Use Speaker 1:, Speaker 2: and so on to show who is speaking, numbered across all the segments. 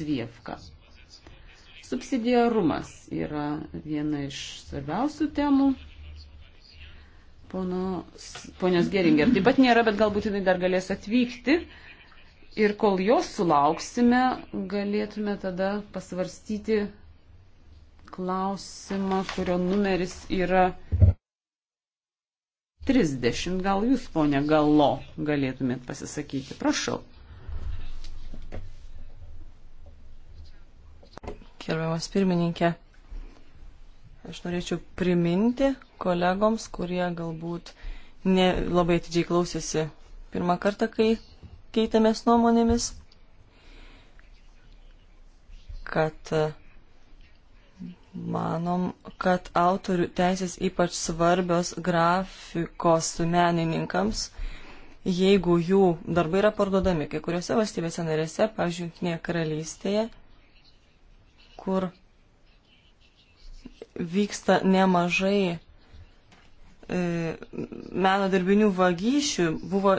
Speaker 1: Svievka. Subsidiarumas yra viena iš svarbiausių temų. Ponos, ponios Geringer taip pat nėra, bet galbūt jinai dar galės atvykti. Ir kol jos sulauksime, galėtume tada pasvarstyti klausimą, kurio numeris yra 30. Gal jūs, ponė Galo, galėtumėt pasisakyti. Prašau.
Speaker 2: Gerbiamas pirmininkė, aš norėčiau priminti kolegoms, kurie galbūt ne, labai atidžiai klausėsi pirmą kartą, kai keitėmės nuomonėmis, kad e, manom, kad autorių teisės ypač svarbios grafikos menininkams, jeigu jų darbai yra parduodami kai kuriuose valstybėse narėse, pavyzdžiui, Junktinėje karalystėje kur vyksta nemažai e, meno darbinių vagysčių, buvo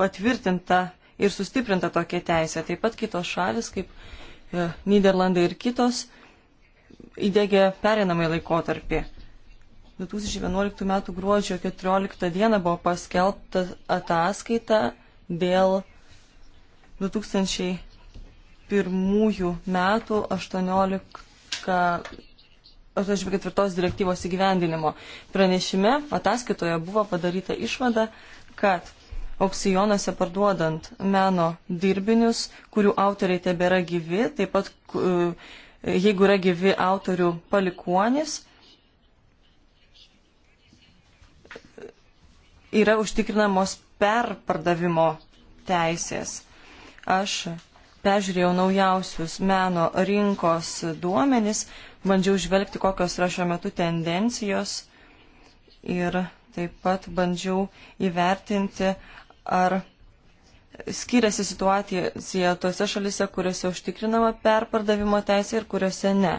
Speaker 2: patvirtinta ir sustiprinta tokia teisė. Taip pat kitos šalis, kaip e, Niderlandai ir kitos, įdėgė perinamai laikotarpį. 2011 m. gruodžio 14 d. buvo paskelbta ataskaita dėl 2000 pirmųjų metų 18 84 direktyvos įgyvendinimo. Pranešime ataskaitoje buvo padaryta išvada, kad aukcijonuose parduodant meno dirbinius, kurių autoriai tebėra gyvi, taip pat e, jeigu yra gyvi autorių palikuonis, yra užtikrinamos perpardavimo teisės. Aš peržiūrėjau naujausius meno rinkos duomenis, bandžiau žvelgti, kokios yra šiuo metu tendencijos ir taip pat bandžiau įvertinti, ar skiriasi situacija tose šalise, kuriuose užtikrinama perpardavimo teisė ir kuriuose ne.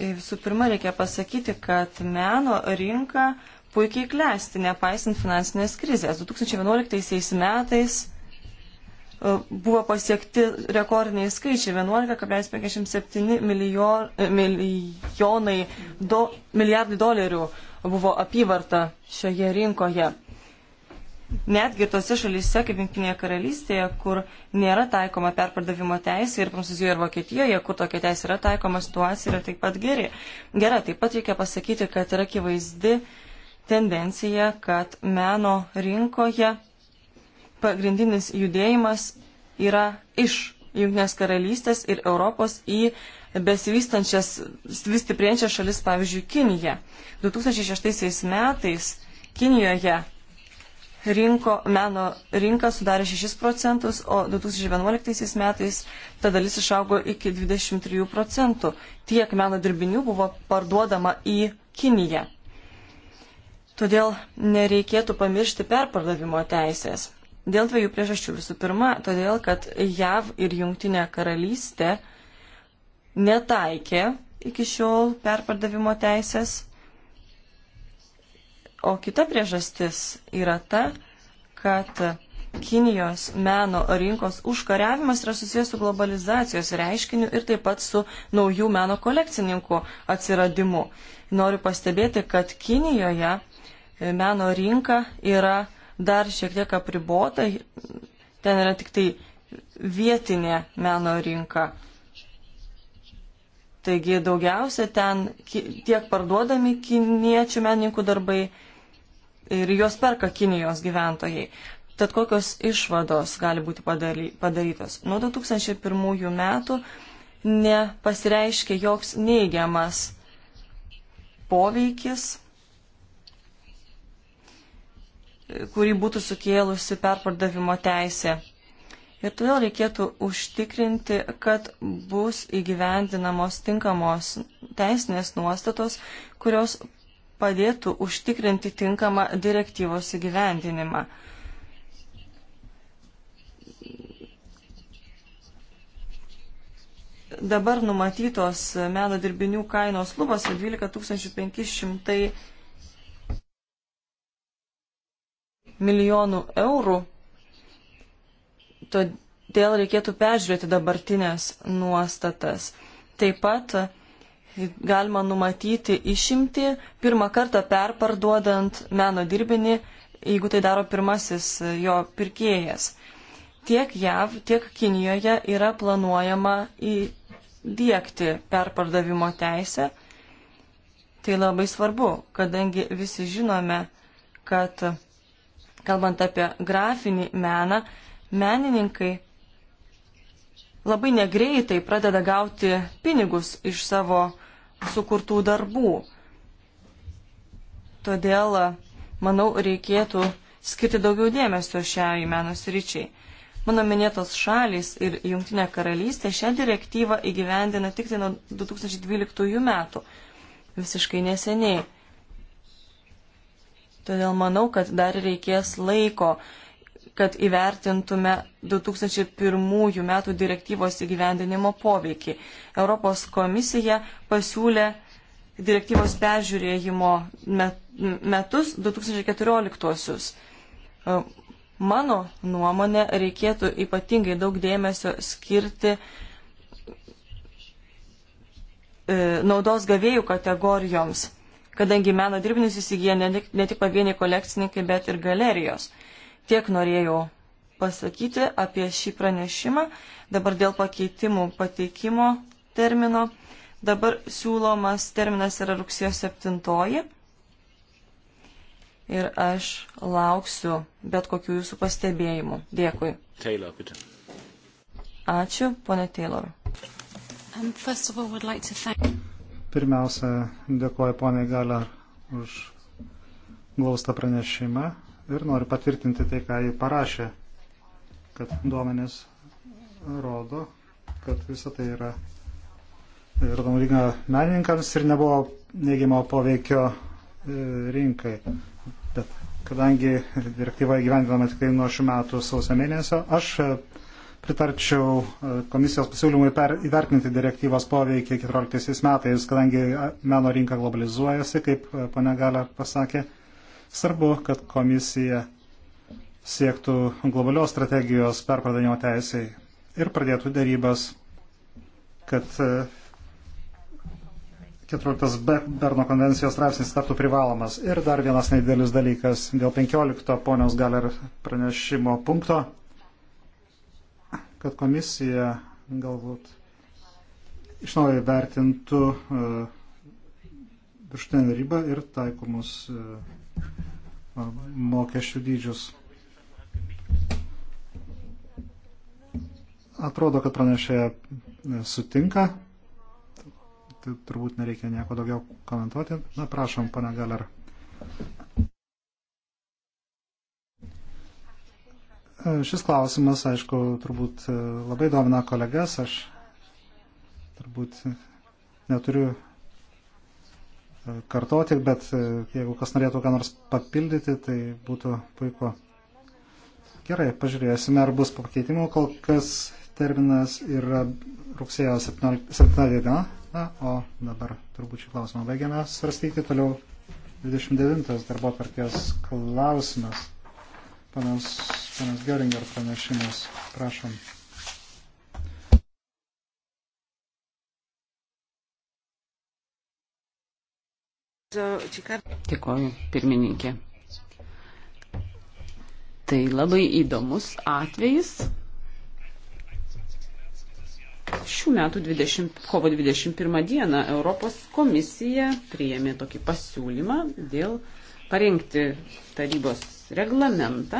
Speaker 2: Visų pirma, reikia pasakyti, kad meno rinka puikiai klesti, nepaisant finansinės krizės. 2011 metais E, buvo pasiekti rekordiniai skaičiai 11,57 e, milijonai do, milijardai dolerių buvo apyvarta šioje rinkoje. Netgi tose šalyse, kaip Junktinėje karalystėje, kur nėra taikoma perpardavimo teisė ir Prancūzijoje ir Vokietijoje, kur tokia teisė yra taikoma, situacija yra taip pat geri. gera. Taip pat reikia pasakyti, kad yra akivaizdi tendencija, kad meno rinkoje pagrindinis judėjimas yra iš Junktinės karalystės ir Europos į besivystančias, vis stiprėjančias šalis, pavyzdžiui, Kinija. 2006 metais Kinijoje rinko, meno rinka sudarė 6 procentus, o 2011 metais ta dalis išaugo iki 23 procentų. Tiek meno dirbinių buvo parduodama į Kiniją. Todėl nereikėtų pamiršti perpardavimo teisės. Dėl dviejų priežasčių. Visų pirma, todėl, kad JAV ir Jungtinė karalystė netaikė iki šiol perpardavimo teisės. O kita priežastis yra ta, kad Kinijos meno rinkos užkariavimas yra susijęs su globalizacijos reiškiniu ir taip pat su naujų meno kolekcininkų atsiradimu. Noriu pastebėti, kad Kinijoje meno rinka yra dar šiek tiek apribota, ten yra tik tai vietinė meno rinka. Taigi daugiausia ten tiek parduodami kiniečių menininkų darbai ir juos perka Kinijos gyventojai. Tad kokios išvados gali būti padarytos? Nuo 2001 metų nepasireiškia joks neigiamas poveikis kurį būtų sukėlusi perpardavimo teisė. Ir todėl reikėtų užtikrinti, kad bus įgyvendinamos tinkamos teisinės nuostatos, kurios padėtų užtikrinti tinkamą direktyvos įgyvendinimą. Dabar numatytos meno dirbinių kainos lubose 12 500 milijonų eurų, todėl reikėtų peržiūrėti dabartinės nuostatas. Taip pat galima numatyti išimti pirmą kartą perparduodant meno dirbinį, jeigu tai daro pirmasis jo pirkėjas. Tiek JAV, tiek Kinijoje yra planuojama įdėkti perpardavimo teisę. Tai labai svarbu, kadangi visi žinome, kad kalbant apie grafinį meną, menininkai labai negreitai pradeda gauti pinigus iš savo sukurtų darbų. Todėl, manau, reikėtų skirti daugiau dėmesio šiai meno sričiai. Mano minėtos šalis ir Junktinė karalystė šią direktyvą įgyvendina tik tai nuo 2012 metų, visiškai neseniai. Todėl manau, kad dar reikės laiko, kad įvertintume 2001 metų direktyvos įgyvendinimo poveikį. Europos komisija pasiūlė direktyvos peržiūrėjimo metus 2014. E, mano nuomonė reikėtų ypatingai daug dėmesio skirti e, naudos gavėjų kategorijoms kadangi meno dirbinius įsigyja ne tik, ne tik pavieniai kolekcininkai, bet ir galerijos. Tiek norėjau pasakyti apie šį pranešimą. Dabar dėl pakeitimų pateikimo termino. Dabar siūlomas terminas yra rugsėjo 7. Ir aš lauksiu bet kokių jūsų pastebėjimų. Dėkui. Taylor, bitte. Ačiū, ponė Taylor.
Speaker 1: Um,
Speaker 3: Pirmiausia, dėkoju poniai Galer už glaustą pranešimą ir noriu patvirtinti tai, ką jį parašė, kad duomenys rodo, kad visa tai yra ir naudinga menininkams ir nebuvo neigiamo poveikio e, rinkai. Bet kadangi direktyva įgyvendinama tik tai nuo šių metų sausio mėnesio, aš pritarčiau e, komisijos pasiūlymui per, įvertinti direktyvos poveikį 14 metais, kadangi e, meno rinka globalizuojasi, kaip e, pane Galia pasakė. Svarbu, kad komisija siektų globalios strategijos perpardavimo teisėjai ir pradėtų darybas, kad 14b Berno konvencijos straipsnis taptų privalomas. Ir dar vienas nedidelis dalykas dėl 15 ponios Galer pranešimo punkto kad komisija galbūt iš naujo vertintų e, viršutinę ribą ir taikomus e, e, mokesčių dydžius. Atrodo, kad pranešėja sutinka. Tai turbūt nereikia nieko daugiau komentuoti. Na, prašom, pane Galer. Šis klausimas, aišku, turbūt e, labai domina kolegas, aš turbūt neturiu e, kartoti, bet e, jeigu kas norėtų ką nors papildyti, tai būtų puiku. Gerai, pažiūrėsime, ar bus pakeitimų, kol kas terminas yra rugsėjo 17 diena, na, o dabar turbūt šį klausimą baigiame svarstyti, toliau 29 darbo tvarkės klausimas panas, panas Geringer pranešimas. Prašom.
Speaker 2: Dėkoju,
Speaker 1: pirmininkė. Tai labai įdomus atvejis. Šių metų 20, kovo 21 dieną Europos komisija priėmė tokį pasiūlymą dėl parengti tarybos reglamentą,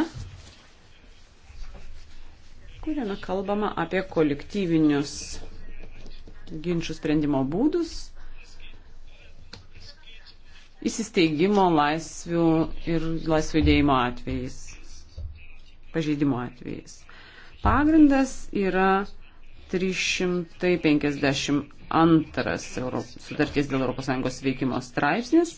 Speaker 1: kuriame kalbama apie kolektyvinius ginčių sprendimo būdus, įsisteigimo laisvių ir laisvių judėjimo atvejais, pažeidimo atvejais. Pagrindas yra 352 sutarties dėl ES veikimo straipsnis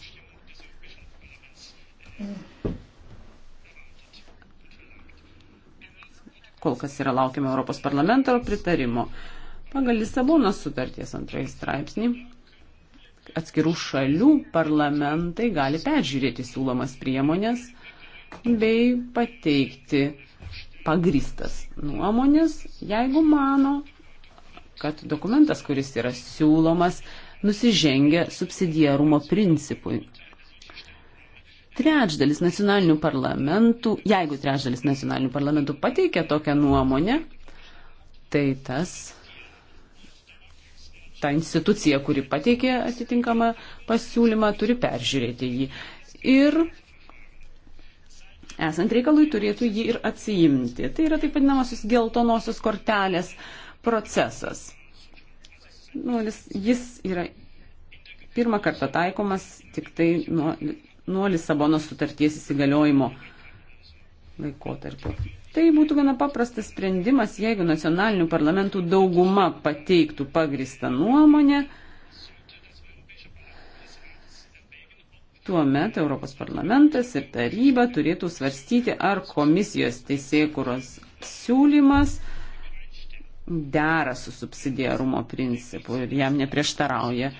Speaker 1: Kol kas yra laukiama Europos parlamento pritarimo. Pagal Lisabonos sutarties antrąjį straipsnį atskirų šalių parlamentai gali peržiūrėti siūlomas priemonės bei pateikti pagristas nuomonės, jeigu mano, kad dokumentas, kuris yra siūlomas, nusižengia subsidiarumo principui trečdalis nacionalinių parlamentų, jeigu trečdalis nacionalinių parlamentų pateikia tokią nuomonę, tai tas, ta institucija, kuri pateikė atitinkamą pasiūlymą, turi peržiūrėti jį. Ir esant reikalui turėtų jį ir atsiimti. Tai yra taip vadinamosios geltonosios kortelės procesas. Nu, jis, jis yra pirmą kartą taikomas tik tai nuo nuo Lisabonos sutarties įsigaliojimo laikotarpio. Tai būtų gana paprastas sprendimas, jeigu nacionalinių parlamentų dauguma pateiktų pagristą nuomonę, tuomet Europos parlamentas ir taryba turėtų svarstyti, ar komisijos teisėkuros siūlymas dera su subsidiarumo principu ir jam neprieštarauja.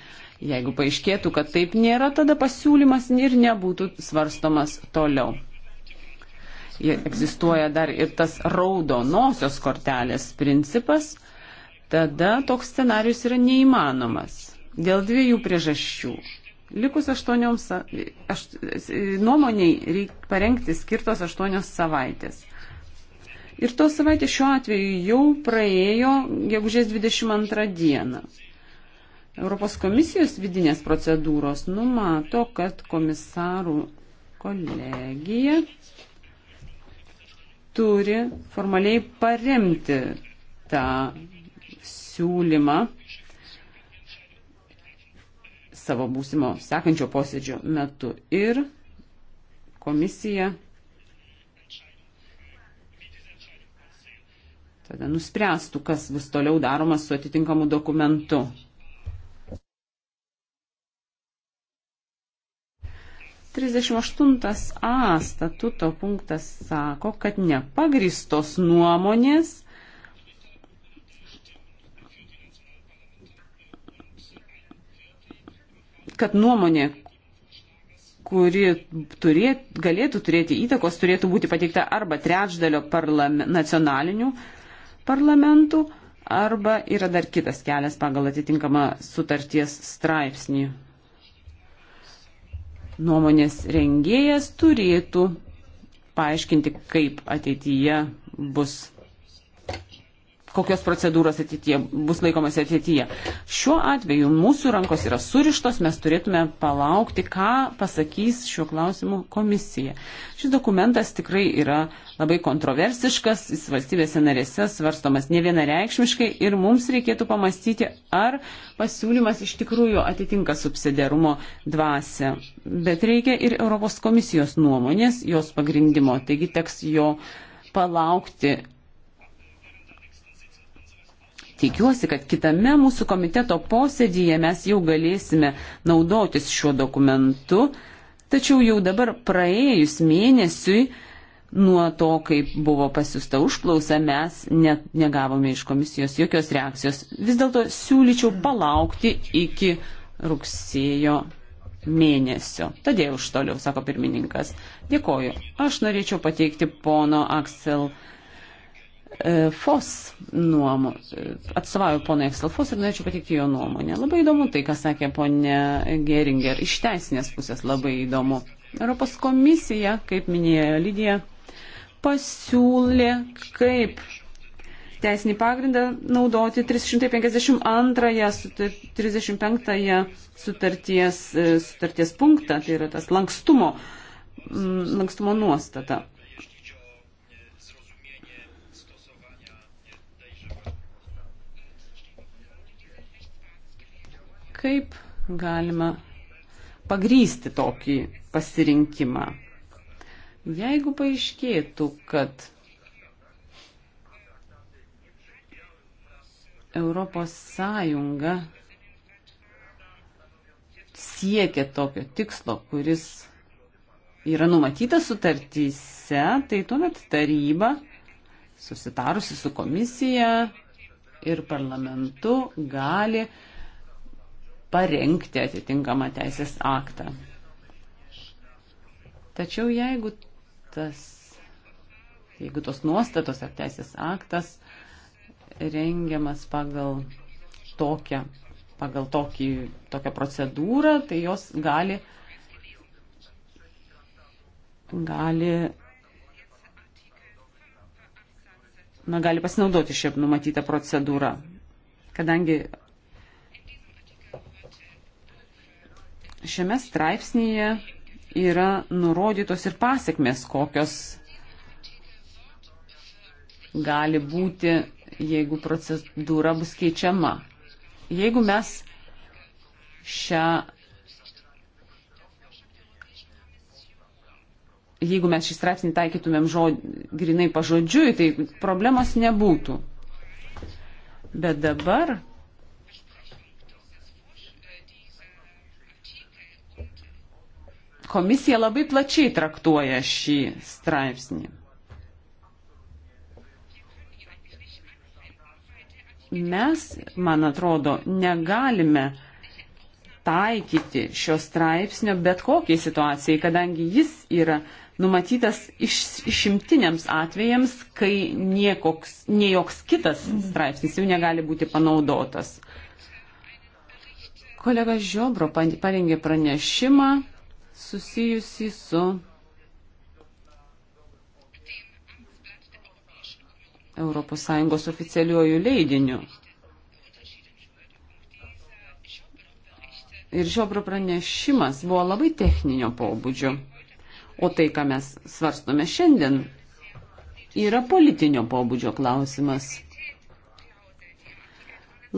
Speaker 1: Jeigu paaiškėtų, kad taip nėra, tada pasiūlymas ir nebūtų svarstomas toliau. Ir egzistuoja dar ir tas raudonosios kortelės principas, tada toks scenarius yra neįmanomas dėl dviejų priežasčių. Likus aštuonioms aš, nuomoniai reikia parengti skirtos aštuonios savaitės. Ir tos savaitės šiuo atveju jau praėjo gegužės 22 dieną. Europos komisijos vidinės procedūros numato, kad komisarų kolegija turi formaliai paremti tą siūlymą savo būsimo sekančio posėdžio metu ir komisija tada nuspręstų, kas bus toliau daroma su atitinkamu dokumentu. 38a statuto punktas sako, kad nepagristos nuomonės kad nuomonė, kuri turėt, galėtų turėti įtakos, turėtų būti pateikta arba trečdalio parlame, nacionalinių parlamentų, arba yra dar kitas kelias pagal atitinkamą sutarties straipsnį nuomonės rengėjas turėtų paaiškinti, kaip ateityje bus kokios procedūros ateityje bus laikomas ateityje. Šiuo atveju mūsų rankos yra surištos, mes turėtume palaukti, ką pasakys šiuo klausimu komisija. Šis dokumentas tikrai yra labai kontroversiškas, jis valstybėse narėse svarstomas nevienareikšmiškai ir mums reikėtų pamastyti, ar pasiūlymas iš tikrųjų atitinka subsidiarumo dvasę. Bet reikia ir Europos komisijos nuomonės, jos pagrindimo, taigi teks jo palaukti Tikiuosi, kad kitame mūsų komiteto posėdyje mes jau galėsime naudotis šiuo dokumentu, tačiau jau dabar praėjus mėnesiui nuo to, kaip buvo pasiusta užklausa, mes net negavome iš komisijos jokios reakcijos. Vis dėlto siūlyčiau palaukti iki rugsėjo mėnesio. Tadėjau už toliau, sako pirmininkas. Dėkoju. Aš norėčiau pateikti pono Aksel E, Fos nuomo, e, atstovauju ponai Eksel Fos ir norėčiau patikti jo nuomonę. Labai įdomu tai, ką sakė ponė Geringer. Iš teisinės pusės labai įdomu. Europos komisija, kaip minėjo Lydija, pasiūlė, kaip teisinį pagrindą naudoti 352 35 sutarties, e, sutarties punktą, tai yra tas lankstumo, lankstumo nuostata. Kaip galima pagrysti tokį pasirinkimą? Jeigu paaiškėtų, kad Europos Sąjunga siekia tokio tikslo, kuris yra numatytas sutartyse, tai tuomet taryba, susitarusi su komisija ir parlamentu, gali uh, parengti atitinkamą teisės aktą. Tačiau jeigu, tas, jeigu tos nuostatos ar teisės aktas rengiamas pagal tokią, pagal tokį, tokią procedūrą, tai jos gali, gali, na, gali pasinaudoti šiaip numatytą procedūrą. Kadangi Šiame straipsnėje yra nurodytos ir pasiekmes, kokios gali būti, jeigu procedūra bus keičiama. Jeigu mes šią. Jeigu mes šį straipsnį taikytumėm žod, grinai pažodžiui, tai problemos nebūtų. Bet dabar komisija labai plačiai traktuoja šį straipsnį. Mes, man atrodo, negalime taikyti šio straipsnio bet kokiai situacijai, kadangi jis yra numatytas iš, išimtiniams atvejams, kai niekoks, nie joks kitas mhm. straipsnis jau negali būti panaudotas. Kolega Žiobro parengė pranešimą susijusi su ES oficialiuoju leidiniu. Ir šio pranešimas buvo labai techninio pobūdžio. O tai, ką mes svarstome šiandien, yra politinio pobūdžio klausimas.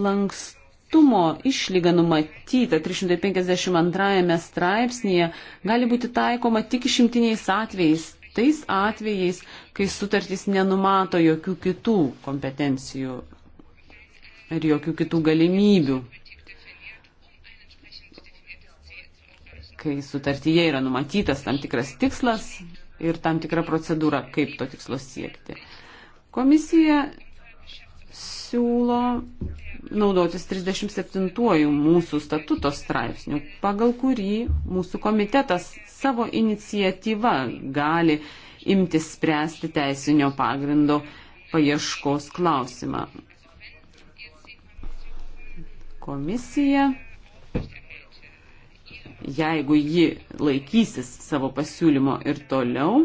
Speaker 1: Lankst privatumo išlyga numatyta 352 straipsnėje gali būti taikoma tik išimtiniais atvejais, tais atvejais, kai sutartys nenumato jokių kitų kompetencijų ir jokių kitų galimybių. Kai sutartyje yra numatytas tam tikras tikslas ir tam tikra procedūra, kaip to tikslo siekti. Komisija siūlo naudotis 37 mūsų statuto straipsnių, pagal kurį mūsų komitetas savo iniciatyvą gali imtis spręsti teisinio pagrindo paieškos klausimą. Komisija, jeigu ji laikysis savo pasiūlymo ir toliau,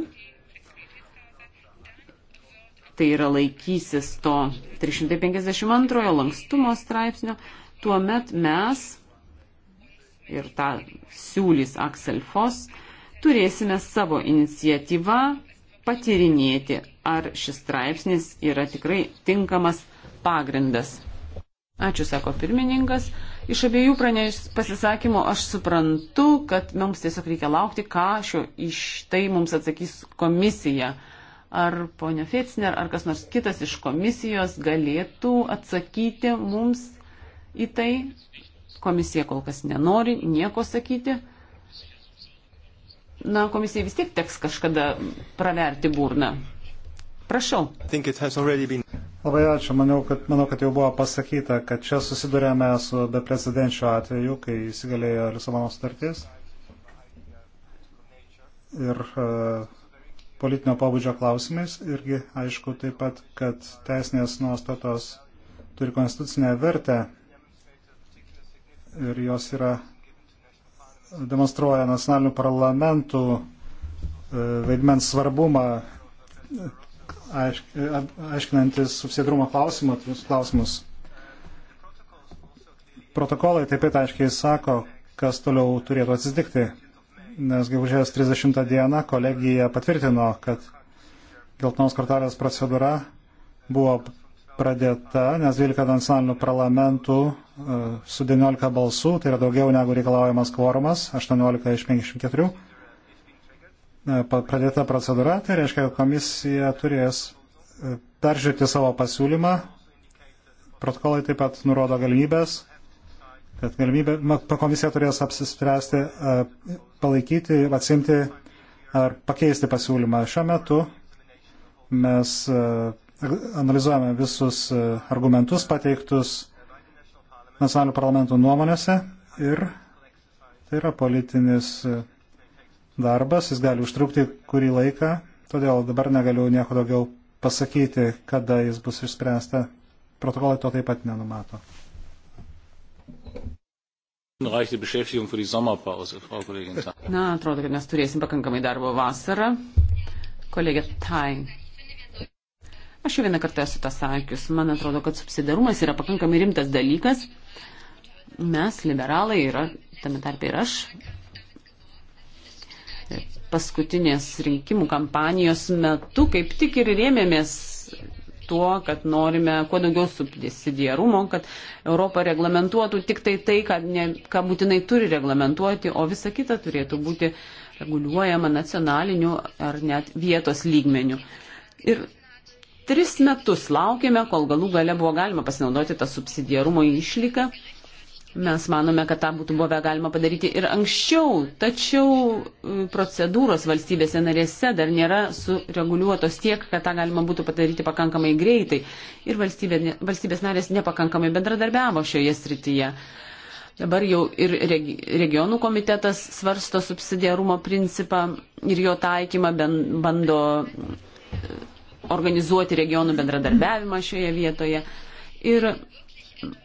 Speaker 1: tai yra laikysis to 352 lankstumo straipsnio, tuomet mes ir tą siūlys Aksel Fos turėsime savo iniciatyvą patyrinėti, ar šis straipsnis yra tikrai tinkamas pagrindas. Ačiū, sako pirmininkas. Iš abiejų praneš pasisakymų aš suprantu, kad mums tiesiog reikia laukti, ką šio iš tai mums atsakys komisija ar ponia Fetsner, ar kas nors kitas iš komisijos galėtų atsakyti mums į tai. Komisija kol kas nenori nieko sakyti. Na, komisijai vis tiek teks kažkada praverti burną. Prašau. Been...
Speaker 3: Labai ačiū. Maniau, kad, manau, kad jau buvo pasakyta, kad čia susidurėme su beprecedenčiu atveju, kai įsigalėjo Lisabono sutartis. Ir uh, politinio pobūdžio klausimais irgi aišku taip pat, kad teisinės nuostatos turi konstitucinę vertę ir jos yra demonstruoja nacionalinių parlamentų e, vaidmens svarbumą aiškinantis subsidrumo klausimus. Protokolai taip pat aiškiai sako, kas toliau turėtų atsitikti nes gegužės 30 dieną kolegija patvirtino, kad geltonos kortelės procedūra buvo pradėta, nes 12 nacionalinių parlamentų e, su 19 balsų, tai yra daugiau negu reikalaujamas kvorumas, 18 iš 54, e, pradėta procedūra, tai reiškia, kad komisija turės e, peržiūrėti savo pasiūlymą. Protokolai taip pat nurodo galimybės kad galimybė, komisija turės apsispręsti, palaikyti, atsimti ar pakeisti pasiūlymą. Šiuo metu mes analizuojame visus argumentus pateiktus nacionalinių parlamentų nuomonėse ir tai yra politinis darbas, jis gali užtrukti kurį laiką, todėl dabar negaliu nieko daugiau pasakyti, kada jis bus išspręsta. Protokolai to taip pat nenumato. Reicht die Beschäftigung für die Sommerpause, Frau Kollegin.
Speaker 1: Na, atrodo, kad mes turėsim pakankamai darbo vasarą. Kolegė Tai. Aš jau vieną kartą esu tą sakius. Man atrodo, kad subsidarumas yra pakankamai rimtas dalykas. Mes, liberalai, yra, tame tarpe ir aš, paskutinės rinkimų kampanijos metu kaip tik ir rėmėmės tuo, kad norime kuo daugiau subsidiarumo, kad Europa reglamentuotų tik tai tai, ką, ne, ką būtinai turi reglamentuoti, o visa kita turėtų būti reguliuojama nacionaliniu ar net vietos lygmeniu. Ir tris metus laukėme, kol galų gale buvo galima pasinaudoti tą subsidiarumo išlyką Mes manome, kad tą būtų buvę galima padaryti ir anksčiau, tačiau e, procedūros valstybėse narėse dar nėra sureguliuotos tiek, kad tą galima būtų padaryti pakankamai greitai ir valstybė, valstybės narės nepakankamai bendradarbiavo šioje srityje. Dabar jau ir regionų komitetas svarsto subsidiarumo principą ir jo taikymą, bando e, organizuoti regionų bendradarbiavimą šioje vietoje. Ir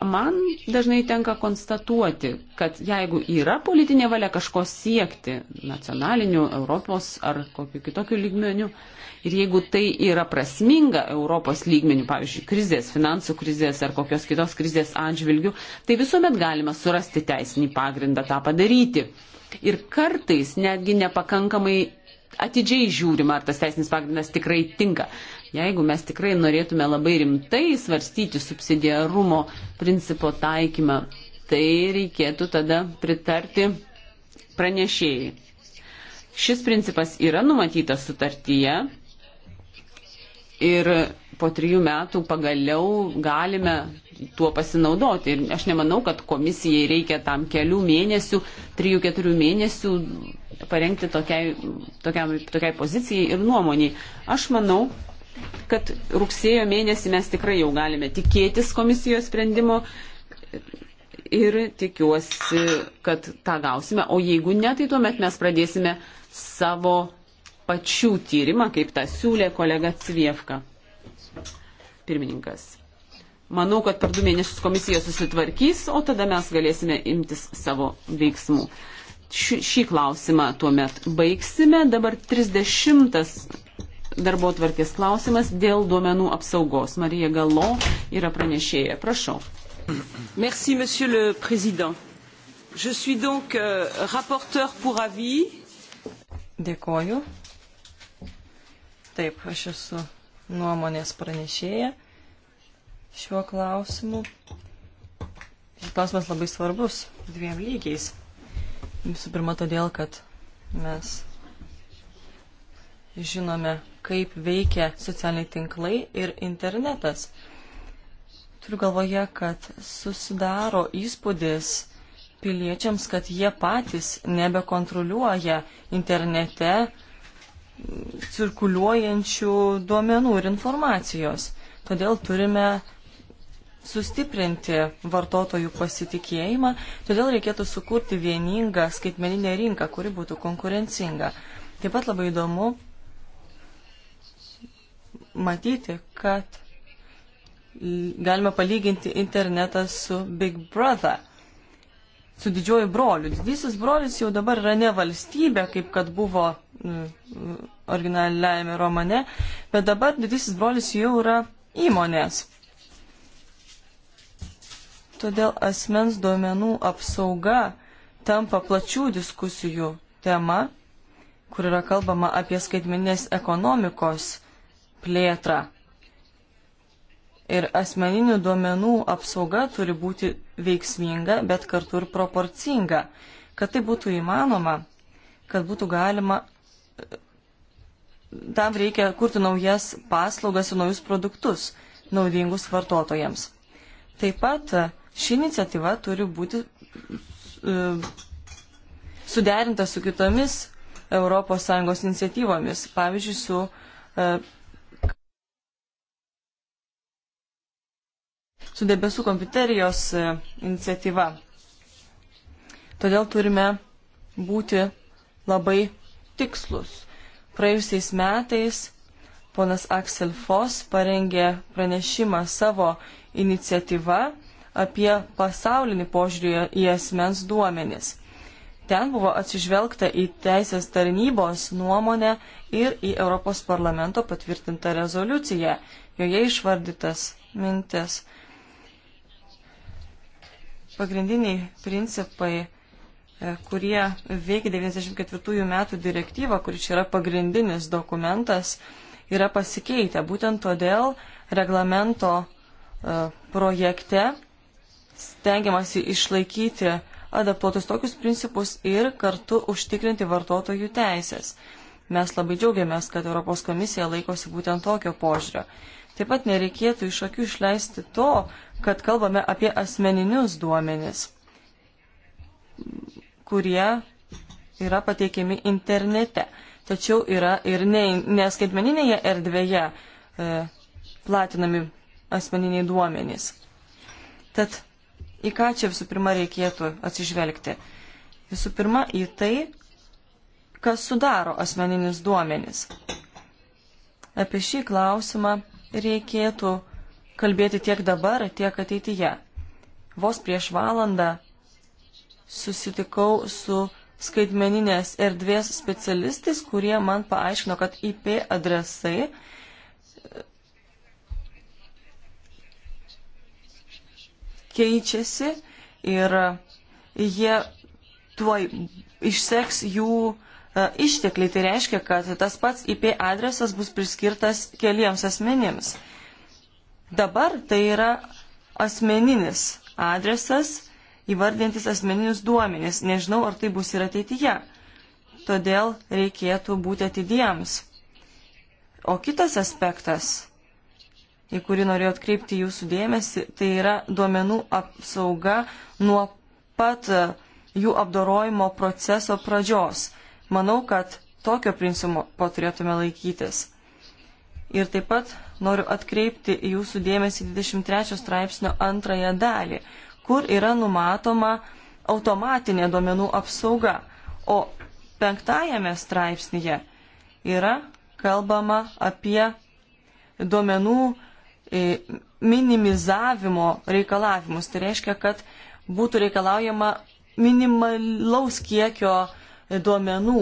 Speaker 1: man dažnai tenka konstatuoti, kad jeigu yra politinė valia kažko siekti nacionaliniu, Europos ar kokiu kitokiu lygmeniu, ir jeigu tai yra prasminga Europos lygmeniu, pavyzdžiui, krizės, finansų krizės ar kokios kitos krizės atžvilgių, tai visuomet galima surasti teisinį pagrindą tą padaryti. Ir kartais netgi nepakankamai atidžiai žiūrima, ar tas teisinis pagrindas tikrai tinka. Jeigu mes tikrai norėtume labai rimtai svarstyti subsidiarumo principo taikymą, tai reikėtų tada pritarti pranešėjai. Šis principas yra numatytas sutartyje ir po trijų metų pagaliau galime tuo pasinaudoti. Ir aš nemanau, kad komisijai reikia tam kelių mėnesių, trijų, keturių mėnesių parengti tokiai, tokiam, tokiai pozicijai ir nuomoniai. Aš manau, kad rugsėjo mėnesį mes tikrai jau galime tikėtis komisijos sprendimo ir tikiuosi, kad tą gausime. O jeigu ne, tai tuomet mes pradėsime savo pačių tyrimą, kaip tą siūlė kolega Cvievka. Pirmininkas. Manau, kad per du mėnesius komisija susitvarkys, o tada mes galėsime imtis savo veiksmų. Šį klausimą tuomet baigsime. Dabar 30 darbo tvarkės klausimas dėl duomenų apsaugos. Marija Galo yra pranešėja. Prašau. Merci, monsieur le président. Je suis donc euh, rapporteur pour
Speaker 2: avis. Dėkoju. Taip, aš esu nuomonės pranešėja šiuo klausimu. Šis klausimas labai svarbus dviem lygiais. Visų pirma, todėl, kad mes žinome, kaip veikia socialiniai tinklai ir internetas. Turiu galvoje, kad susidaro įspūdis piliečiams, kad jie patys nebekontroliuoja internete cirkuliuojančių duomenų ir informacijos. Todėl turime sustiprinti vartotojų pasitikėjimą, todėl reikėtų sukurti vieningą skaitmeninę rinką, kuri būtų konkurencinga. Taip pat labai įdomu matyti, kad galime palyginti internetą su Big Brother, su didžiuoju broliu. Didysis brolis jau dabar yra ne valstybė, kaip kad buvo mm, originaliajame romane, bet dabar didysis brolis jau yra įmonės. Todėl asmens duomenų apsauga tampa plačių diskusijų tema, kur yra kalbama apie skaitminės ekonomikos plėtrą. Ir asmeninių duomenų apsauga turi būti veiksminga, bet kartu ir proporcinga. Kad tai būtų įmanoma, kad būtų galima, tam reikia kurti naujas paslaugas ir naujus produktus naudingus vartotojams. Taip pat ši iniciatyva turi būti e, suderinta su kitomis ES iniciatyvomis, pavyzdžiui, su e, su debesų kompiuterijos e, iniciatyva. Todėl turime būti labai tikslus. Praėjusiais metais ponas Aksel Fos parengė pranešimą savo iniciatyvą apie pasaulinį požiūrį į asmens duomenis. Ten buvo atsižvelgta į teisės tarnybos nuomonę ir į Europos parlamento patvirtintą rezoliuciją. Joje išvardytas mintis pagrindiniai principai, e, kurie veikia 94 metų direktyvą, kuri čia yra pagrindinis dokumentas, yra pasikeitę. Būtent todėl reglamento e, projekte stengiamasi išlaikyti adaptuotus tokius principus ir kartu užtikrinti vartotojų teisės. Mes labai džiaugiamės, kad Europos komisija laikosi būtent tokio požiūrio. Taip pat nereikėtų iš akių išleisti to, kad kalbame apie asmeninius duomenis, kurie yra pateikiami internete. Tačiau yra ir neskaitmeninėje ne erdvėje e, platinami asmeniniai duomenys. Tad į ką čia visų pirma reikėtų atsižvelgti? Visų pirma, į tai, kas sudaro asmeninis duomenis. Apie šį klausimą reikėtų kalbėti tiek dabar, tiek ateityje. Vos prieš valandą susitikau su skaitmeninės erdvės specialistais, kurie man paaiškino, kad IP adresai e, keičiasi ir jie tuoj išseks jų uh, E, ištekliai. Tai reiškia, kad tas pats IP adresas bus priskirtas keliems asmenims. Dabar tai yra asmeninis adresas, įvardintis asmeninius duomenis. Nežinau, ar tai bus ir ateityje. Todėl reikėtų būti atidiems. O kitas aspektas, į kurį norėjau atkreipti jūsų dėmesį, tai yra duomenų apsauga nuo pat e, jų apdorojimo proceso pradžios. Manau, kad tokio principo turėtume laikytis. Ir taip pat noriu atkreipti jūsų dėmesį 23 straipsnio antrąją dalį, kur yra numatoma automatinė duomenų apsauga, o penktajame straipsnėje yra kalbama apie duomenų e, minimizavimo reikalavimus. Tai reiškia, kad būtų reikalaujama minimalaus kiekio uh, duomenų,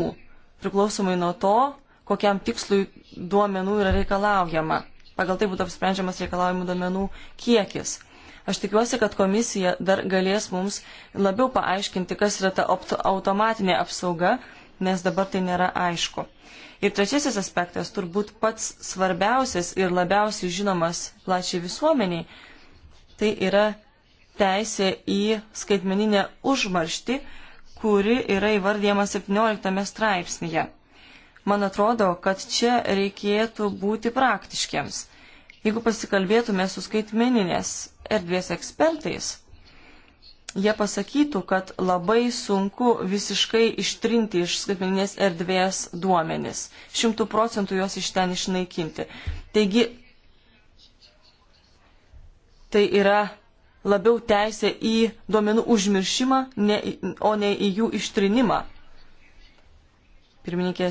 Speaker 2: priklausomai nuo to, kokiam tikslui duomenų yra reikalaujama. Pagal tai būtų apsprendžiamas reikalaujamų duomenų kiekis. Aš tikiuosi, kad komisija dar galės mums labiau paaiškinti, kas yra ta automatinė apsauga, nes dabar tai nėra aišku. Ir trečiasis aspektas, turbūt pats svarbiausias ir labiausiai žinomas plačiai visuomeniai, tai yra teisė į skaitmeninę užmarštį, kuri yra įvardyjama 17 straipsnėje. Man atrodo, kad čia reikėtų būti praktiškiams. Jeigu pasikalbėtume su skaitmeninės erdvės ekspertais, jie pasakytų, kad labai sunku visiškai ištrinti iš skaitmeninės erdvės duomenis, šimtų procentų juos iš ten išnaikinti. Taigi, tai yra labiau teisė į duomenų užmiršimą, ne, o ne į jų ištrinimą. Pirmininkė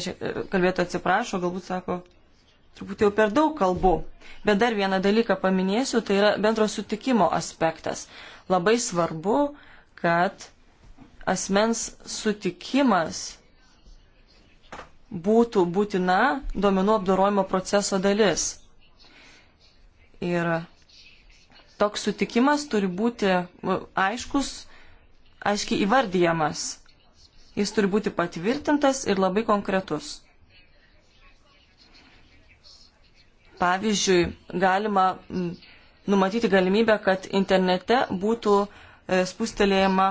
Speaker 2: kalbėtų atsiprašo, galbūt sako, truputį jau per daug kalbu. Bet dar vieną dalyką paminėsiu, tai yra bendro sutikimo aspektas. Labai svarbu, kad asmens sutikimas būtų būtina duomenų apdorojimo proceso dalis. Ir Toks sutikimas turi būti aiškus, aiškiai įvardyjamas. Jis turi būti patvirtintas ir labai konkretus. Pavyzdžiui, galima numatyti galimybę, kad internete būtų e, spustelėjama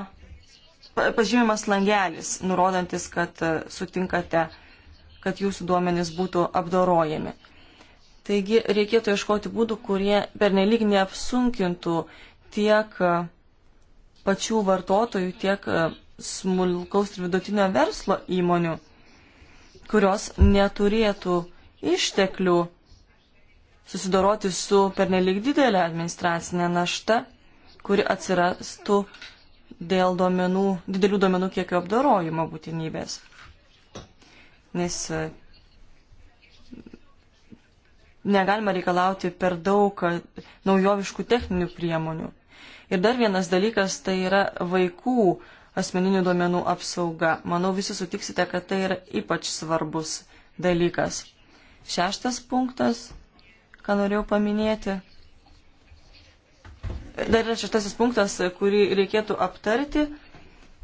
Speaker 2: pažymimas langelis, nurodantis, kad e, sutinkate, kad jūsų duomenys būtų apdorojami. Taigi reikėtų ieškoti būdų, kurie pernelyg neapsunkintų tiek e, pačių vartotojų, tiek e, smulkaus ir vidutinio verslo įmonių, kurios neturėtų išteklių susidoroti su pernelyg didelė administracinė našta, kuri atsirastų dėl domenų, didelių domenų kiekio apdarojimo būtinybės. Nes e, negalima reikalauti per daug naujoviškų techninių priemonių. Ir dar vienas dalykas tai yra vaikų asmeninių duomenų apsauga. Manau, visi sutiksite, kad tai yra ypač svarbus dalykas. Šeštas punktas, ką norėjau paminėti. Dar yra šeštasis punktas, kurį reikėtų aptarti,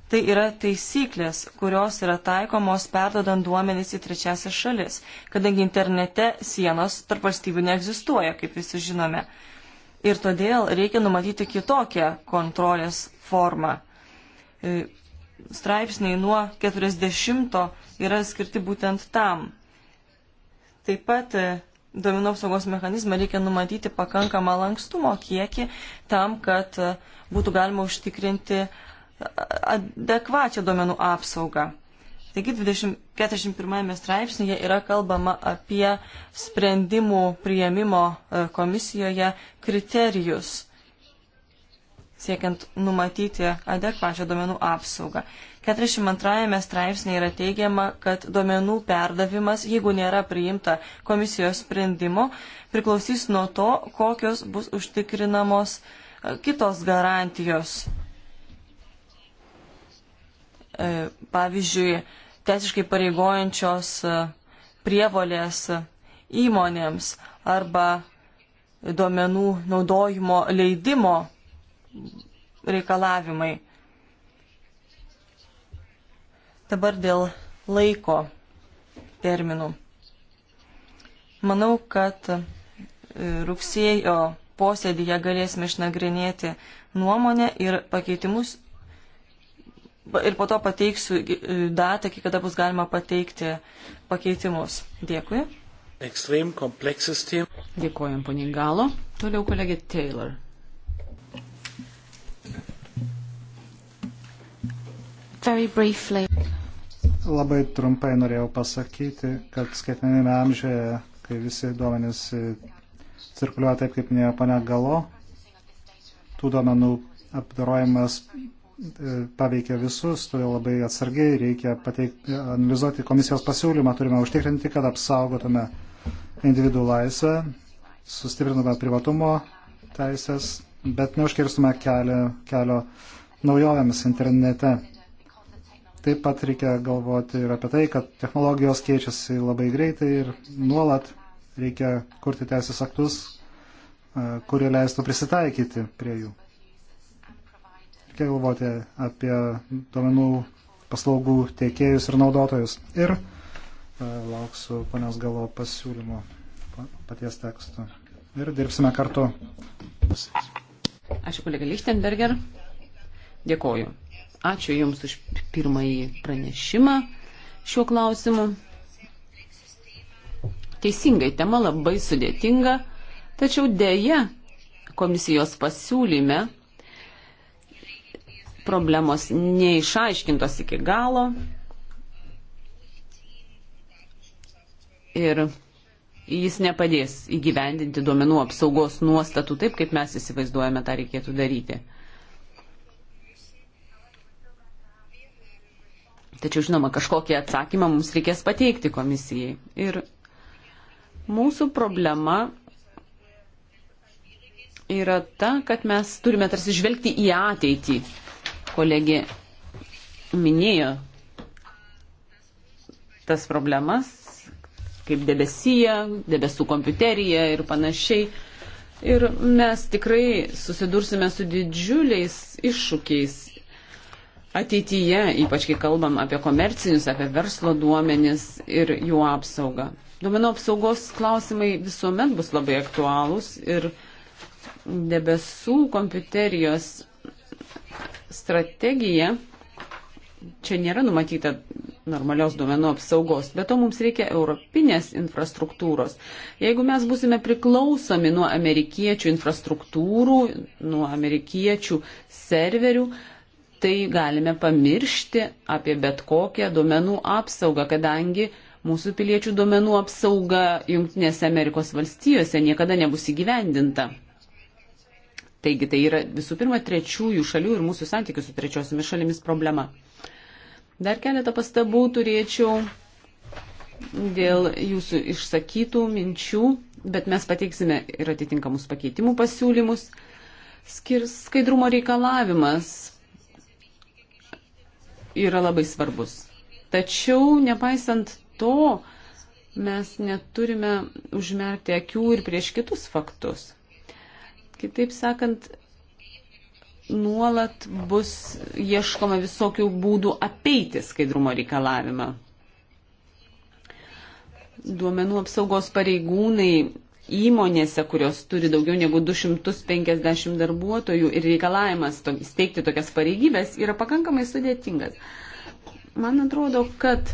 Speaker 2: Tai yra taisyklės, kurios yra taikomos perdodant duomenys į trečiasias šalis, kadangi internete sienos tarp valstybių neegzistuoja, kaip visi žinome. Ir todėl reikia numatyti kitokią kontrolės formą. E, straipsniai nuo 40 yra skirti būtent tam. Taip pat e, duomenų apsaugos mechanizmą reikia numatyti pakankamą lankstumo kiekį tam, kad e, būtų galima užtikrinti uh, adekvačią duomenų apsaugą. Taigi 20, 41 straipsnėje yra kalbama apie sprendimų prieimimo e, komisijoje kriterijus, siekiant numatyti adekvačią duomenų apsaugą. 42 straipsnėje yra teigiama, kad duomenų perdavimas, jeigu nėra priimta komisijos sprendimo, priklausys nuo to, kokios bus užtikrinamos e, kitos garantijos E, pavyzdžiui, teisiškai pareigojančios e, prievolės įmonėms arba duomenų naudojimo leidimo reikalavimai. Dabar dėl laiko terminų. Manau, kad e, rugsėjo posėdėje galėsime išnagrinėti nuomonę ir pakeitimus ir po to pateiksiu e, datą, iki kada bus galima pateikti pakeitimus. Dėkui. Dėkojom, poniai Galo. Toliau kolegė Taylor.
Speaker 1: Labai
Speaker 3: trumpai norėjau pasakyti, kad skaitmenime amžiuje, kai visi duomenys e, cirkuliuoja taip, kaip minėjo pane Galo, tų duomenų apdarojimas paveikia visus, todėl labai atsargiai reikia pateikti, analizuoti komisijos pasiūlymą, turime užtikrinti, kad apsaugotume individų laisvę, sustiprintume privatumo teisės, bet neužkirstume kelio, kelio naujovėms internete. Taip pat reikia galvoti ir apie tai, kad technologijos keičiasi labai greitai ir nuolat reikia kurti teisės aktus, kurie leistų prisitaikyti prie jų reikia galvoti apie duomenų paslaugų teikėjus ir naudotojus. Ir e, lauksiu ponios galo pasiūlymo paties teksto. Ir dirbsime kartu.
Speaker 1: Ačiū kolega Lichtenberger. Dėkoju. Ačiū Jums už pirmąjį pranešimą šiuo klausimu. Teisingai, tema labai sudėtinga, tačiau dėja komisijos pasiūlyme problemos neišaiškintos iki galo. Ir jis nepadės įgyvendinti duomenų apsaugos nuostatų taip, kaip mes įsivaizduojame tą reikėtų daryti. Tačiau, žinoma, kažkokį atsakymą mums reikės pateikti komisijai. Ir mūsų problema yra ta, kad mes turime tarsi žvelgti į ateitį kolegė minėjo tas problemas, kaip debesyje, debesų kompiuterija ir panašiai. Ir mes tikrai susidursime su didžiuliais iššūkiais ateityje, ypač kai kalbam apie komercinius, apie verslo duomenis ir jų apsaugą. Duomenų apsaugos klausimai visuomet bus labai aktualūs ir debesų kompiuterijos strategija čia nėra numatyta normalios duomenų apsaugos, bet to mums reikia europinės infrastruktūros. Jeigu mes busime priklausomi nuo amerikiečių infrastruktūrų, nuo amerikiečių serverių, tai galime pamiršti apie bet kokią duomenų apsaugą, kadangi mūsų piliečių duomenų apsauga Junktinėse Amerikos valstijose niekada nebus įgyvendinta. Taigi tai yra visų pirma trečiųjų šalių ir mūsų santykių su trečiosiomis šalimis problema. Dar keletą pastabų turėčiau dėl jūsų išsakytų minčių, bet mes pateiksime ir atitinkamus pakeitimų pasiūlymus. Skirs skaidrumo reikalavimas yra labai svarbus. Tačiau, nepaisant to, mes neturime užmerkti akių ir prieš kitus faktus. Kitaip sakant, nuolat bus ieškoma visokių būdų apeiti skaidrumo reikalavimą. Duomenų apsaugos pareigūnai įmonėse, kurios turi daugiau negu 250 darbuotojų ir reikalavimas to, steigti tokias pareigybės yra pakankamai sudėtingas. Man atrodo, kad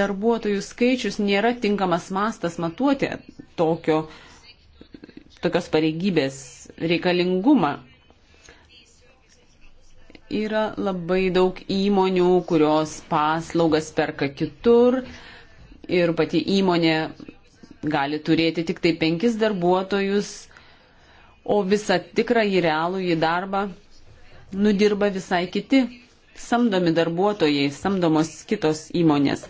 Speaker 1: darbuotojų skaičius nėra tinkamas mastas matuoti tokio uh, tokios pareigybės reikalingumą. Yra labai daug įmonių, kurios paslaugas perka kitur ir pati įmonė gali turėti tik tai penkis darbuotojus, o visą tikrą į realų į darbą nudirba visai kiti samdomi darbuotojai, samdomos kitos įmonės.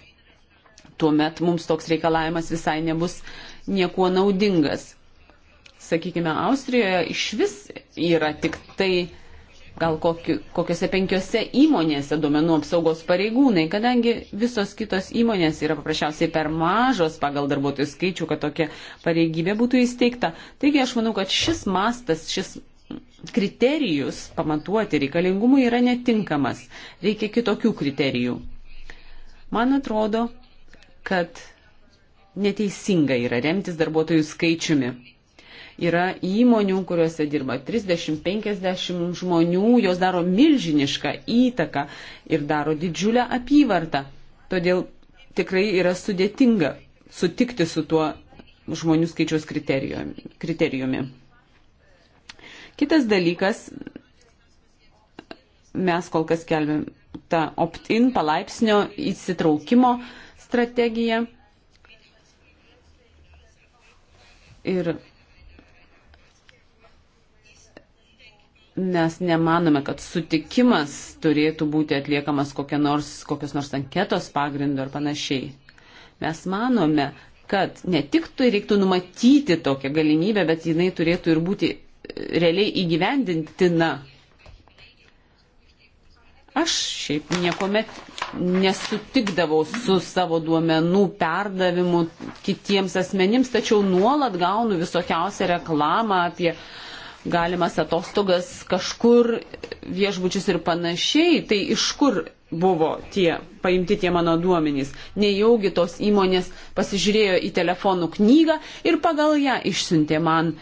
Speaker 1: Tuomet mums toks reikalavimas visai nebus niekuo naudingas sakykime, Austrijoje iš vis yra tik tai gal kokiu, kokiuose penkiuose įmonėse duomenų apsaugos pareigūnai, kadangi visos kitos įmonės yra paprasčiausiai per mažos pagal darbuotojų skaičių, kad tokia pareigybė būtų įsteigta. Taigi aš manau, kad šis mastas, šis kriterijus pamatuoti reikalingumui yra netinkamas. Reikia kitokių kriterijų. Man atrodo, kad neteisinga yra remtis darbuotojų skaičiumi Yra įmonių, kuriuose dirba 30-50 žmonių, jos daro milžinišką įtaką ir daro didžiulę apyvartą. Todėl tikrai yra sudėtinga sutikti su tuo žmonių skaičiaus kriterijumi. Kitas dalykas, mes kol kas kelbėm tą opt-in palaipsnio įsitraukimo strategiją. Ir mes nemanome, kad sutikimas turėtų būti atliekamas nors, kokios nors anketos pagrindu ar panašiai. Mes manome, kad ne tik tai reiktų numatyti tokią galimybę, bet jinai turėtų ir būti e, realiai įgyvendintina. Aš šiaip niekuomet nesutikdavau su savo duomenų perdavimu kitiems asmenims, tačiau nuolat gaunu visokiausią reklamą apie uh, galimas atostogas kažkur viešbučius ir panašiai, tai iš kur buvo tie, paimti tie mano duomenys. Nejaugi tos įmonės pasižiūrėjo į telefonų knygą ir pagal ją išsiuntė man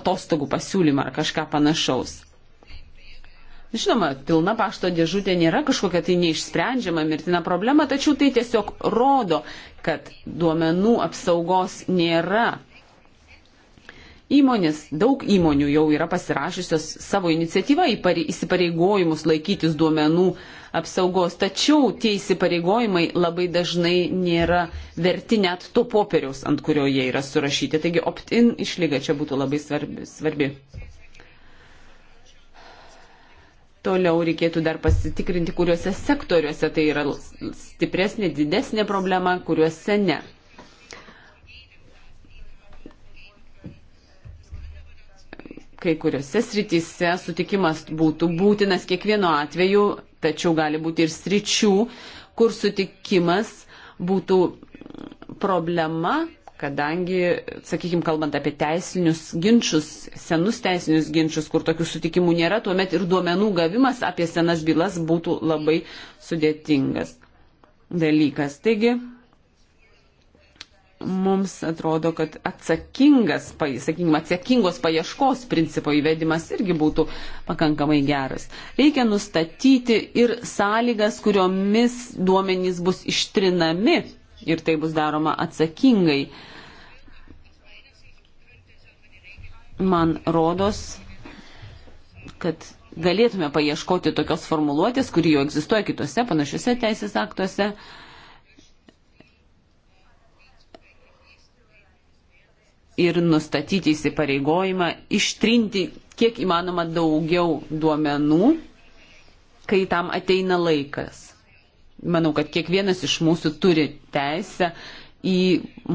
Speaker 1: atostogų pasiūlymą ar kažką panašaus. Žinoma, pilna pašto dėžutė nėra kažkokia tai neišsprendžiama mirtina problema, tačiau tai tiesiog rodo, kad duomenų apsaugos nėra Įmonės, daug įmonių jau yra pasirašysios savo iniciatyvą įsipareigojimus laikytis duomenų apsaugos, tačiau tie įsipareigojimai labai dažnai nėra verti net to popieriaus, ant kurio jie yra surašyti. Taigi opt-in išlyga čia būtų labai svarbi. svarbi. Toliau reikėtų dar pasitikrinti, kuriuose sektoriuose tai yra stipresnė, didesnė problema, kuriuose ne. kai kuriuose srityse sutikimas būtų būtinas kiekvieno atveju, tačiau gali būti ir sričių, kur sutikimas būtų problema, kadangi, sakykime, kalbant apie teisinius ginčius, senus teisinius ginčius, kur tokių sutikimų nėra, tuomet ir duomenų gavimas apie senas bylas būtų labai sudėtingas dalykas. Taigi, mums atrodo, kad atsakingas, sakykime, atsakingos paieškos principo įvedimas irgi būtų pakankamai geras. Reikia nustatyti ir sąlygas, kuriomis duomenys bus ištrinami ir tai bus daroma atsakingai. Man rodos, kad galėtume paieškoti tokios formuluotės, kuri jau egzistuoja kitose panašiuose teisės aktuose. Uh, ir nustatyti įsipareigojimą, ištrinti kiek įmanoma daugiau duomenų, kai tam ateina laikas. Manau, kad kiekvienas iš mūsų turi teisę į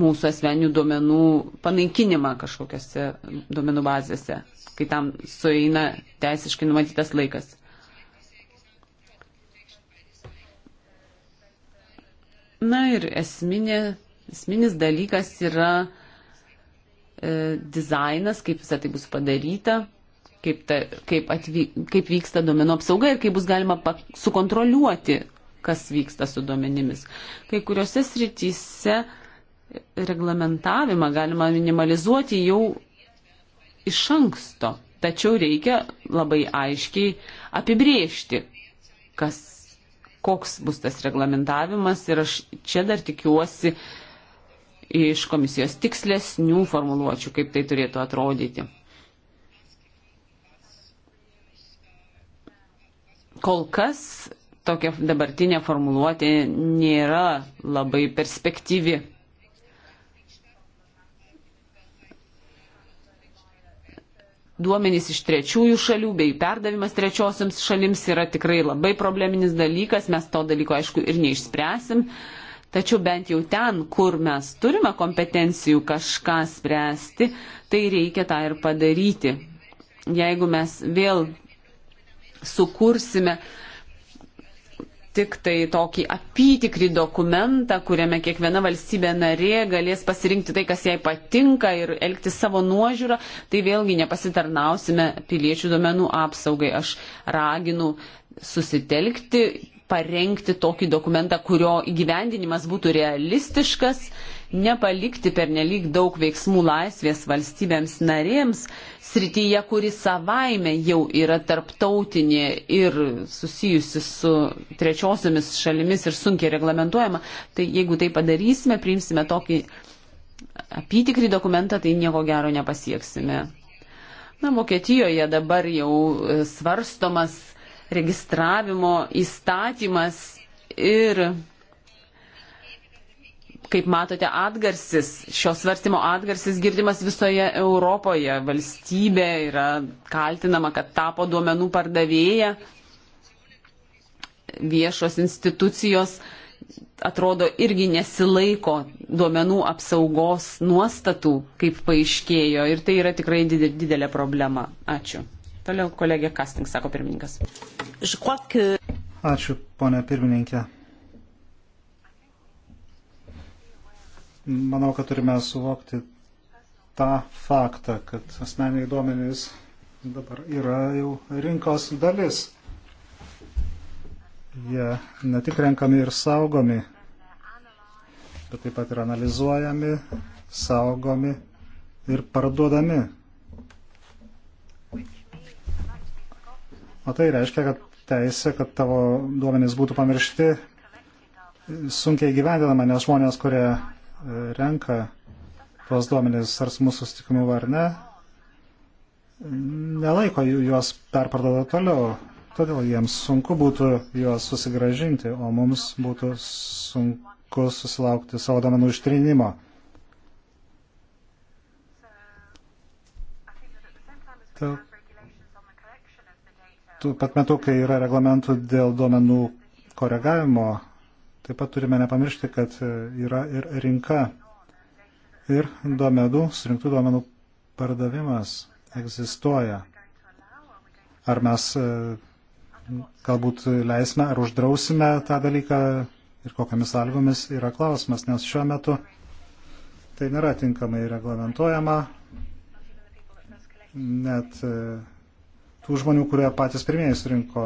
Speaker 1: mūsų asmeninių duomenų panaikinimą kažkokiose duomenų bazėse, kai tam sueina teisiškai numatytas laikas. Na ir esminė, esminis dalykas yra E, dizainas, kaip visą tai bus padaryta, kaip, ta, kaip, atvyk, kaip vyksta duomenų apsauga ir kaip bus galima sukontroliuoti, kas vyksta su duomenimis. Kai kuriuose srityse reglamentavimą galima minimalizuoti jau iš anksto, tačiau reikia labai aiškiai apibriežti, kas, koks bus tas reglamentavimas ir aš čia dar tikiuosi, iš komisijos tikslesnių formuluočių, kaip tai turėtų atrodyti. Kol kas tokia dabartinė formuluotė nėra labai perspektyvi. duomenys iš trečiųjų šalių bei perdavimas trečiosiams šalims yra tikrai labai probleminis dalykas, mes to dalyko aišku ir neišspręsim. Uh, Tačiau bent jau ten, kur mes turime kompetencijų kažką spręsti, tai reikia tą ir padaryti. Jeigu mes vėl sukursime tik tai tokį apytikrį dokumentą, kuriame kiekviena valstybė narė galės pasirinkti tai, kas jai patinka ir elgti savo nuožiūrą, tai vėlgi nepasitarnausime piliečių duomenų apsaugai. Aš raginu susitelkti parengti tokį dokumentą, kurio įgyvendinimas būtų realistiškas, nepalikti pernelyg daug veiksmų laisvės valstybėms narėms, srityje, kuri savaime jau yra tarptautinė ir susijusi su trečiosiomis šalimis ir sunkiai reglamentuojama. Tai jeigu tai padarysime, priimsime tokį apytikrį dokumentą, tai nieko gero nepasieksime. Na, Vokietijoje dabar jau svarstomas registravimo įstatymas ir, kaip matote, atgarsis, šio svarstymo atgarsis girdimas visoje Europoje. Valstybė yra kaltinama, kad tapo duomenų pardavėja, viešos institucijos atrodo irgi nesilaiko duomenų apsaugos nuostatų, kaip paaiškėjo. Ir tai yra tikrai didelė problema. Ačiū. Toliau kolegė Kastink, sako pirmininkas.
Speaker 3: Ačiū, ponė pirmininkė. Manau, kad turime suvokti tą faktą, kad asmeniai duomenys dabar yra jau rinkos dalis. Jie ne tik renkami ir saugomi, bet taip pat ir analizuojami, saugomi ir parduodami O tai reiškia, kad teisė, kad tavo duomenys būtų pamiršti, sunkiai gyvendinama, nes žmonės, kurie e, renka tuos duomenys, ar su mūsų sutikimu ar ne, nelaiko juos perparduoda toliau. Todėl jiems sunku būtų juos susigražinti, o mums būtų sunku susilaukti savo domenų ištrinimo. Ta, metu, pat metu, kai yra reglamentų dėl duomenų koregavimo, taip pat turime nepamiršti, kad yra ir rinka ir duomenų, surinktų duomenų pardavimas egzistuoja. Ar mes e, galbūt leisime ar uždrausime tą dalyką ir kokiamis sąlygomis yra klausimas, nes šiuo metu tai nėra tinkamai reglamentuojama. Net e, tų žmonių, kurie patys pirmieji surinko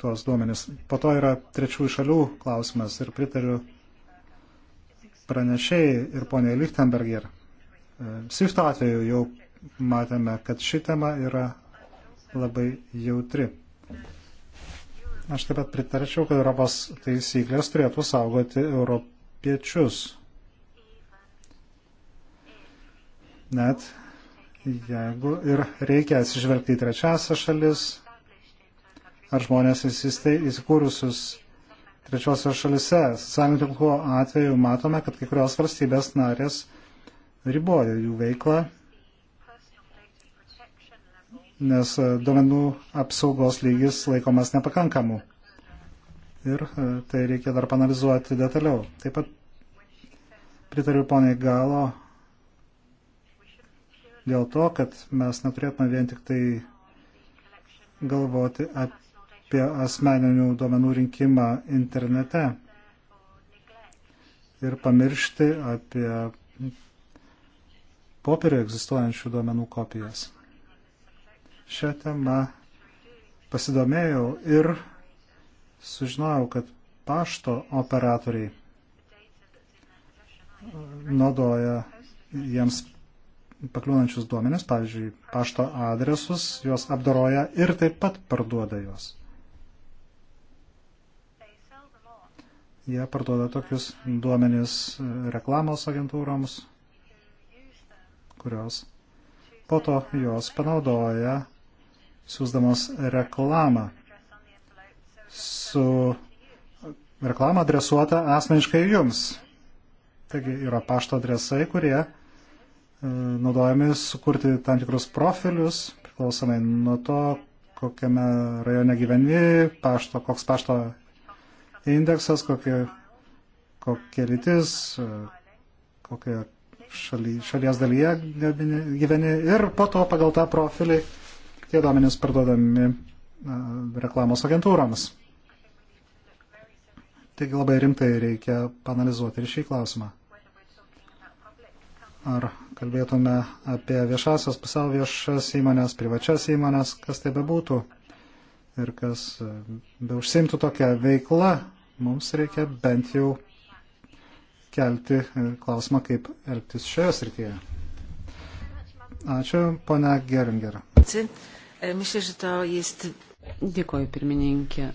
Speaker 3: tuos duomenis. Po to yra trečiųjų šalių klausimas ir pritariu pranešėjai ir poniai Lichtenberger. E, Svifto atveju jau matėme, kad ši tema yra labai jautri. Aš taip pat pritarčiau, kad Europos taisyklės turėtų saugoti europiečius. Net jeigu ir reikia atsižvelgti į trečiasią šalis ar žmonės įsikūrusius trečiosios šalise. Socialinių tinklų atveju matome, kad kai kurios valstybės narės riboja jų veiklą, nes e, duomenų apsaugos lygis laikomas nepakankamu. Ir e, tai reikia dar panalizuoti detaliau. Taip pat pritariu poniai Galo dėl to, kad mes neturėtume vien tik tai galvoti apie asmeninių duomenų rinkimą internete ir pamiršti apie popierio egzistuojančių duomenų kopijas. Šią temą pasidomėjau ir sužinojau, kad pašto operatoriai naudoja jiems pakliūnančius duomenis, pavyzdžiui, pašto adresus, juos apdoroja ir taip pat parduoda juos. Jie parduoda tokius duomenis reklamos agentūroms, kurios po to juos panaudoja, siūsdamos reklamą su reklama adresuota asmeniškai jums. Taigi yra pašto adresai, kurie E, naudojami sukurti tam tikrus profilius, priklausomai nuo to, kokiame rajone gyveni, pašto, koks pašto indeksas, kokie, kokie lytis, e, kokie šaly, šalies dalyje gyveni ir po to pagal tą profilį tie duomenys parduodami e, reklamos agentūrams. Taigi labai rimtai reikia panalizuoti ir šį klausimą ar kalbėtume apie viešasias, pusiau viešas įmonės, privačias įmonės, kas tai bebūtų ir kas be užsimtų tokią veiklą, mums reikia bent jau kelti klausimą, kaip elgtis šioje srityje. Ačiū, ponia Geringer.
Speaker 1: Dėkoju, pirmininkė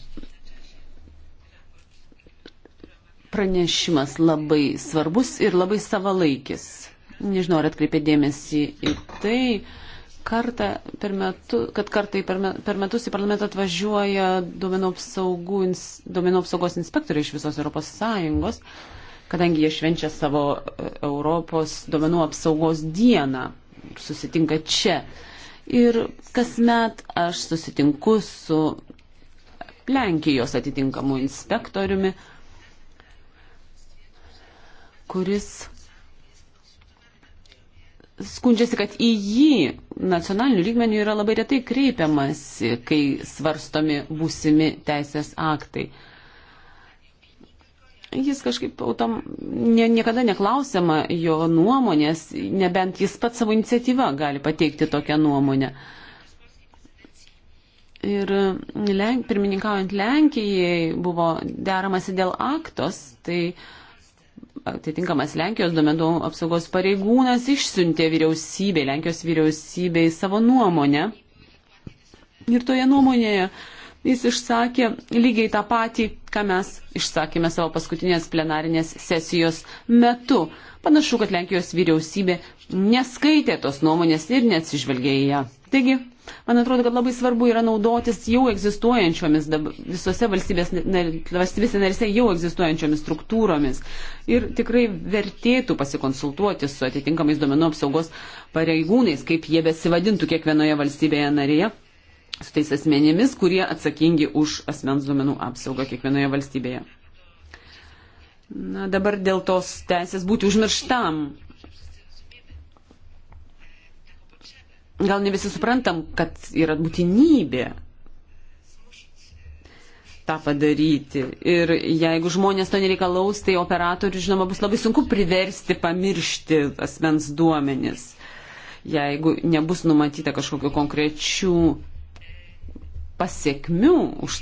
Speaker 1: pranešimas labai svarbus ir labai savalaikis. Nežinau, ar atkreipė dėmesį į tai, kartą per metu, kad kartai per, me, per metus į parlamentą atvažiuoja duomenų, apsaugų, duomenų apsaugos inspektoriai iš visos Europos Sąjungos, kadangi jie švenčia savo e, Europos duomenų apsaugos dieną, susitinka čia. Ir kasmet aš susitinku su Lenkijos atitinkamu inspektoriumi, kuris skundžiasi, kad į jį nacionalinių lygmenių yra labai retai kreipiamasi, kai svarstomi būsimi teisės aktai. Jis kažkaip autom, nie, niekada neklausiama jo nuomonės, nebent jis pat savo iniciatyvą gali pateikti tokią nuomonę. Ir lenk, pirmininkaujant Lenkijai buvo deramasi dėl aktos, tai uh, atitinkamas Lenkijos duomenų apsaugos pareigūnas išsiuntė vyriausybei, Lenkijos vyriausybei savo nuomonę. Ir toje nuomonėje uh, Jis išsakė lygiai tą patį, ką mes išsakėme savo paskutinės plenarinės sesijos metu. Panašu, kad Lenkijos vyriausybė neskaitė tos nuomonės ir neatsižvelgė į ją. Taigi, man atrodo, kad labai svarbu yra naudotis jau egzistuojančiomis visose valstybės, valstybėse narise jau egzistuojančiomis struktūromis. Ir tikrai vertėtų pasikonsultuoti su atitinkamais duomenų apsaugos pareigūnais, kaip jie besivadintų kiekvienoje valstybėje narėje su tais asmenėmis, kurie atsakingi už asmens duomenų apsaugą kiekvienoje valstybėje. Na dabar dėl tos teisės būti užmirštam. Gal ne visi suprantam, kad yra būtinybė tą padaryti. Ir jeigu žmonės to nereikalaus, tai operatorių, žinoma, bus labai sunku priversti pamiršti asmens duomenis, jeigu nebus numatyta kažkokiu konkrečiu pasiekmių už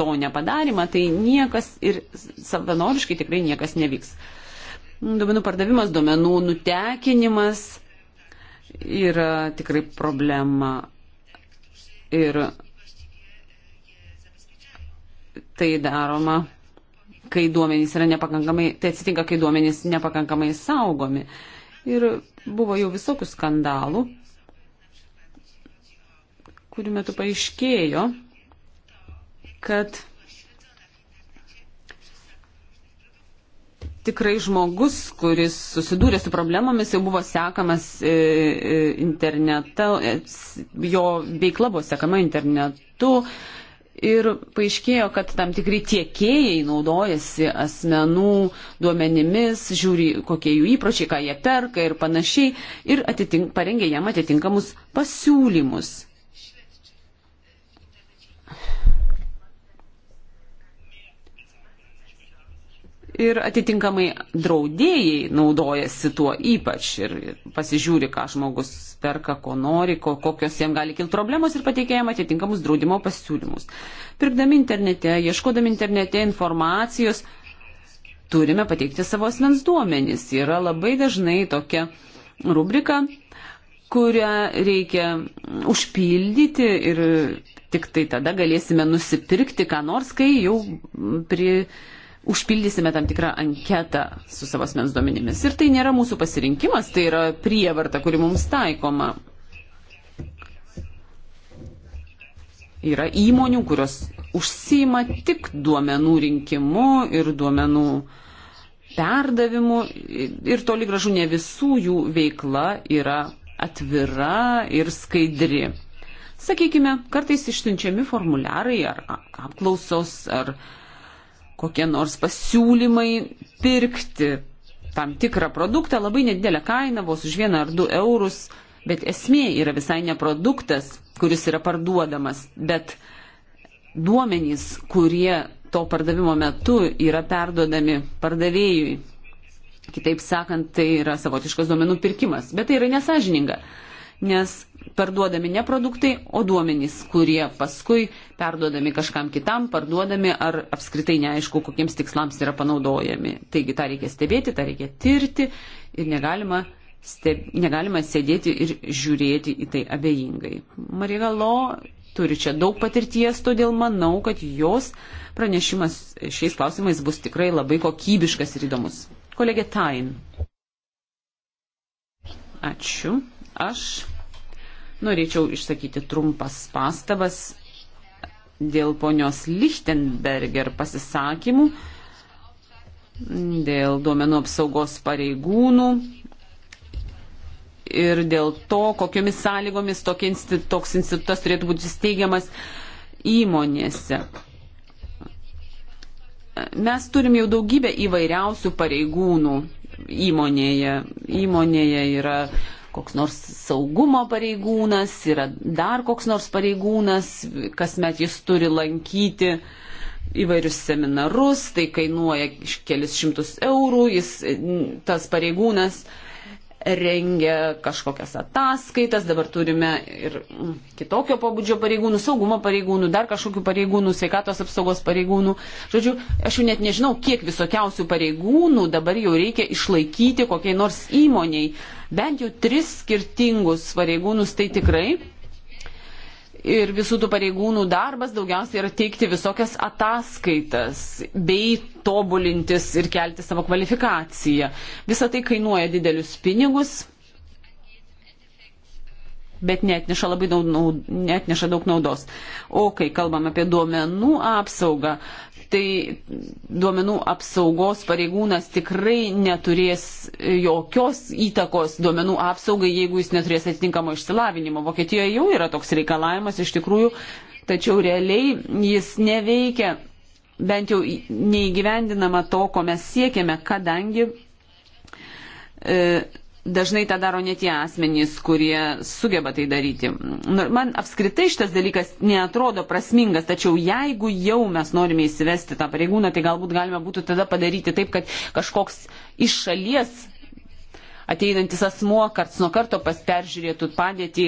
Speaker 1: to nepadarimą, tai niekas ir savanoriškai tikrai niekas nevyks. Duomenų pardavimas, duomenų nutekinimas yra tikrai problema. Ir tai daroma, kai duomenys yra nepakankamai, tai atsitinka, kai duomenys nepakankamai saugomi. Ir buvo jau visokių skandalų kurių metu paaiškėjo, kad tikrai žmogus, kuris susidūrė su problemomis, jau buvo sekamas e, e, internetą, e, jo veikla buvo sekama internetu. Ir paaiškėjo, kad tam tikri tiekėjai naudojasi asmenų duomenimis, žiūri, kokie jų įpročiai, ką jie perka ir panašiai, ir atitink, parengė jam atitinkamus pasiūlymus. Ir atitinkamai draudėjai naudojasi tuo ypač ir pasižiūri, ką žmogus perka, ko nori, ko, kokios jam gali kilti problemos ir pateikėjam atitinkamus draudimo pasiūlymus. Pirkdami internete, ieškodami internete informacijos, turime pateikti savo asmens duomenys. Yra labai dažnai tokia rubrika, kurią reikia užpildyti ir tik tai tada galėsime nusipirkti ką nors, kai jau pri užpildysime tam tikrą anketą su savo asmens duomenimis. Ir tai nėra mūsų pasirinkimas, tai yra prievarta, kuri mums taikoma. Yra įmonių, kurios užsima tik duomenų rinkimu ir duomenų perdavimu ir toli gražu ne visų jų veikla yra atvira ir skaidri. Sakykime, kartais išsiunčiami formuliarai ar apklausos ar uh, kokie nors pasiūlymai pirkti tam tikrą produktą labai nedidelę kainą, vos už vieną ar du eurus, bet esmė yra visai ne produktas, kuris yra parduodamas, bet duomenys, kurie to pardavimo metu yra perduodami pardavėjui. Kitaip sakant, tai yra savotiškas duomenų pirkimas, bet tai yra nesažininga, nes parduodami ne produktai, o duomenys, kurie paskui perduodami kažkam kitam, parduodami ar apskritai neaišku, kokiems tikslams yra panaudojami. Taigi tą reikia stebėti, tą reikia tirti ir negalima, steb... negalima sėdėti ir žiūrėti į tai abejingai. Marigalo turi čia daug patirties, todėl manau, kad jos pranešimas šiais klausimais bus tikrai labai kokybiškas ir įdomus. Kolegė Tain. Ačiū. Aš Norėčiau išsakyti trumpas pastabas dėl ponios Lichtenberger pasisakymų, dėl duomenų apsaugos pareigūnų ir dėl to, kokiomis sąlygomis institu, toks institutas turėtų būti steigiamas įmonėse. Mes turim jau daugybę įvairiausių pareigūnų įmonėje. Įmonėje yra uh, koks nors saugumo pareigūnas, yra dar koks nors pareigūnas, kasmet jis turi lankyti įvairius seminarus, tai kainuoja kelis šimtus eurų, jis, tas pareigūnas rengia kažkokias ataskaitas, dabar turime ir mm, kitokio pobūdžio pareigūnų, saugumo pareigūnų, dar kažkokių pareigūnų, sveikatos apsaugos pareigūnų. Žodžiu, aš jau net nežinau, kiek visokiausių pareigūnų dabar jau reikia išlaikyti kokiai nors įmoniai. Bent jau tris skirtingus pareigūnus tai tikrai ir visų tų pareigūnų darbas daugiausiai yra teikti visokias ataskaitas bei tobulintis ir kelti savo kvalifikaciją. Visą tai kainuoja didelius pinigus bet neatneša, labai daug, naud, neatneša daug naudos. O kai kalbam apie duomenų apsaugą, tai duomenų apsaugos pareigūnas tikrai neturės jokios įtakos duomenų apsaugai, jeigu jis neturės atitinkamo išsilavinimo. Vokietijoje jau yra toks reikalavimas iš tikrųjų, tačiau realiai jis neveikia, bent jau neįgyvendinama to, ko mes siekiame, kadangi e, dažnai tą daro ne tie asmenys, kurie sugeba tai daryti. Man apskritai šitas dalykas neatrodo prasmingas, tačiau jeigu jau mes norime įsivesti tą pareigūną, tai galbūt galima būtų tada padaryti taip, kad kažkoks iš šalies ateinantis asmuo karts nuo karto peržiūrėtų padėtį,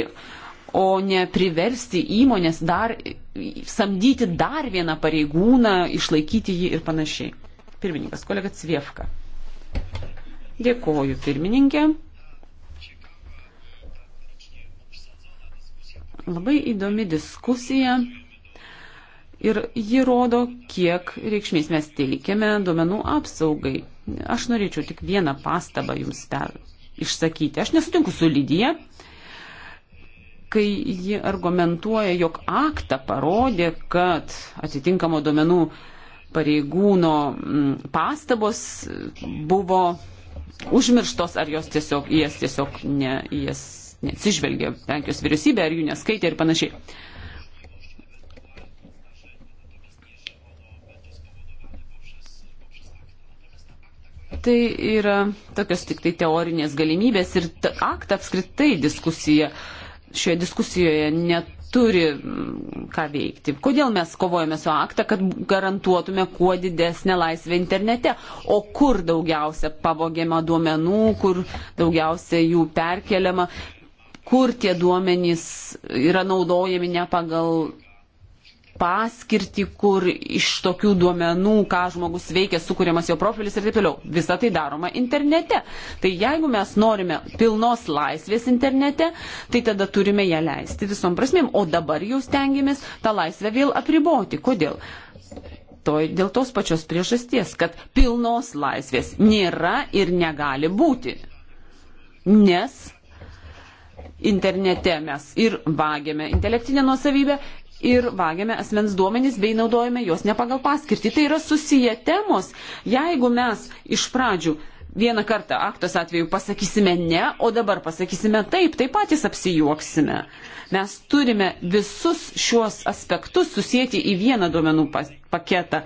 Speaker 1: o ne priversti įmonės dar, samdyti dar vieną pareigūną, išlaikyti jį ir panašiai. Pirmininkas, kolega Cviefka. Thank you. Dėkoju pirmininkė. Labai įdomi diskusija ir ji rodo, kiek reikšmės mes teikiame duomenų apsaugai. Aš norėčiau tik vieną pastabą jums per išsakyti. Aš nesutinku su Lydija, kai ji argumentuoja, jog aktą parodė, kad atitinkamo duomenų pareigūno mm, pastabos buvo užmirštos, ar jos tiesiog, jas tiesiog ne, jas neatsižvelgia Lenkijos vyriausybė, ar jų neskaitė ir panašiai. Tai yra tokios tik tai teorinės galimybės ir aktą apskritai diskusija šioje diskusijoje net turi mm, ką veikti. Kodėl mes kovojame su aktą, kad garantuotume kuo didesnę laisvę internete, o kur daugiausia pavogiama duomenų, kur daugiausia jų perkeliama, kur tie duomenys yra naudojami ne pagal paskirtį, kur iš tokių duomenų, ką žmogus veikia, sukūriamas jo profilis ir taip toliau. Visą tai daroma internete. Tai jeigu mes norime pilnos laisvės internete, tai tada turime ją leisti visom prasmėm. O dabar jau stengiamės tą laisvę vėl apriboti. Kodėl? To, dėl tos pačios priežasties, kad pilnos laisvės nėra ir negali būti. Nes internete mes ir vagiame intelektinę nuosavybę ir vagiame asmens duomenys bei naudojame juos ne pagal paskirtį. Tai yra susiję temos. Jeigu mes iš pradžių vieną kartą aktos atveju pasakysime ne, o dabar pasakysime taip, tai patys apsijuoksime. Mes turime visus šiuos aspektus susijęti į vieną duomenų paketą.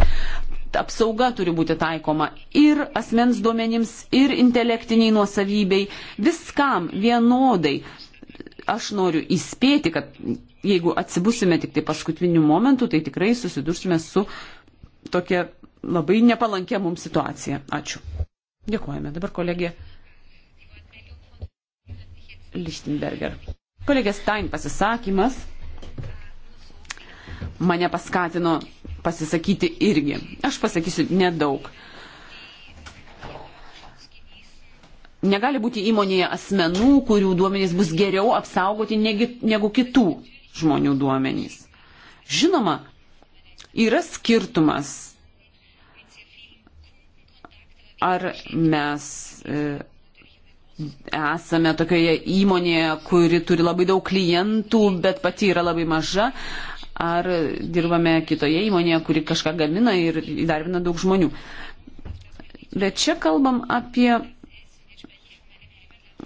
Speaker 1: Apsauga turi būti taikoma ir asmens duomenims, ir intelektiniai nuosavybei, viskam vienodai. Aš noriu įspėti, kad jeigu atsibusime tik tai paskutiniu momentu, tai tikrai susidursime su tokia labai nepalankia mums situacija. Ačiū. Dėkojame. Dabar kolegė Lichtenberger. Kolegė Stein pasisakymas mane paskatino pasisakyti irgi. Aš pasakysiu nedaug. Negali būti įmonėje asmenų, kurių duomenys bus geriau apsaugoti negi, negu kitų žmonių duomenys. Žinoma, yra skirtumas, ar mes e, esame tokioje įmonėje, kuri turi labai daug klientų, bet pati yra labai maža, ar dirbame kitoje įmonėje, kuri kažką gamina ir įdarbina daug žmonių. Bet čia kalbam apie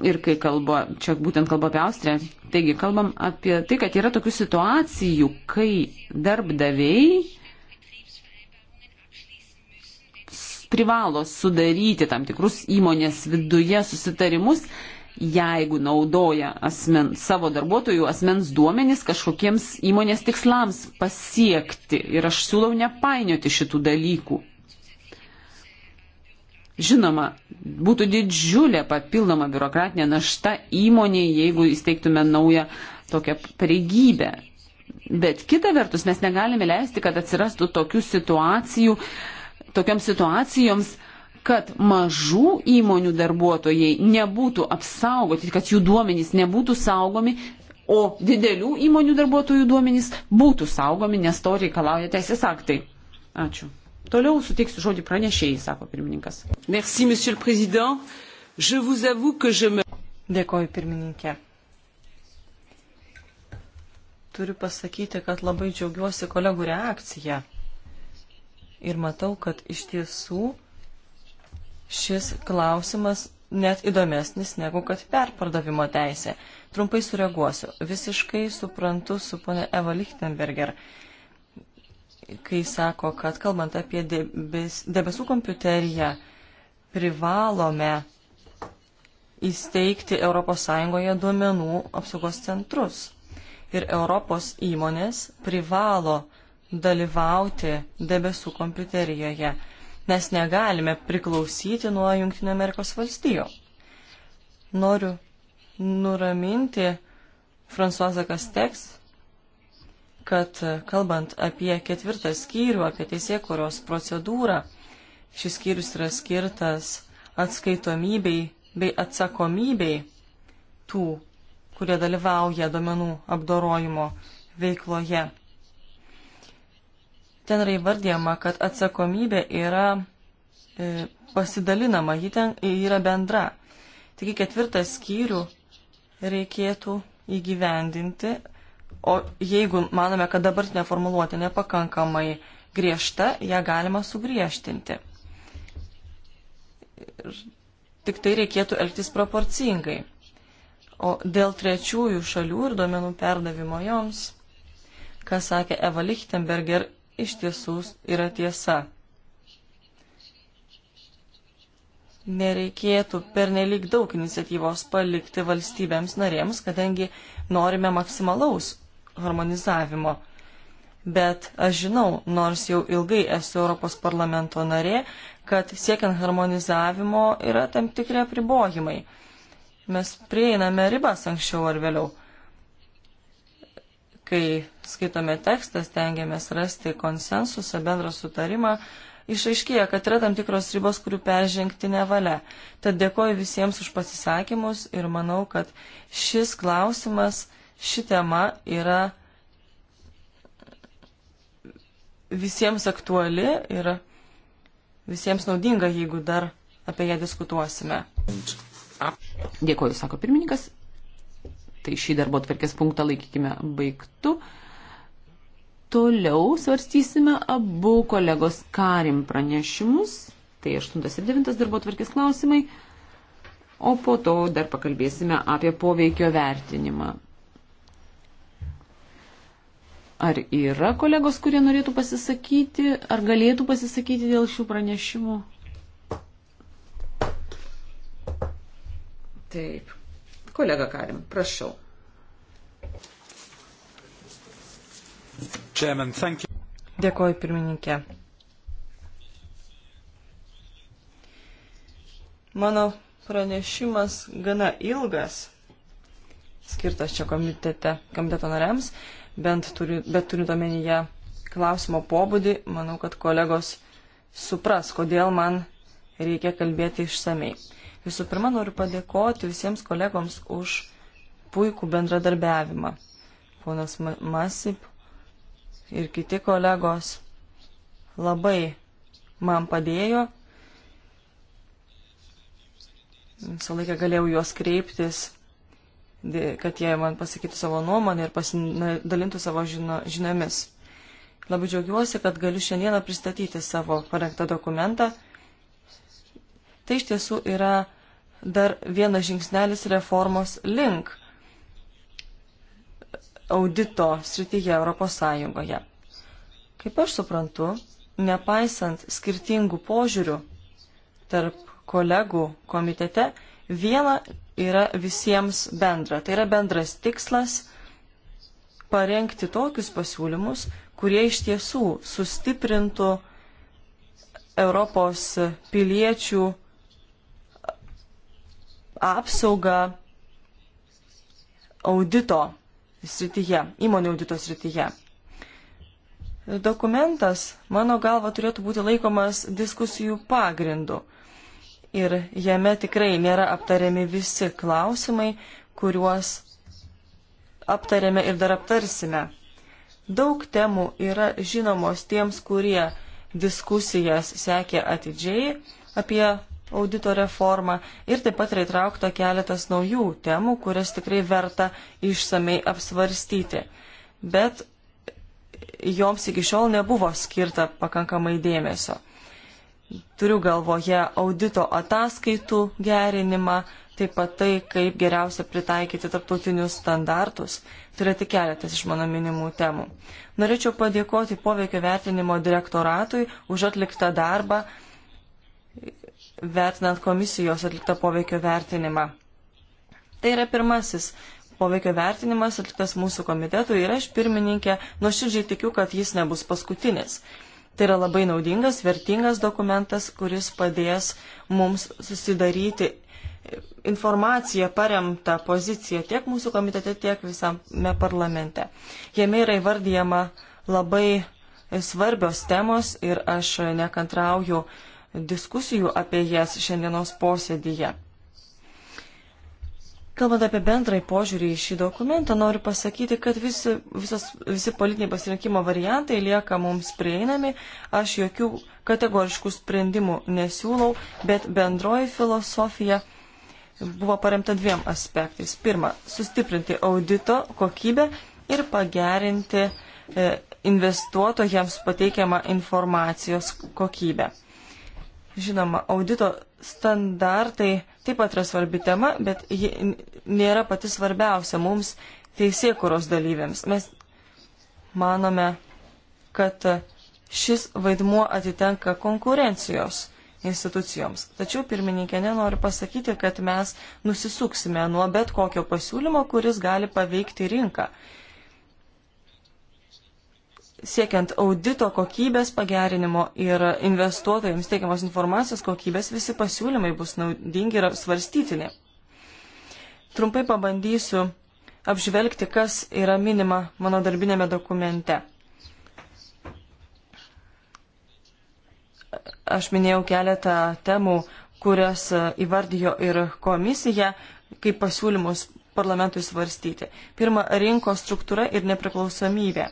Speaker 1: ir kai kalbu, čia būtent kalbu apie Austriją, taigi kalbam apie tai, kad yra tokių situacijų, kai darbdaviai privalo sudaryti tam tikrus įmonės viduje susitarimus, jeigu naudoja asmen, savo darbuotojų asmens duomenys kažkokiems įmonės tikslams pasiekti. Ir aš siūlau nepainioti šitų dalykų. Žinoma, būtų didžiulė papildoma biurokratinė našta įmonė, jeigu įsteigtume naują tokią pareigybę. Bet kita vertus, mes negalime leisti, kad atsirastų tokių situacijų, tokiams situacijoms, kad mažų įmonių darbuotojai nebūtų apsaugoti, kad jų duomenys nebūtų saugomi, o didelių įmonių darbuotojų duomenys būtų saugomi, nes to reikalauja teisės aktai. Ačiū. Toliau suteiksiu žodį pranešėjai, sako pirmininkas.
Speaker 2: Merci, monsieur le président. Je vous avoue que je me. Dėkoju, pirmininkė. Turiu pasakyti, kad labai džiaugiuosi kolegų reakcija. Ir matau, kad iš tiesų šis klausimas net įdomesnis negu kad perpardavimo teisė. Trumpai sureaguosiu. Visiškai suprantu su pone Eva Lichtenberger kai sako, kad kalbant apie debes, debesų kompiuteriją, privalome įsteigti ES duomenų apsaugos centrus. Ir Europos įmonės privalo dalyvauti debesų kompiuterijoje, nes negalime priklausyti nuo Junktinio Amerikos valstijų. Noriu nuraminti Fransuazą Kasteks, kad kalbant apie ketvirtą skyrių, apie teisėkuros procedūrą, šis skyrius yra skirtas atskaitomybei bei atsakomybei tų, kurie dalyvauja domenų apdorojimo veikloje. Ten yra įvardyjama, kad atsakomybė yra e, pasidalinama, ji ten yra bendra. Taigi ketvirtą skyrių reikėtų įgyvendinti O jeigu manome, kad dabartinė formuluotė nepakankamai griežta, ją galima sugriežtinti. Ir tik tai reikėtų elgtis proporcingai. O dėl trečiųjų šalių ir duomenų perdavimo joms, ką sakė Eva Lichtenberger, iš tiesų yra tiesa. nereikėtų pernelyg daug iniciatyvos palikti valstybėms narėms, kadangi norime maksimalaus harmonizavimo. Bet aš žinau, nors jau ilgai esu Europos parlamento narė, kad siekiant harmonizavimo yra tam tikri apribojimai. Mes prieiname ribas anksčiau ar vėliau. Kai skaitome tekstą, stengiamės rasti konsensusą, bendrą sutarimą, išaiškėja, kad yra tam tikros ribos, kurių peržengti nevalia. Tad dėkoju visiems už pasisakymus ir manau, kad šis klausimas ši tema yra visiems aktuali ir visiems naudinga, jeigu dar apie ją diskutuosime. Dėkoju, sako pirmininkas.
Speaker 1: Tai šį darbo tvarkės punktą laikykime baigtų. Toliau svarstysime abu kolegos Karim pranešimus. Tai 8 ir 9 darbo tvarkės klausimai. O po to dar pakalbėsime apie poveikio vertinimą. Ar yra kolegos, kurie norėtų pasisakyti, ar galėtų pasisakyti dėl šių pranešimų? Taip. Kolega Karim, prašau.
Speaker 3: Chairman, thank you.
Speaker 2: Dėkoju, pirmininkė. Mano pranešimas gana ilgas, skirtas čia komitete, komiteto nariams. Uh, bent turi, bet turint omenyje klausimo pobūdį, manau, kad kolegos supras, kodėl man reikia kalbėti išsamei. Visų pirma, noriu padėkoti visiems kolegoms už puikų bendradarbiavimą. Ponas Masip ir kiti kolegos labai man padėjo. Visą laiką galėjau juos kreiptis kad jie man pasakytų savo nuomonę ir pasidalintų savo žino, žiniomis. Labai džiaugiuosi, kad galiu šiandieną pristatyti savo parengtą dokumentą. Tai iš tiesų yra dar vienas žingsnelis reformos link audito srityje Europos Sąjungoje. Kaip aš suprantu, nepaisant skirtingų požiūrių tarp kolegų komitete, vieną yra visiems bendra. Tai yra bendras tikslas parengti tokius pasiūlymus, kurie iš tiesų sustiprintų Europos piliečių apsaugą audito srityje, įmonių audito srityje. Dokumentas, mano galva, turėtų būti laikomas diskusijų pagrindu ir jame tikrai nėra aptariami visi klausimai, kuriuos aptarėme ir dar aptarsime. Daug temų yra žinomos tiems, kurie diskusijas sekė atidžiai apie audito reformą ir taip pat yra įtraukta keletas naujų temų, kurias tikrai verta išsamei apsvarstyti. Bet joms iki šiol nebuvo skirta pakankamai dėmesio. Turiu galvoje audito ataskaitų gerinimą, taip pat tai, kaip geriausia pritaikyti tarptautinius standartus. Tai yra tik keletas iš mano minimų temų. Norėčiau padėkoti poveikio vertinimo direktoratui už atliktą darbą, vertinant komisijos atliktą poveikio vertinimą. Tai yra pirmasis poveikio vertinimas atliktas mūsų komitetui ir aš pirmininkė nuoširdžiai tikiu, kad jis nebus paskutinis. Tai yra labai naudingas, vertingas dokumentas, kuris padės mums susidaryti informacija paremta pozicija tiek mūsų komitete, tiek visame parlamente. Jame yra įvardyjama labai svarbios temos ir aš nekantrauju diskusijų apie jas šiandienos posėdyje. Kalbant apie bendrąjį požiūrį į šį dokumentą, noriu pasakyti, kad visi, visos, visi politiniai pasirinkimo variantai lieka mums prieinami. Aš jokių kategoriškų sprendimų nesiūlau, bet bendroji filosofija buvo paremta dviem aspektais. Pirma, sustiprinti audito kokybę ir pagerinti e, investuotojams pateikiamą informacijos kokybę. Žinoma, audito standartai taip pat yra svarbi tema, bet ji nėra pati svarbiausia mums teisėkuros dalyviams. Mes manome, kad šis vaidmuo atitenka konkurencijos institucijoms. Tačiau pirmininkė nenori pasakyti, kad mes nusisuksime nuo bet kokio pasiūlymo, kuris gali paveikti rinką siekiant audito kokybės pagerinimo ir investuotojams teikiamos informacijos kokybės, visi pasiūlymai bus naudingi ir svarstytini. Trumpai pabandysiu apžvelgti, kas yra minima mano darbinėme dokumente. Aš minėjau keletą temų, kurias įvardijo ir komisija, kaip pasiūlymus parlamentui svarstyti. Pirma, rinkos struktūra ir nepriklausomybė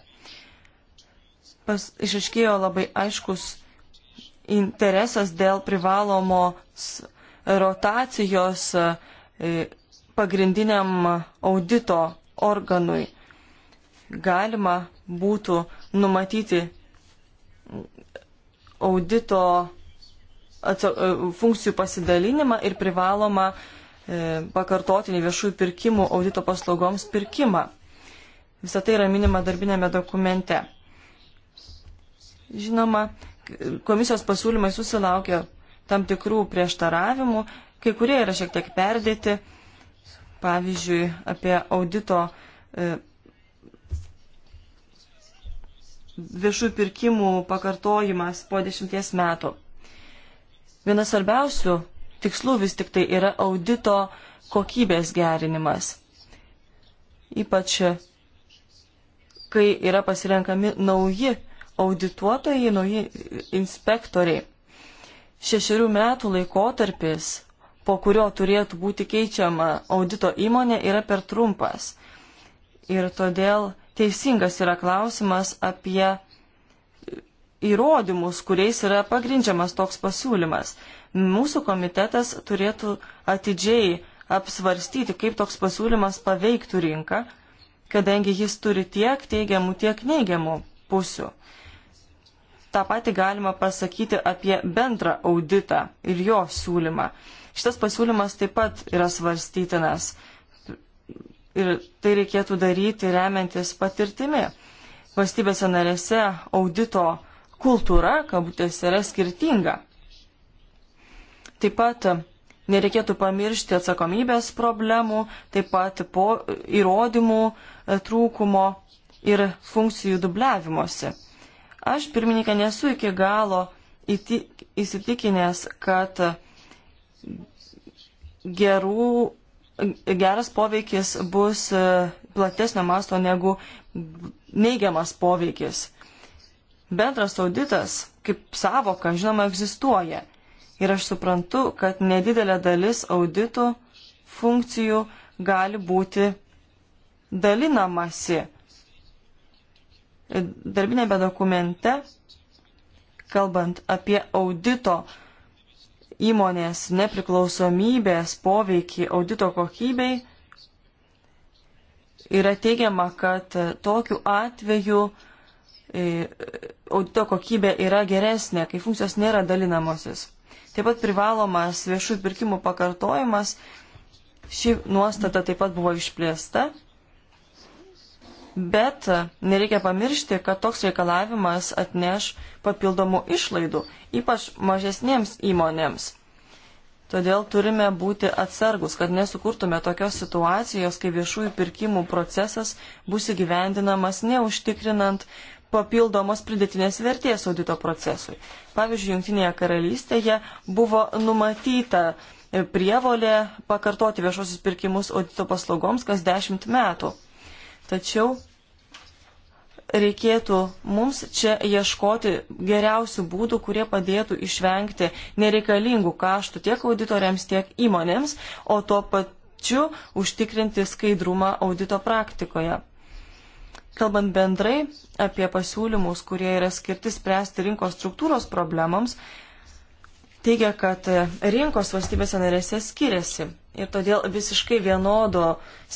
Speaker 2: pas, išaiškėjo labai aiškus interesas dėl privalomos rotacijos e, pagrindiniam audito organui. Galima būtų numatyti audito e, funkcijų pasidalinimą ir privalomą e, pakartotinį viešųjų pirkimų audito paslaugoms pirkimą. Visą tai yra minima darbinėme dokumente. Žinoma, komisijos pasiūlymai susilaukė tam tikrų prieštaravimų, kai kurie yra šiek tiek perdėti, pavyzdžiui, apie audito e, viešų pirkimų pakartojimas po dešimties metų. Vienas svarbiausių tikslų vis tik tai yra audito kokybės gerinimas. Ypač, e, kai yra pasirenkami nauji audituotojai, nauji inspektoriai. Šešerių metų laikotarpis, po kurio turėtų būti keičiama audito įmonė, yra per trumpas. Ir todėl teisingas yra klausimas apie įrodymus, kuriais yra pagrindžiamas toks pasiūlymas. Mūsų komitetas turėtų atidžiai apsvarstyti, kaip toks pasiūlymas paveiktų rinką, kadangi jis turi tiek teigiamų, tiek neigiamų pusių tą patį galima pasakyti apie bendrą auditą ir jo siūlymą. Šitas pasiūlymas taip pat yra svarstytinas ir tai reikėtų daryti remiantis patirtimi. Valstybėse narėse audito kultūra, kabutėse, yra skirtinga. Taip pat nereikėtų pamiršti atsakomybės problemų, taip pat po įrodymų e, trūkumo ir funkcijų dubliavimuose. Aš, pirmininkė, nesu iki galo įti, įsitikinęs, kad gerų, geras poveikis bus e, platesnio masto negu neigiamas poveikis. Bendras auditas, kaip savoka, žinoma, egzistuoja. Ir aš suprantu, kad nedidelė dalis auditų funkcijų gali būti dalinamasi darbinėme dokumente, kalbant apie audito įmonės nepriklausomybės poveikį audito kokybei, yra teigiama, kad tokiu atveju e, audito kokybė yra geresnė, kai funkcijos nėra dalinamosios. Taip pat privalomas viešų pirkimų pakartojimas, ši nuostata taip pat buvo išplėsta Bet nereikia pamiršti, kad toks reikalavimas atneš papildomų išlaidų, ypač mažesniems įmonėms. Todėl turime būti atsargus, kad nesukurtume tokios situacijos, kai viešųjų pirkimų procesas bus įgyvendinamas neužtikrinant papildomos pridėtinės vertės audito procesui. Pavyzdžiui, Junktinėje karalystėje buvo numatyta prievolė pakartoti viešosius pirkimus audito paslaugoms kas dešimt metų. Tačiau reikėtų mums čia ieškoti geriausių būdų, kurie padėtų išvengti nereikalingų kaštų tiek auditoriams, tiek įmonėms, o tuo pačiu užtikrinti skaidrumą audito praktikoje. Kalbant bendrai apie pasiūlymus, kurie yra skirti spręsti rinkos struktūros problemams, teigia, kad rinkos valstybėse narėse skiriasi ir todėl visiškai vienodo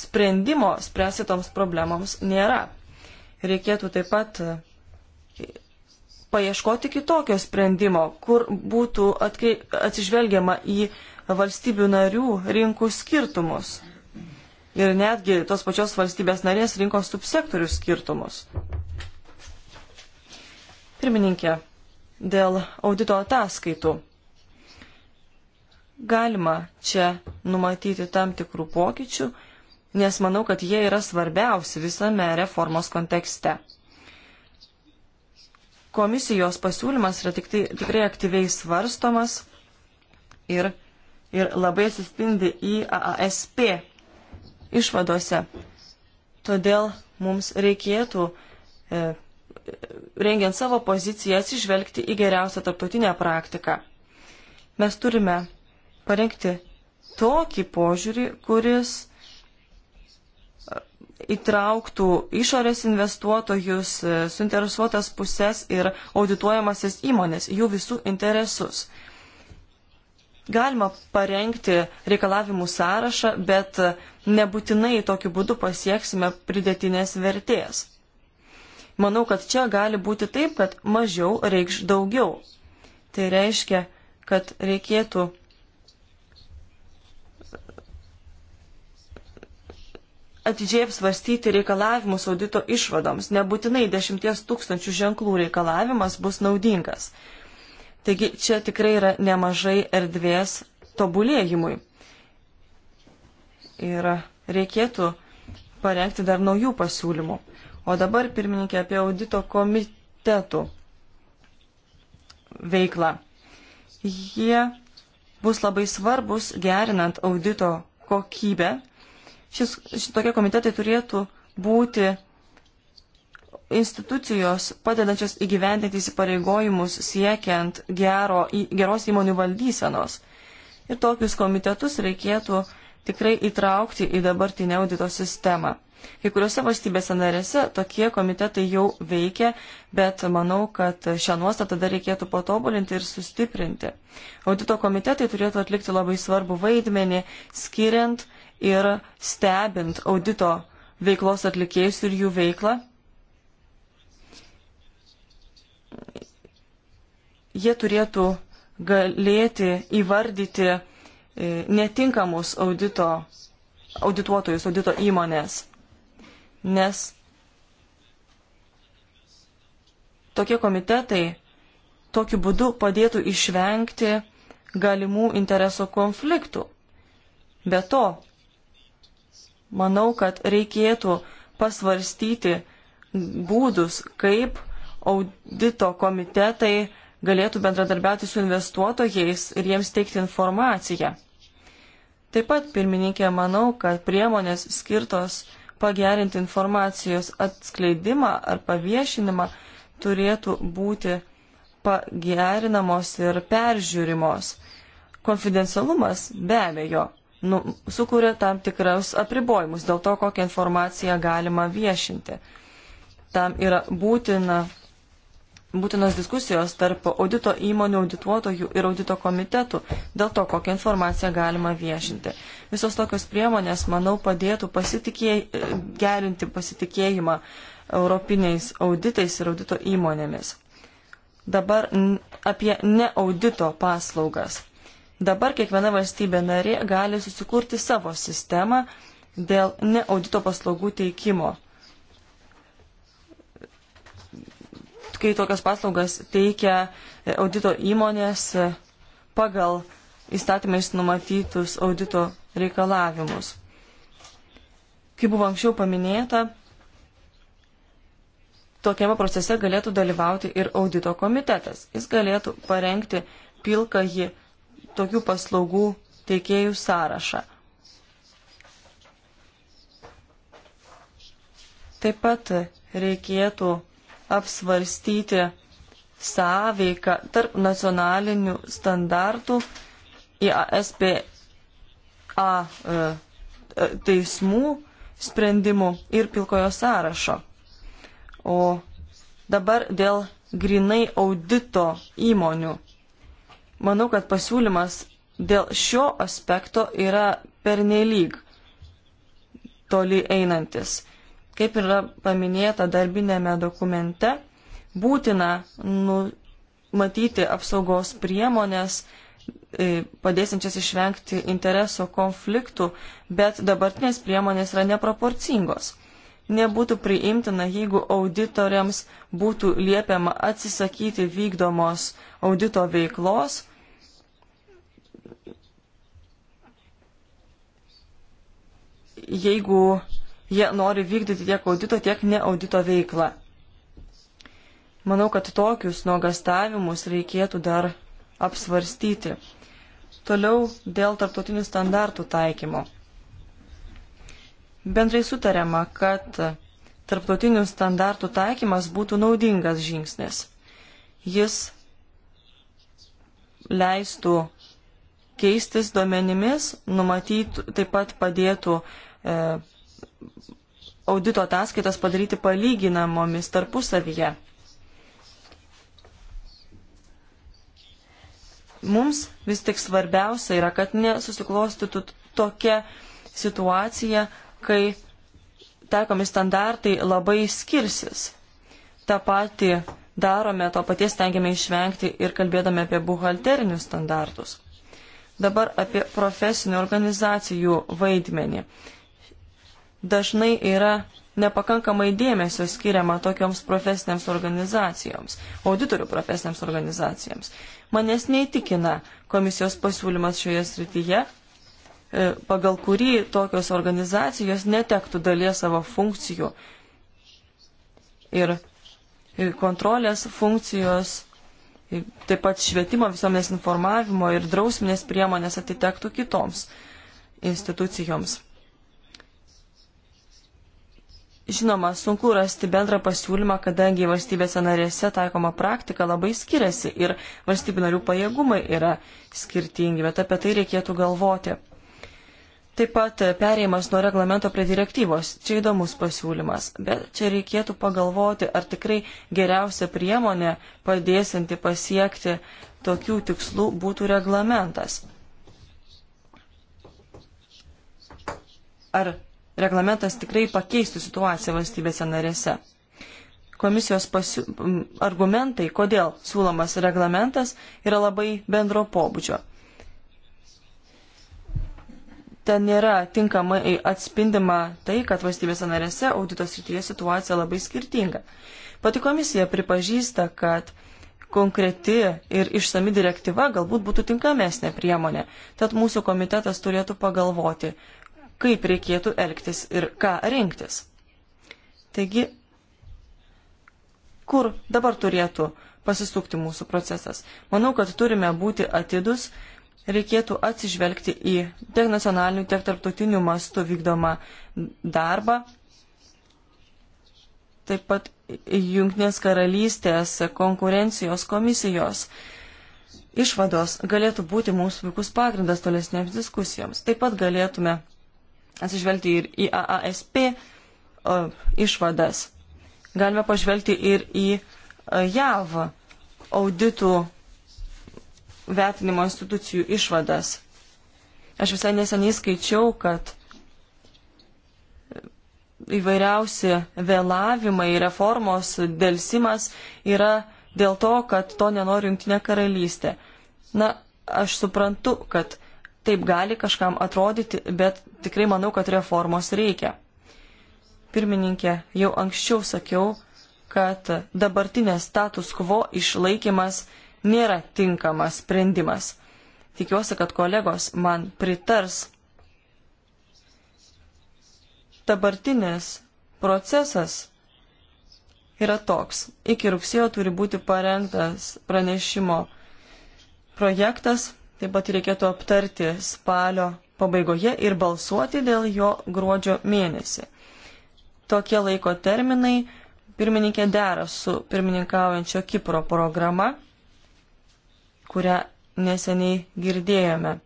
Speaker 2: sprendimo spręsti toms problemams nėra reikėtų taip pat e, paieškoti kitokio sprendimo, kur būtų atkri... atsižvelgiama į valstybių narių rinkų skirtumus ir netgi tos pačios valstybės narės rinkos subsektorių skirtumus. Pirmininkė, dėl audito ataskaitų galima čia numatyti tam tikrų pokyčių nes manau, kad jie yra svarbiausi visame reformos kontekste. Komisijos pasiūlymas yra tik tai, tikrai aktyviai svarstomas ir, ir labai atsispindi į AASP išvadose. Todėl mums reikėtų, e, rengiant savo poziciją, atsižvelgti į geriausią tarptautinę praktiką. Mes turime parengti tokį požiūrį, kuris įtrauktų išorės investuotojus, e, suinteresuotas pusės ir audituojamasis įmonės, jų visų interesus. Galima parengti reikalavimų sąrašą, bet nebūtinai tokiu būdu pasieksime pridėtinės vertės. Manau, kad čia gali būti taip, kad mažiau reikš daugiau. Tai reiškia, kad reikėtų atidžiai apsvarstyti reikalavimus audito išvadoms. Nebūtinai 10 tūkstančių ženklų reikalavimas bus naudingas. Taigi čia tikrai yra nemažai erdvės tobulėjimui. Ir reikėtų parengti dar naujų pasiūlymų. O dabar, pirmininkė, apie audito komitetų veiklą. Jie bus labai svarbus gerinant audito kokybę Šis, šitokie komitetai turėtų būti institucijos padedančios įgyvendinti įsipareigojimus siekiant gero, geros įmonių valdysenos. Ir tokius komitetus reikėtų tikrai įtraukti į dabartinę audito sistemą. Kai kuriuose valstybėse narėse tokie komitetai jau veikia, bet manau, kad šią nuostatą dar reikėtų patobulinti ir sustiprinti. Audito komitetai turėtų atlikti labai svarbų vaidmenį, skiriant ir stebint audito veiklos atlikėjus ir jų veiklą, jie turėtų galėti įvardyti e, netinkamus audito, audituotojus, audito įmonės, nes tokie komitetai tokiu būdu padėtų išvengti galimų interesų konfliktų. Be to, Manau, kad reikėtų pasvarstyti būdus, kaip audito komitetai galėtų bendradarbiauti su investuotojais ir jiems teikti informaciją. Taip pat, pirmininkė, manau, kad priemonės skirtos pagerinti informacijos atskleidimą ar paviešinimą turėtų būti pagerinamos ir peržiūrimos. Konfidencialumas be abejo nu, sukuria tam tikras apribojimus dėl to, kokią informaciją galima viešinti. Tam yra būtina, būtinos diskusijos tarp audito įmonių audituotojų ir audito komitetų dėl to, kokią informaciją galima viešinti. Visos tokios priemonės, manau, padėtų pasitikė, gerinti pasitikėjimą europiniais auditais ir audito įmonėmis. Dabar apie neaudito paslaugas Dabar kiekviena valstybė narė gali susikurti savo sistemą dėl neaudito paslaugų teikimo. Kai tokias paslaugas teikia e, audito įmonės e, pagal įstatymais numatytus audito reikalavimus. Kaip buvo anksčiau paminėta, tokiame procese galėtų dalyvauti ir audito komitetas. Jis galėtų parengti pilkąjį tokių paslaugų teikėjų sąrašą. Taip pat reikėtų apsvarstyti sąveiką tarp nacionalinių standartų IASPA e, e, teismų sprendimų ir pilkojo sąrašo. O dabar dėl grinai audito įmonių Manau, kad pasiūlymas dėl šio aspekto yra pernelyg toli einantis. Kaip yra paminėta darbinėme dokumente, būtina numatyti apsaugos priemonės, e, padėsinčias išvengti intereso konfliktų, bet dabartinės priemonės yra neproporcingos. Nebūtų priimtina, jeigu auditoriams būtų liepiama atsisakyti vykdomos audito veiklos, jeigu jie nori vykdyti tiek audito, tiek neaudito veiklą. Manau, kad tokius nuogastavimus reikėtų dar apsvarstyti. Toliau dėl tarptautinių standartų taikymo. Bendrai sutariama, kad tarptautinių standartų taikymas būtų naudingas žingsnis. Jis leistų keistis duomenimis, numatytų, taip pat padėtų uh, E, audito ataskaitas padaryti palyginamomis tarpusavyje. Mums vis tik svarbiausia yra, kad nesusiklostytų tokia situacija, kai taikomi standartai labai skirsis. Ta pati darome, to paties tengiame išvengti ir kalbėdami apie buhalterinius standartus. Dabar apie profesinių organizacijų vaidmenį dažnai yra nepakankamai dėmesio skiriama tokioms profesinėms organizacijoms, auditorių profesinėms organizacijoms. Manęs neįtikina komisijos pasiūlymas šioje srityje, e, pagal kurį tokios organizacijos netektų dalies savo funkcijų ir kontrolės funkcijos, taip pat švietimo visuomenės informavimo ir drausminės priemonės atitektų kitoms institucijoms. Žinoma, sunku rasti bendrą pasiūlymą, kadangi valstybėse narėse taikoma praktika labai skiriasi ir valstybių narių pajėgumai yra skirtingi, bet apie tai reikėtų galvoti. Taip pat perėjimas nuo reglamento prie direktyvos. Čia įdomus pasiūlymas, bet čia reikėtų pagalvoti, ar tikrai geriausia priemonė padėsinti pasiekti tokių tikslų būtų reglamentas. Ar reglamentas tikrai pakeistų situaciją valstybėse narėse. Komisijos pasiū... argumentai, kodėl siūlomas reglamentas, yra labai bendro pobūdžio. Ten nėra tinkamai atspindima tai, kad valstybėse narėse auditos rytyje situacija labai skirtinga. Pati komisija pripažįsta, kad konkreti ir išsami direktyva galbūt būtų tinkamesnė priemonė. Tad mūsų komitetas turėtų pagalvoti, kaip reikėtų elgtis ir ką rinktis. Taigi, kur dabar turėtų pasisukti mūsų procesas? Manau, kad turime būti atidus, reikėtų atsižvelgti į tiek nacionalinių, tiek tarptautinių mastų vykdomą darbą. Taip pat Junktinės karalystės konkurencijos komisijos išvados galėtų būti mūsų puikus pagrindas tolesnėms diskusijoms. Taip pat galėtume atsižvelgti ir į AASP išvadas. Galime pažvelgti ir į e, JAV auditų vertinimo institucijų išvadas. Aš visai neseniai skaičiau, kad įvairiausi vėlavimai, reformos dėlsimas yra dėl to, kad to nenori Junktinė karalystė. Na, aš suprantu, kad Taip gali kažkam atrodyti, bet tikrai manau, kad reformos reikia. Pirmininkė, jau anksčiau sakiau, kad dabartinės status quo išlaikymas nėra tinkamas sprendimas. Tikiuosi, kad kolegos man pritars. Dabartinis procesas yra toks. Iki rugsėjo turi būti parengtas pranešimo projektas Taip pat reikėtų aptarti spalio pabaigoje ir balsuoti dėl jo gruodžio mėnesį. Tokie laiko terminai pirmininkė dera su pirmininkaujančio Kipro programa, kurią neseniai girdėjome.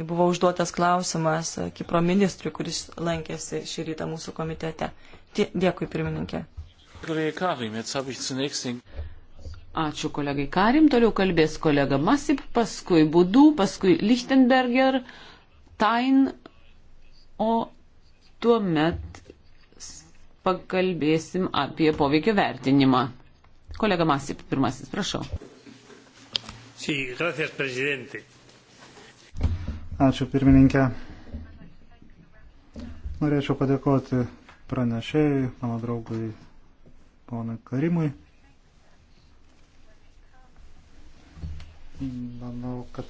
Speaker 2: Kai buvo užduotas klausimas Kipro ministrui, kuris lankėsi šį rytą mūsų komitete. Dėkui, pirmininkė.
Speaker 1: Ačiū kolegai Karim, toliau kalbės kolega Masip, paskui Budų, paskui Lichtenberger, Tain, o tuomet pakalbėsim apie poveikio vertinimą. Kolega Masip, pirmasis, prašau.
Speaker 2: Sí, gracias, presidente.
Speaker 1: Ačiū pirmininkė. Norėčiau
Speaker 3: padėkoti pranešėjui, mano draugui, ponui Karimui. manau, kad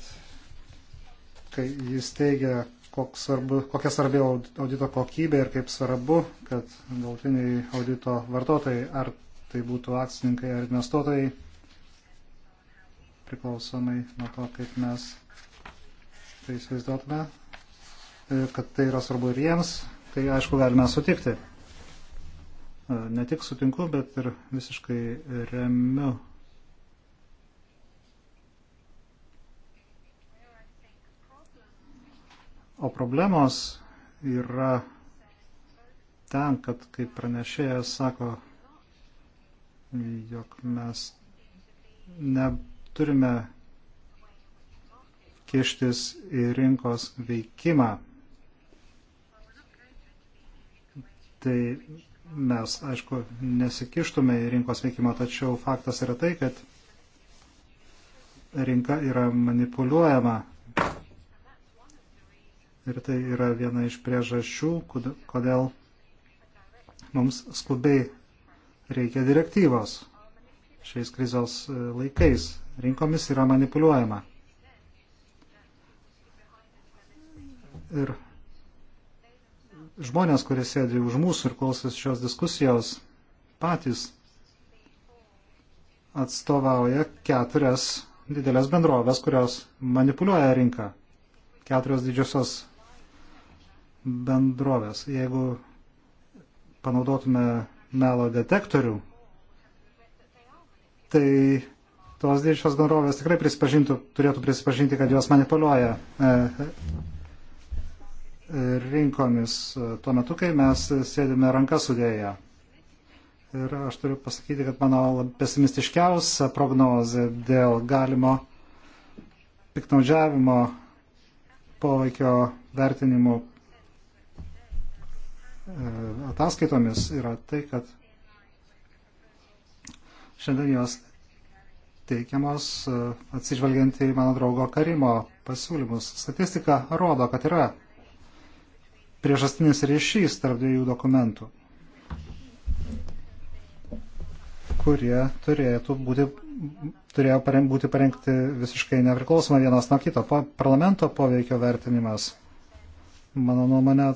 Speaker 3: kai jis teigia, svarbu, kokia svarbi audito kokybė ir kaip svarbu, kad galtiniai audito vartotojai, ar tai būtų akcininkai ar investuotojai, priklausomai nuo to, kaip mes tai įsivaizduotume, e, kad tai yra svarbu ir jiems, tai aišku galime sutikti. E, ne tik sutinku, bet ir visiškai remiu O problemos yra ten, kad kaip pranešėjas sako, jog mes neturime kištis į rinkos veikimą. Tai mes, aišku, nesikištume į rinkos veikimą, tačiau faktas yra tai, kad rinka yra manipuliuojama Ir tai yra viena iš priežasčių, kodėl mums skubiai reikia direktyvos šiais krizės e, laikais. Rinkomis yra manipuliuojama. Ir žmonės, kurie sėdi už mūsų ir klausys šios diskusijos, patys atstovauja keturias didelės bendrovės, kurios manipuliuoja rinką. Keturios didžiosios bendrovės. Jeigu panaudotume melo detektorių, tai tos didžios bendrovės tikrai prisipažintų, turėtų prisipažinti, kad jos manipuliuoja e, e, rinkomis e, tuo metu, kai mes sėdime rankas sudėję. Ir aš turiu pasakyti, kad mano pesimistiškiausia prognozė dėl galimo piknaudžiavimo poveikio vertinimų E, ataskaitomis yra tai, kad šiandien jos teikiamos e, atsižvelgiant į mano draugo Karimo pasiūlymus. Statistika rodo, kad yra priežastinis ryšys tarp dviejų dokumentų, kurie turėtų būti, turėjo pareng, būti parengti visiškai nepriklausomai vienas nuo kito. Po, parlamento poveikio vertinimas, mano nuomonė,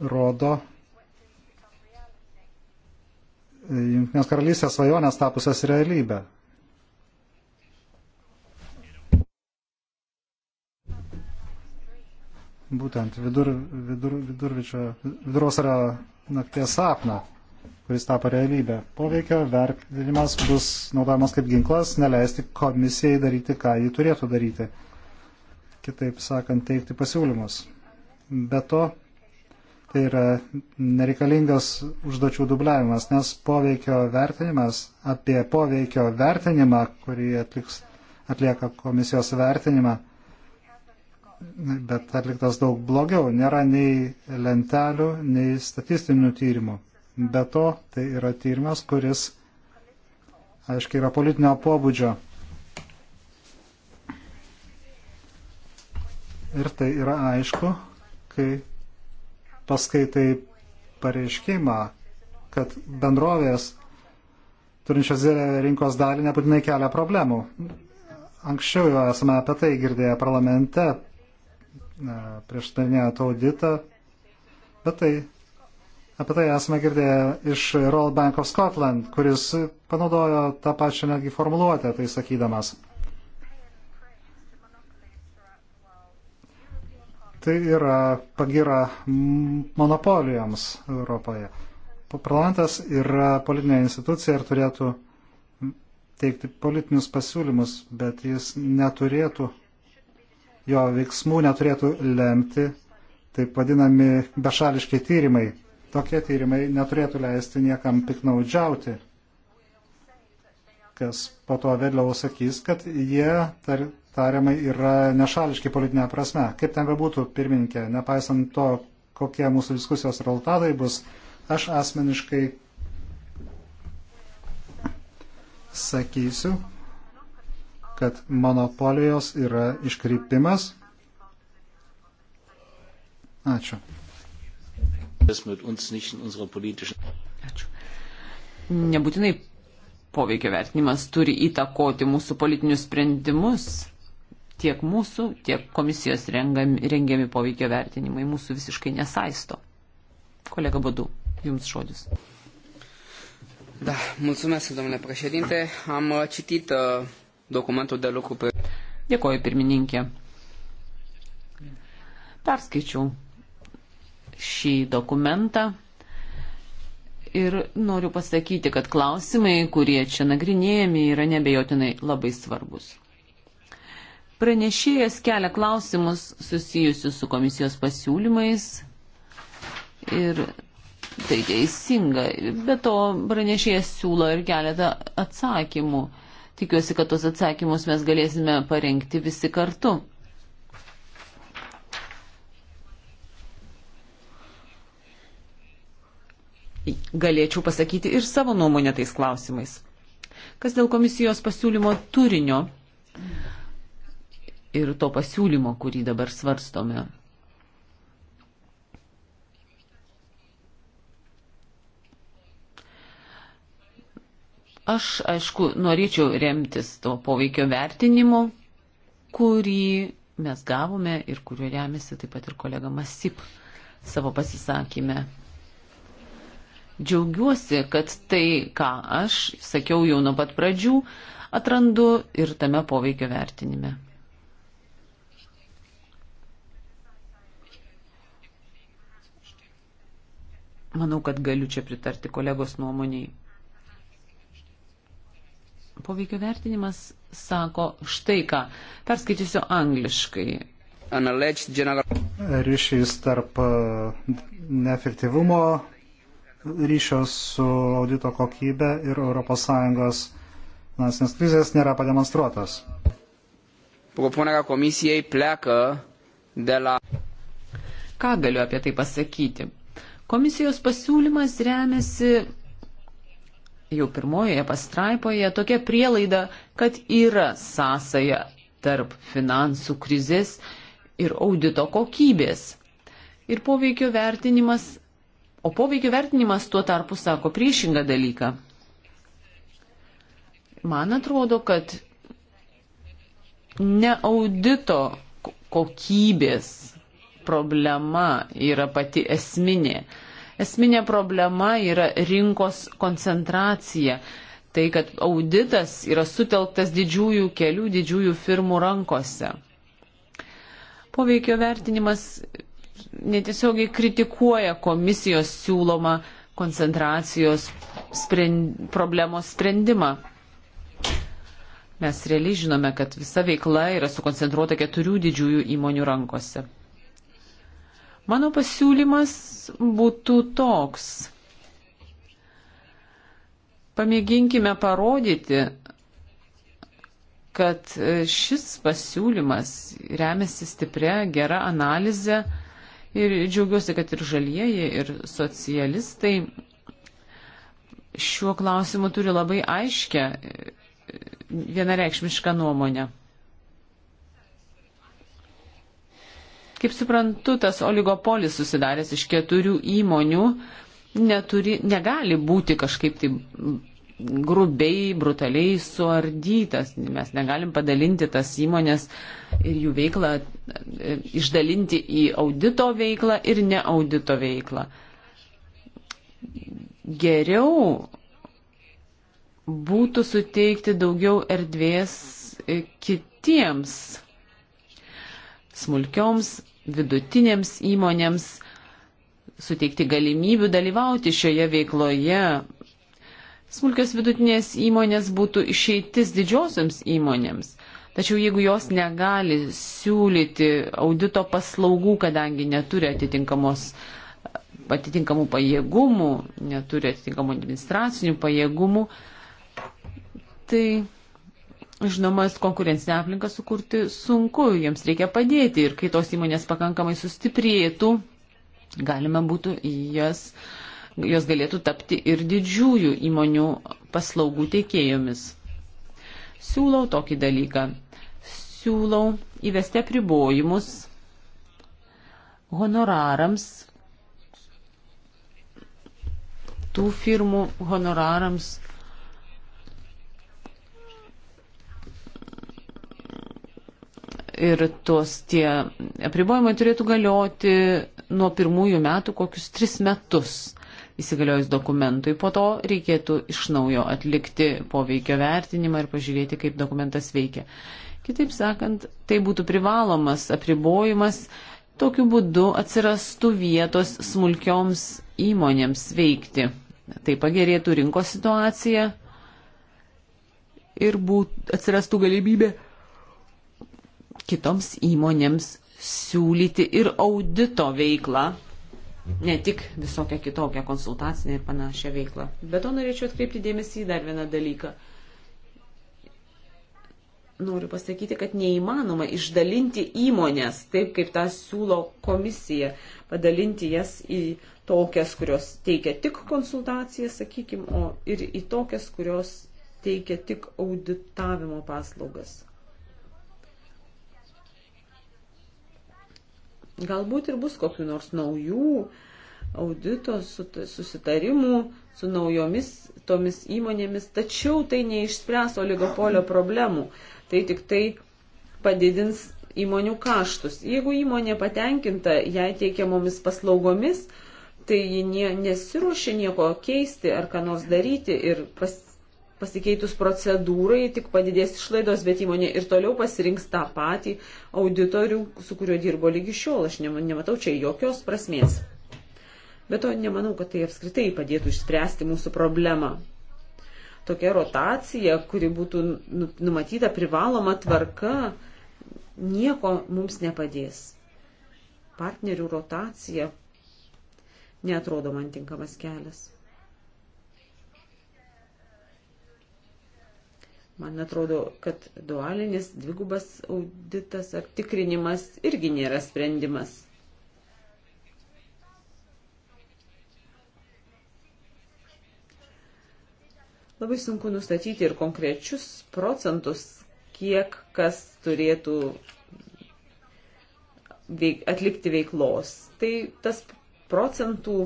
Speaker 3: rodo, Junktinės karalystės svajonės tapusias realybę. Būtent vidur, vidur, vidurvičio, vidurvasario nakties sapną, kuris tapo realybę. Poveikio vertinimas bus naudojamas kaip ginklas, neleisti komisijai daryti, ką ji turėtų daryti. Kitaip sakant, teikti pasiūlymus. Be to, tai yra nereikalingas užduočių dubliavimas, nes poveikio vertinimas, apie poveikio vertinimą, kurį atliks, atlieka komisijos vertinimą, bet atliktas daug blogiau, nėra nei lentelių, nei statistinių tyrimų. Be to, tai yra tyrimas, kuris, aiškiai, yra politinio pobūdžio. Ir tai yra aišku, kai paskaitai pareiškimą, kad bendrovės turinčios rinkos dalį nebūtinai kelia problemų. Anksčiau jau esame apie tai girdėję parlamente e, prieš darinėjant tai auditą, bet tai apie tai esame girdėję iš Royal Bank of Scotland, kuris panaudojo tą pačią netgi formuluotę, tai sakydamas. tai yra pagyra monopolijoms Europoje. Parlamentas yra politinė institucija ir turėtų teikti politinius pasiūlymus, bet jis neturėtų, jo veiksmų neturėtų lemti taip vadinami bešališki tyrimai. Tokie tyrimai neturėtų leisti niekam piknaudžiauti, kas po to vėliau sakys, kad jie tar, tariamai yra nešališki politinė prasme. Kaip ten bebūtų, pirmininkė, nepaisant to, kokie mūsų diskusijos rezultatai bus, aš asmeniškai sakysiu, kad monopolijos yra iškrypimas.
Speaker 1: Ačiū. Ačiū. Nebūtinai poveikio vertinimas turi įtakoti mūsų politinius sprendimus tiek mūsų, tiek komisijos rengami, rengiami poveikio vertinimai mūsų visiškai nesaisto. Colega Bodu, jums žodis. Da, mulțumesc, domnule președinte. Am uh, citit uh, documentul de lucru pe... Dėkoju, pirmininkė. Perskaičiau šį dokumentą ir noriu pasakyti, kad klausimai, kurie čia nagrinėjami, yra nebejotinai labai svarbus. Pranešėjas kelia klausimus susijusius su komisijos pasiūlymais ir tai teisinga. Be to, pranešėjas siūlo ir keletą atsakymų. Tikiuosi, kad tos atsakymus mes galėsime parengti visi kartu. Galėčiau pasakyti ir savo nuomonę tais klausimais. Kas dėl komisijos pasiūlymo turinio, ir to pasiūlymo, kurį dabar svarstome. Aš, aišku, norėčiau remtis to poveikio vertinimu, kurį mes gavome ir kuriuo remiasi taip pat ir kolega Masip savo pasisakymę. Džiaugiuosi, kad tai, ką aš sakiau jau nuo pat pradžių, atrandu ir tame poveikio vertinime. Manau, kad galiu čia pritarti kolegos nuomoniai. Poveikio vertinimas sako štai ką. Perskaitysiu angliškai.
Speaker 3: Ryšys tarp e, neefektyvumo, ryšio su audito kokybe ir ES finansinės krizės nėra pademonstruotas.
Speaker 1: Propunerea komisijai pleacă de la. Ką galiu apie tai pasakyti? Komisijos pasiūlymas remiasi jau pirmojoje pastraipoje tokia prielaida, kad yra sąsaja tarp finansų krizės ir audito kokybės. Ir poveikio vertinimas, o poveikio vertinimas tuo tarpu sako priešingą dalyką. Man atrodo, kad ne audito kokybės problema yra pati esminė. Esminė problema yra rinkos koncentracija. Tai, kad auditas yra sutelktas didžiųjų kelių, didžiųjų firmų rankose. Poveikio vertinimas netiesiogiai kritikuoja komisijos siūlomą koncentracijos sprend, problemos sprendimą. Mes realiai žinome, kad visa veikla yra sukoncentruota keturių didžiųjų įmonių rankose. Mano pasiūlymas būtų toks. Pamėginkime parodyti, kad šis pasiūlymas remiasi stipria, gera analizė ir džiaugiuosi, kad ir žalieji, ir socialistai šiuo klausimu turi labai aiškę vienareikšmišką nuomonę. Kaip suprantu, tas oligopolis susidaręs iš keturių įmonių neturi, negali būti kažkaip tai grubiai, brutaliai suardytas. Mes negalim padalinti tas įmonės ir jų veiklą, e, išdalinti į audito veiklą ir ne audito veiklą. Geriau būtų suteikti daugiau erdvės e, kitiems smulkioms vidutinėms įmonėms suteikti galimybių dalyvauti šioje veikloje. Smulkios vidutinės įmonės būtų išeitis didžiosioms įmonėms. Tačiau jeigu jos negali siūlyti audito paslaugų, kadangi neturi atitinkamos atitinkamų pajėgumų, neturi atitinkamų administracinių pajėgumų, tai Žinomas, konkurencinę aplinką sukurti sunku, jiems reikia padėti ir kai tos įmonės pakankamai sustiprėtų, galima būtų jas, jos galėtų tapti ir didžiųjų įmonių paslaugų teikėjomis. Siūlau tokį dalyką. Siūlau įvesti apribojimus honorarams, tų firmų honorarams, ir tos tie apribojimai turėtų galioti nuo pirmųjų metų kokius tris metus įsigaliojus dokumentui. Po to reikėtų iš naujo atlikti poveikio vertinimą ir pažiūrėti, kaip dokumentas veikia. Kitaip sakant, tai būtų privalomas apribojimas. Tokiu būdu atsirastų vietos smulkioms įmonėms veikti. Tai pagerėtų rinkos situacija ir būt, atsirastų galimybė kitoms įmonėms siūlyti ir audito veiklą, ne tik visokią kitokią konsultacinę ir panašią veiklą. Bet to norėčiau atkreipti dėmesį į dar vieną dalyką. Noriu pasakyti, kad neįmanoma išdalinti įmonės taip, kaip tą siūlo komisija, padalinti jas į tokias, kurios teikia tik konsultaciją, sakykime, o ir į tokias, kurios teikia tik auditavimo paslaugas. Galbūt ir bus kokiu nors naujų audito susitarimų su naujomis tomis įmonėmis, tačiau tai neišspręs oligopolio problemų. Tai tik tai padidins įmonių kaštus. Jeigu įmonė patenkinta jai teikiamomis paslaugomis, tai ji nesiruošia nieko keisti ar ką nors daryti ir pas, pasikeitus procedūrai tik padidės išlaidos, bet įmonė ir toliau pasirinks tą patį auditorių, su kuriuo dirbo lygi šiol. Aš nematau čia jokios prasmės. Bet to nemanau, kad tai apskritai padėtų išspręsti mūsų problemą. Tokia rotacija, kuri būtų nu-, numatyta privaloma tvarka, nieko mums nepadės. Partnerių rotacija neatrodo man tinkamas kelias. Man atrodo, kad dualinis dvigubas auditas ar tikrinimas irgi nėra sprendimas. Labai sunku nustatyti ir konkrečius procentus, kiek kas turėtų veik, atlikti veiklos. Tai tas procentų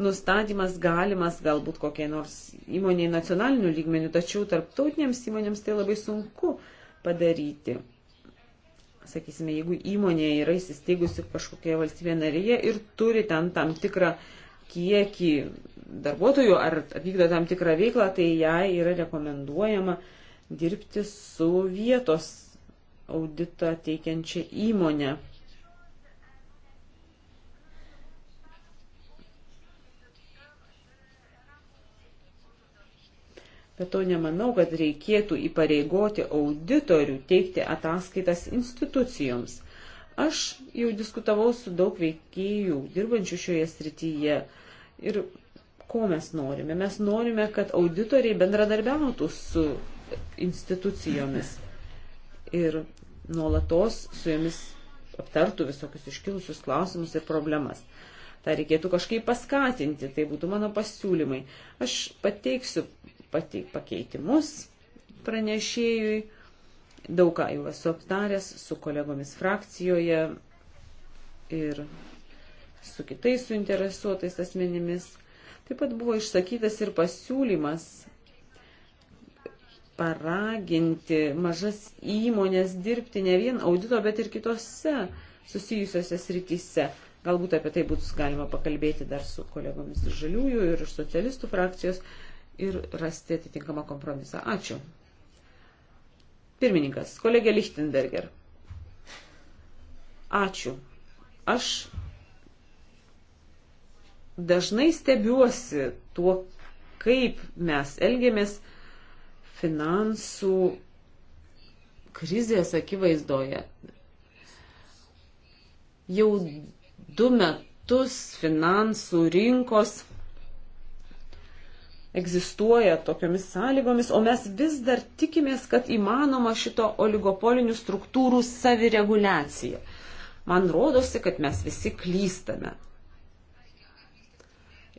Speaker 1: nustatymas galimas galbūt kokiai nors įmoniai nacionaliniu lygmeniu, tačiau tarptautinėms įmonėms tai labai sunku padaryti. Sakysime, jeigu įmonė yra įsisteigusi kažkokioje valstybėje narėje ir turi ten tam tikrą kiekį darbuotojų ar vykdo tam tikrą veiklą, tai jai yra rekomenduojama dirbti su vietos auditą teikiančia įmonė. Bet to nemanau, kad reikėtų įpareigoti auditorių teikti ataskaitas institucijoms. Aš jau diskutavau su daug veikėjų dirbančių šioje srityje. Ir ko mes norime? Mes norime, kad auditoriai bendradarbiautų su institucijomis ir nuolatos su jomis aptartų visokius iškilusius klausimus ir problemas. Ta reikėtų kažkaip paskatinti, tai būtų mano pasiūlymai. Aš pateiksiu pateik pakeitimus pranešėjui. Daug ką jau esu aptaręs su kolegomis frakcijoje ir su kitais suinteresuotais asmenimis. Taip pat buvo išsakytas ir pasiūlymas paraginti mažas įmonės dirbti ne vien audito, bet ir kitose susijusiose srityse. Galbūt apie tai būtų galima pakalbėti dar su kolegomis iš žaliųjų ir iš socialistų frakcijos. Uh, ir rasti atitinkamą kompromisą. Ačiū. Pirmininkas, kolegė Lichtenberger. Ačiū. Aš dažnai stebiuosi tuo, kaip mes elgiamės finansų krizės akivaizdoje. Jau du metus finansų rinkos egzistuoja tokiomis sąlygomis, o mes vis dar tikimės, kad įmanoma šito oligopolinių struktūrų savireguliacija. Man rodosi, kad mes visi klystame.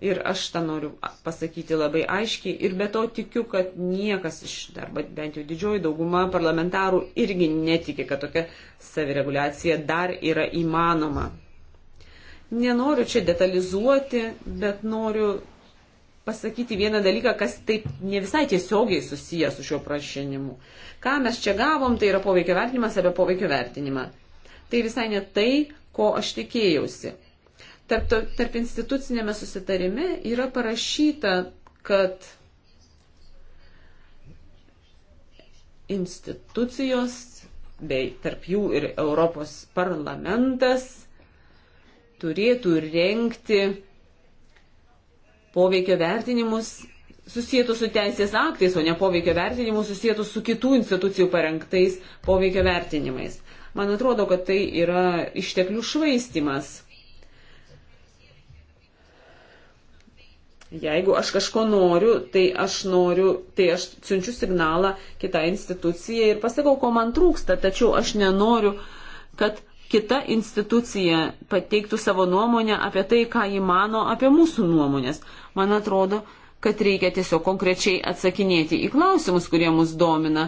Speaker 1: Ir aš tą noriu pasakyti labai aiškiai ir be to tikiu, kad niekas iš, arba bent jau didžioji dauguma parlamentarų irgi netiki, kad tokia savireguliacija dar yra įmanoma. Nenoriu čia detalizuoti, bet noriu pasakyti vieną dalyką, kas taip ne visai tiesiogiai susijęs su šiuo prašinimu. Ką mes čia gavom, tai yra poveikio vertinimas apie poveikio vertinimą. Tai visai ne tai, ko aš tikėjausi. Tarp, tarp institucinėme susitarime yra parašyta, kad institucijos, bei tarp jų ir Europos parlamentas turėtų renkti poveikio vertinimus susijęto su teisės aktais, o ne poveikio vertinimus susijęto su kitų institucijų parengtais poveikio vertinimais. Man atrodo, kad tai yra išteklių švaistimas. Jeigu aš kažko noriu, tai aš noriu, tai aš siunčiu signalą kitai institucijai ir pasakau, ko man trūksta, tačiau aš nenoriu, kad kita institucija pateiktų savo nuomonę apie tai, ką ji mano apie mūsų nuomonės. Man atrodo, kad reikia tiesiog konkrečiai atsakinėti į klausimus, kurie mus domina,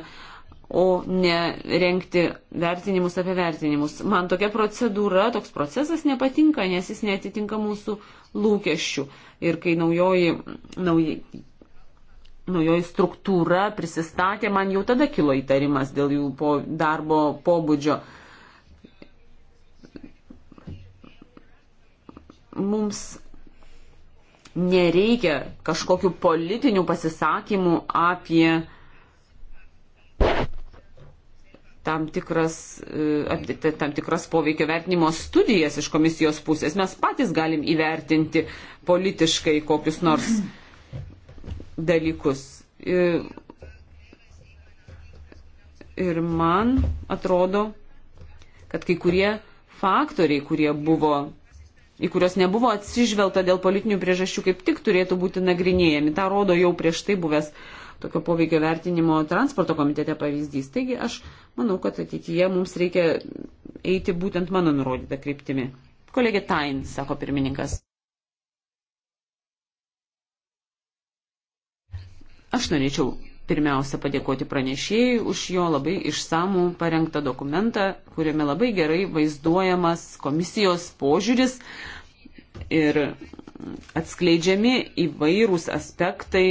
Speaker 1: o ne renkti vertinimus apie vertinimus. Man tokia procedūra, toks procesas nepatinka, nes jis netitinka mūsų lūkesčių. Ir kai naujoji, nauji, naujoji struktūra prisistatė, man jau tada kilo įtarimas dėl jų po darbo pobūdžio. mums nereikia kažkokių politinių pasisakymų apie tam tikras, e, tam tikras poveikio vertinimo studijas iš komisijos pusės. Mes patys galim įvertinti politiškai kokius nors dalykus. E, ir man atrodo, kad kai kurie faktoriai, kurie buvo į kuriuos nebuvo atsižvelgta dėl politinių priežasčių, kaip tik turėtų būti nagrinėjami. Ta rodo jau prieš tai buvęs tokio poveikio vertinimo transporto komitete pavyzdys. Taigi aš manau, kad ateityje mums reikia eiti būtent mano nurodytą kryptimį. Kolegė Tain, sako pirmininkas. Aš norėčiau pirmiausia padėkoti pranešėjai už jo labai išsamų parengtą dokumentą, kuriame labai gerai vaizduojamas komisijos požiūris ir atskleidžiami įvairūs aspektai.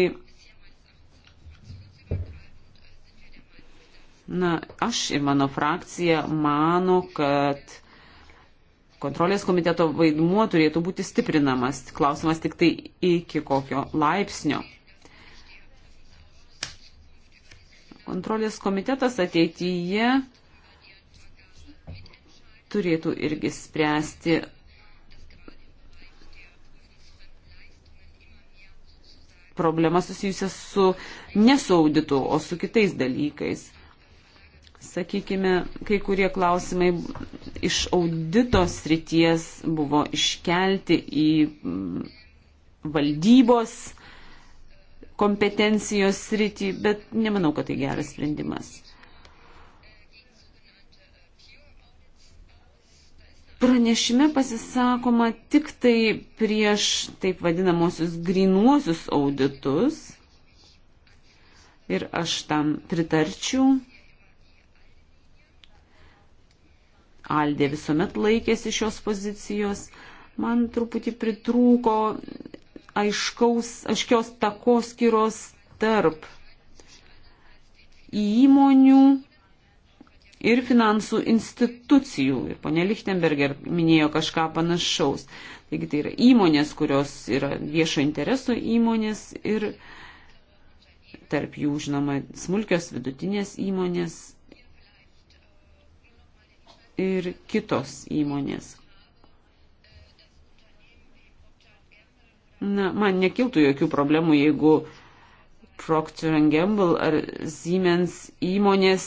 Speaker 1: Na, aš ir mano frakcija mano, kad kontrolės komiteto vaidmuo turėtų būti stiprinamas. Klausimas tik tai iki kokio laipsnio. Kontrolės komitetas ateityje turėtų irgi spręsti problemas susijusias su nesauditu, o su kitais dalykais. Sakykime, kai kurie klausimai iš audito srities buvo iškelti į mm, valdybos kompetencijos sritį, bet nemanau, kad tai geras sprendimas. Pranešime pasisakoma tik tai prieš taip vadinamosius grinuosius auditus. Ir aš tam pritarčiau. Aldė visuomet laikėsi šios pozicijos. Man truputį pritrūko aiškaus, aiškios takoskiros tarp įmonių ir finansų institucijų. Ir ponė Lichtenberger minėjo kažką panašaus. Taigi tai yra įmonės, kurios yra viešo intereso įmonės ir tarp jų, žinoma, smulkios vidutinės įmonės ir kitos įmonės. Na, man nekiltų jokių problemų, jeigu Procter Gamble ar Siemens įmonės,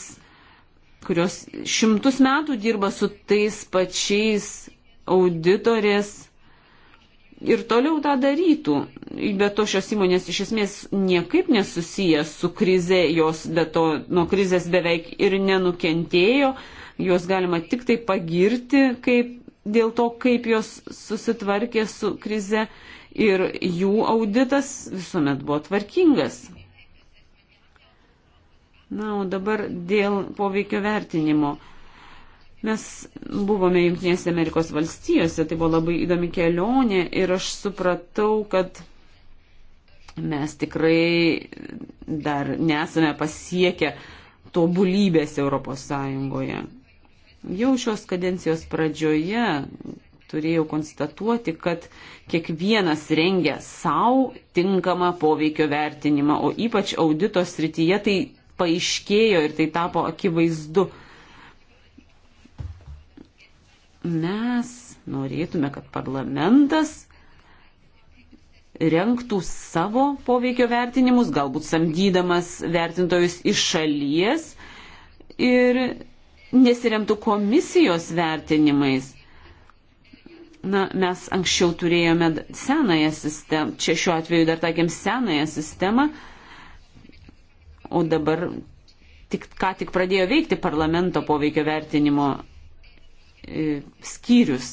Speaker 1: kurios šimtus metų dirba su tais pačiais auditorės ir toliau tą darytų. Bet to šios įmonės iš esmės niekaip nesusijęs su krize, jos be to nuo krizės beveik ir nenukentėjo, jos galima tik tai pagirti kaip, dėl to, kaip jos susitvarkė su krize ir jų auditas visuomet buvo tvarkingas. Na, o dabar dėl poveikio vertinimo. Mes buvome Junktinėse Amerikos valstijose, tai buvo labai įdomi kelionė ir aš supratau, kad mes tikrai dar nesame pasiekę tobulybės Europos Sąjungoje. Jau šios kadencijos pradžioje turėjau konstatuoti, kad kiekvienas rengia savo tinkamą poveikio vertinimą, o ypač audito srityje tai paaiškėjo ir tai tapo akivaizdu. Mes norėtume, kad parlamentas renktų savo poveikio vertinimus, galbūt samdydamas vertintojus iš šalies ir nesiremtų komisijos vertinimais. Na, mes anksčiau turėjome senąją sistemą, čia šiuo atveju dar takėm senąją sistemą, o dabar tik, ką tik pradėjo veikti parlamento poveikio vertinimo e, skyrius.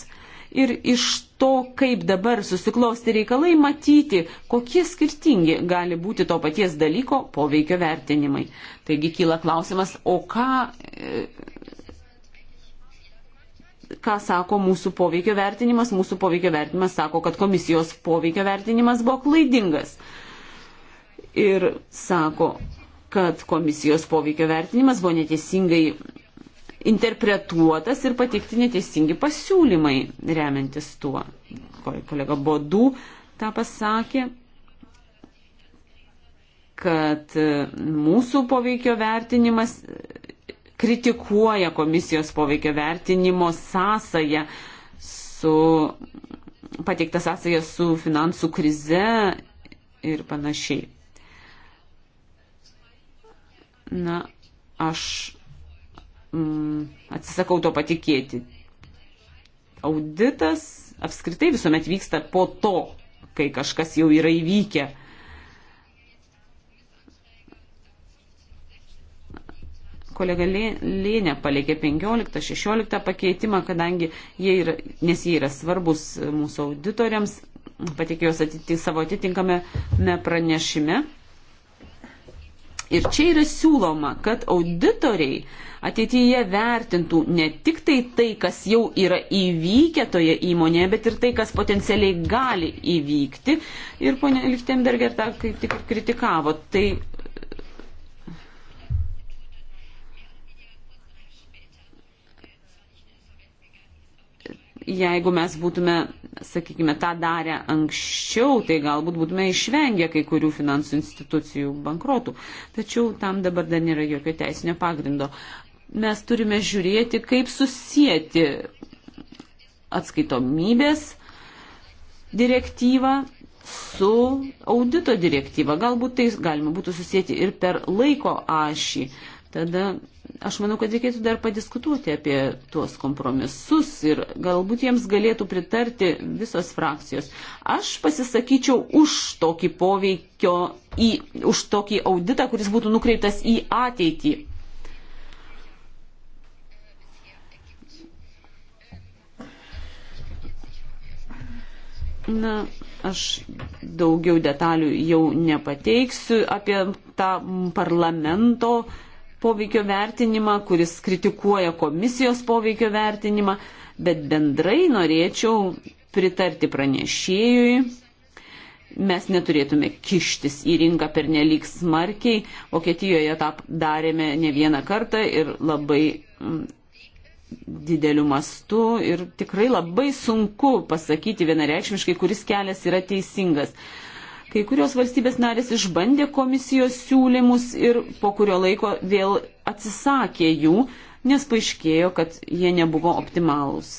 Speaker 1: Ir iš to, kaip dabar susiklosti reikalai, matyti, kokie skirtingi gali būti to paties dalyko poveikio vertinimai. Taigi kyla klausimas, o ką e, ką sako mūsų poveikio vertinimas. Mūsų poveikio vertinimas sako, kad komisijos poveikio vertinimas buvo klaidingas. Ir sako, kad komisijos poveikio vertinimas buvo neteisingai interpretuotas ir pateikti neteisingi pasiūlymai remiantis tuo. Kolega Bodų tą pasakė, kad e, mūsų poveikio vertinimas kritikuoja komisijos poveikio vertinimo sąsają su pateikta sąsaja su finansų krize ir panašiai. Na, aš mm, atsisakau to patikėti. Auditas apskritai visuomet vyksta po to, kai kažkas jau yra įvykę. kolega Lėnė palikė 15-16 pakeitimą, kadangi jie yra, nes jie yra svarbus mūsų auditoriams, patikėjus atiti, savo atitinkame pranešime. Ir čia yra siūloma, kad auditoriai ateityje vertintų ne tik tai tai, kas jau yra įvykę toje įmonėje, bet ir tai, kas potencialiai gali įvykti. Ir ponia Lichtenberger tą kaip tik kritikavo. Tai jeigu mes būtume, sakykime, tą darę anksčiau, tai galbūt būtume išvengę kai kurių finansų institucijų bankrotų. Tačiau tam dabar dar nėra jokio teisinio pagrindo. Mes turime žiūrėti, kaip susijęti atskaitomybės direktyvą su audito direktyva. Galbūt tai galima būtų susijęti ir per laiko ašį. Tada aš manau, kad reikėtų dar padiskutuoti apie tuos kompromisus ir galbūt jiems galėtų pritarti visos frakcijos. Aš pasisakyčiau už tokį poveikio, į, už tokį auditą, kuris būtų nukreiptas į ateitį. Na, aš daugiau detalių jau nepateiksiu apie tą parlamento uh, poveikio vertinimą, kuris kritikuoja komisijos poveikio vertinimą, bet bendrai norėčiau pritarti pranešėjui. Mes neturėtume kištis į rinką per nelik smarkiai. Vokietijoje tą darėme ne vieną kartą ir labai mm, dideliu mastu ir tikrai labai sunku pasakyti vienareikšmiškai, kuris kelias yra teisingas. Uh, Kai kurios valstybės narės išbandė komisijos siūlymus ir po kurio laiko vėl atsisakė jų, nes paaiškėjo, kad jie nebuvo optimalūs.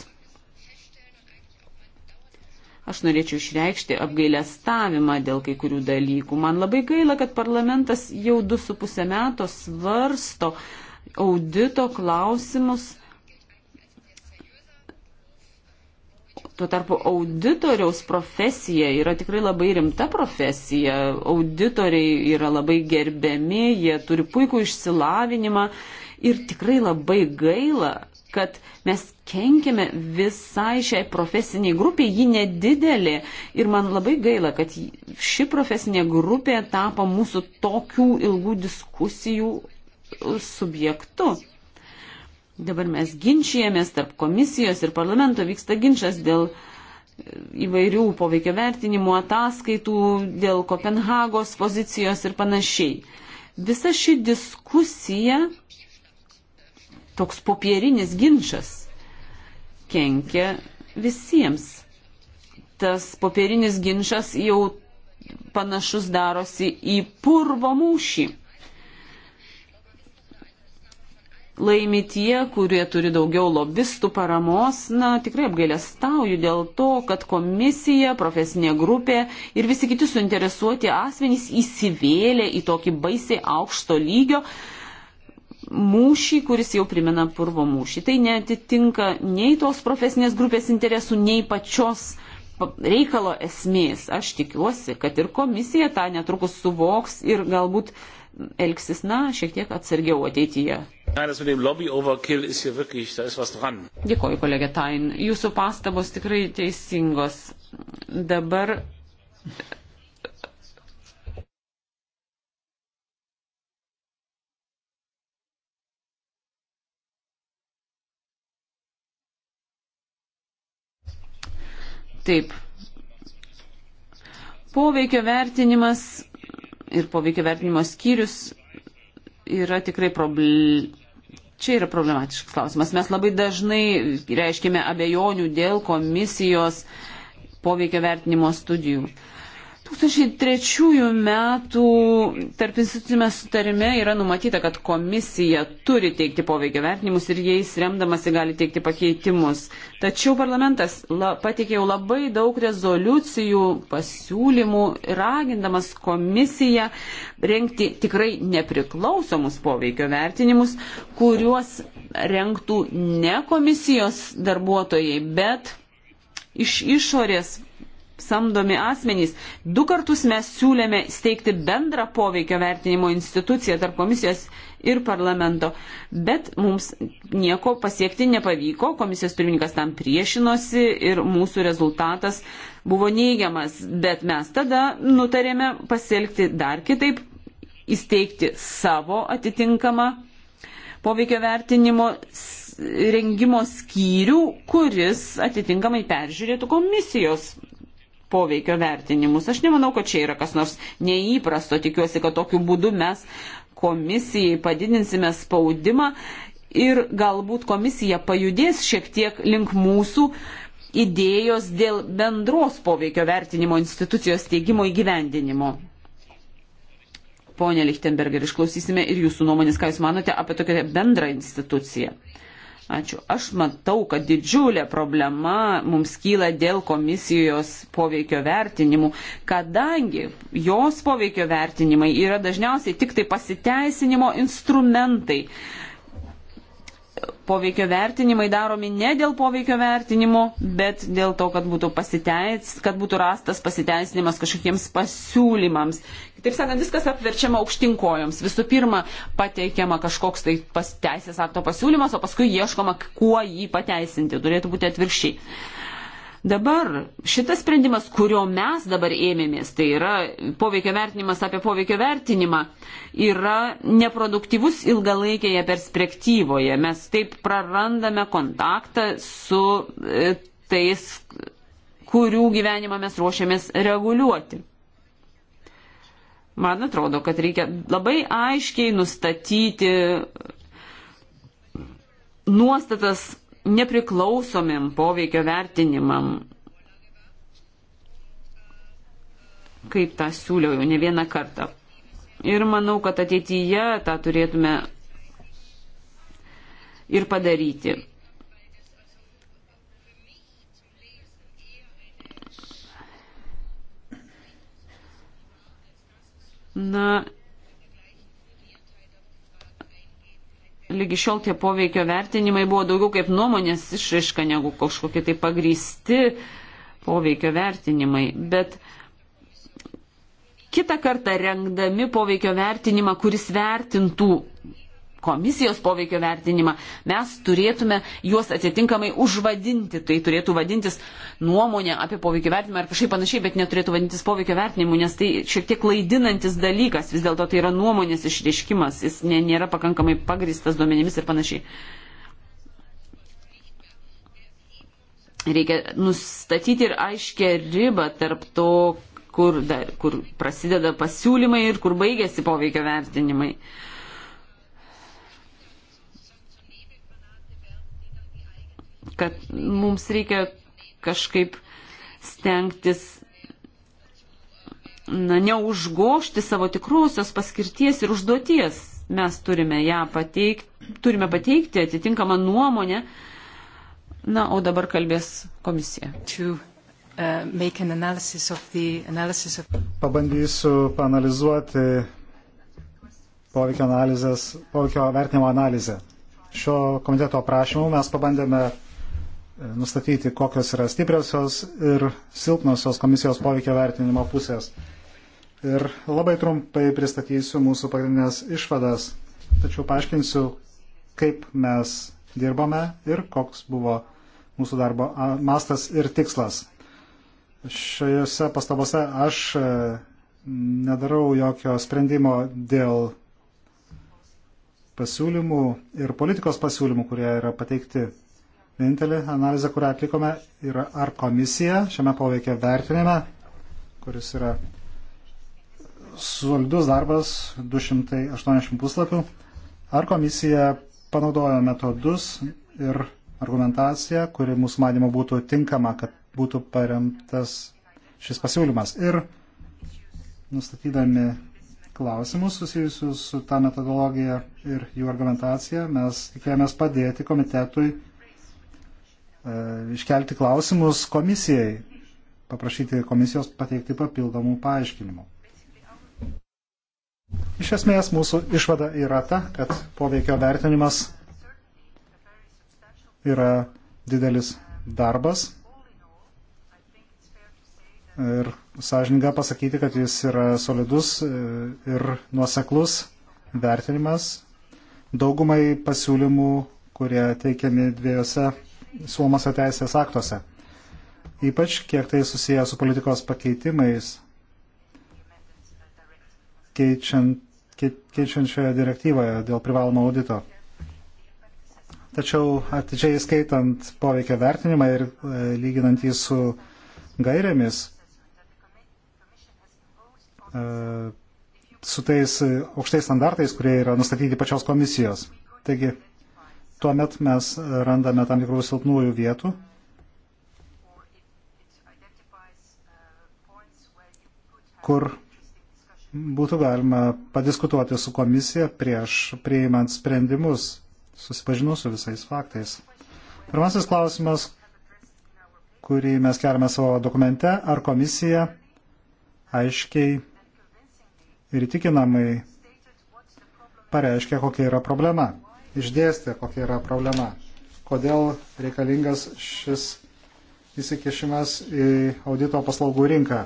Speaker 1: Aš norėčiau išreikšti apgailestavimą dėl kai kurių dalykų. Man labai gaila, kad parlamentas jau du su pusę metų svarsto audito klausimus Tuo tarpu auditoriaus profesija yra tikrai labai rimta profesija. Auditoriai yra labai gerbiami, jie turi puikų išsilavinimą ir tikrai labai gaila, kad mes kenkime visai šiai profesiniai grupiai, ji nedidelė ir man labai gaila, kad ši profesinė grupė tapo mūsų tokių ilgų diskusijų subjektu. Dabar mes ginčijamės tarp komisijos ir parlamento vyksta ginčas dėl e, įvairių poveikio vertinimų, ataskaitų, dėl Kopenhagos pozicijos ir panašiai. Visa ši diskusija, toks popierinis ginčas, kenkia visiems. Tas popierinis ginčas jau panašus darosi į purvo mūšį. laimi tie, kurie turi daugiau lobistų paramos. Na, tikrai apgailestauju dėl to, kad komisija, profesinė grupė ir visi kiti suinteresuoti asmenys įsivėlė į tokį baisiai aukšto lygio mūšį, kuris jau primena purvo mūšį. Tai netitinka nei tos profesinės grupės interesų, nei pačios reikalo esmės. Aš tikiuosi, kad ir komisija tą netrukus suvoks ir galbūt elgsis, na, šiek tiek atsargiau ateityje.
Speaker 3: Dėkoju,
Speaker 1: kolegė Tain. Jūsų pastabos tikrai teisingos. Dabar. Taip. Poveikio vertinimas ir poveikio vertinimo skyrius yra tikrai problema Čia yra problematiškas klausimas. Mes labai dažnai reiškime abejonių dėl komisijos poveikio vertinimo studijų. Uh, 2003 metų tarp institucijame sutarime yra numatyta, kad komisija turi teikti poveikio vertinimus ir jais remdamasi gali teikti pakeitimus. Tačiau parlamentas la, pateikė jau labai daug rezoliucijų, pasiūlymų, ragindamas komisiją renkti tikrai nepriklausomus poveikio vertinimus, kuriuos renktų ne komisijos darbuotojai, bet iš išorės samdomi asmenys. Du kartus mes siūlėme steigti bendrą poveikio vertinimo instituciją tarp komisijos ir parlamento, bet mums nieko pasiekti nepavyko, komisijos pirmininkas tam priešinosi ir mūsų rezultatas buvo neigiamas, bet mes tada nutarėme pasielgti dar kitaip, įsteigti savo atitinkamą poveikio vertinimo rengimo skyrių, kuris atitinkamai peržiūrėtų komisijos poveikio vertinimus. Aš nemanau, kad čia yra kas nors neįprasto. Tikiuosi, kad tokiu būdu mes komisijai padidinsime spaudimą ir galbūt komisija pajudės šiek tiek link mūsų idėjos dėl bendros poveikio vertinimo institucijos teigimo įgyvendinimo. Pone Lichtenberger, išklausysime ir jūsų nuomonės, ką jūs manote apie tokią bendrą instituciją. Ačiū. Aš matau, kad didžiulė problema mums kyla dėl komisijos poveikio vertinimų, kadangi jos poveikio vertinimai yra dažniausiai tik tai pasiteisinimo instrumentai. Uh, poveikio vertinimai daromi ne dėl poveikio vertinimo, bet dėl to, kad būtų, pasiteis, kad būtų rastas pasiteisinimas kažkokiems pasiūlymams. Taip sakant, viskas apverčiama aukštinkojoms. Visų pirma, pateikiama kažkoks tai pas, teisės akto pasiūlymas, o paskui ieškoma, kuo jį pateisinti. Turėtų būti atvirkščiai. Dabar šitas sprendimas, kurio mes dabar ėmėmės, tai yra poveikio vertinimas apie poveikio vertinimą, yra neproduktyvus ilgalaikėje perspektyvoje. Mes taip prarandame kontaktą su e, tais, kurių gyvenimą mes ruošiamės reguliuoti. Man atrodo, kad reikia labai aiškiai nustatyti nuostatas nepriklausomim poveikio vertinimam, kaip tą siūliau jau ne vieną kartą. Ir manau, kad ateityje tą turėtume ir padaryti. Na, lygi šiol tie poveikio vertinimai buvo daugiau kaip nuomonės išraiška negu kažkokie tai pagrysti poveikio vertinimai. Bet kitą kartą rengdami poveikio vertinimą, kuris vertintų komisijos poveikio vertinimą, mes turėtume juos atitinkamai užvadinti. Tai turėtų vadintis nuomonė apie poveikio vertinimą ar kažkaip panašiai, bet neturėtų vadintis poveikio vertinimu, nes tai šiek tiek klaidinantis dalykas. Vis dėlto tai yra nuomonės išreiškimas, jis nėra pakankamai pagristas duomenimis ir panašiai. Reikia nustatyti ir aiškę ribą tarp to, kur, dar, kur prasideda pasiūlymai ir kur baigėsi poveikio vertinimai. Uh, kad mums reikia kažkaip stengtis na, neužgošti savo tikrosios paskirties ir užduoties. Mes turime ją pateikti, turime pateikti atitinkamą nuomonę. Na, o dabar kalbės komisija. To, uh, an of...
Speaker 3: Pabandysiu panalizuoti poveikio, analizės, poveikio vertinimo analizę. Šio komiteto prašymu mes pabandėme nustatyti, kokios yra stipriosios ir silpnosios komisijos poveikio vertinimo pusės. Ir labai trumpai pristatysiu mūsų pagrindinės išvadas, tačiau paaiškinsiu, kaip mes dirbome ir koks buvo mūsų darbo mastas ir tikslas. Šiuose pastabose aš e, nedarau jokio sprendimo dėl pasiūlymų ir politikos pasiūlymų, kurie yra pateikti Vienintelė analizė, kurią atlikome, yra ar komisija šiame poveikia vertinime, kuris yra solidus darbas 280 puslapių, ar komisija panaudojo metodus ir argumentaciją, kuri mūsų manimo būtų tinkama, kad būtų paremtas šis pasiūlymas. Ir nustatydami klausimus susijusius su tą metodologiją ir jų argumentaciją, mes tikėjomės padėti komitetui E, iškelti klausimus komisijai, paprašyti komisijos pateikti papildomų paaiškinimų. Iš esmės mūsų išvada yra ta, kad poveikio vertinimas yra didelis darbas ir sąžininga pasakyti, kad jis yra solidus e, ir nuoseklus vertinimas. Daugumai pasiūlymų, kurie teikiami dviejose siūlomose teisės aktuose. Ypač kiek tai susiję su politikos pakeitimais, keičiant, keičiant šioje direktyvoje dėl privalomo audito. Tačiau atidžiai skaitant poveikia vertinimą ir e, lyginant jį su gairėmis, e, su tais aukštais standartais, kurie yra nustatyti pačios komisijos. Taigi, tuomet mes randame tam tikrų silpnųjų vietų. kur būtų galima padiskutuoti su komisija prieš priimant sprendimus, susipažinus su visais faktais. Pirmasis klausimas, kurį mes keliame savo dokumente, ar komisija aiškiai ir įtikinamai pareiškia, kokia yra problema išdėstė, kokia yra problema, kodėl reikalingas šis įsikišimas į audito paslaugų rinką,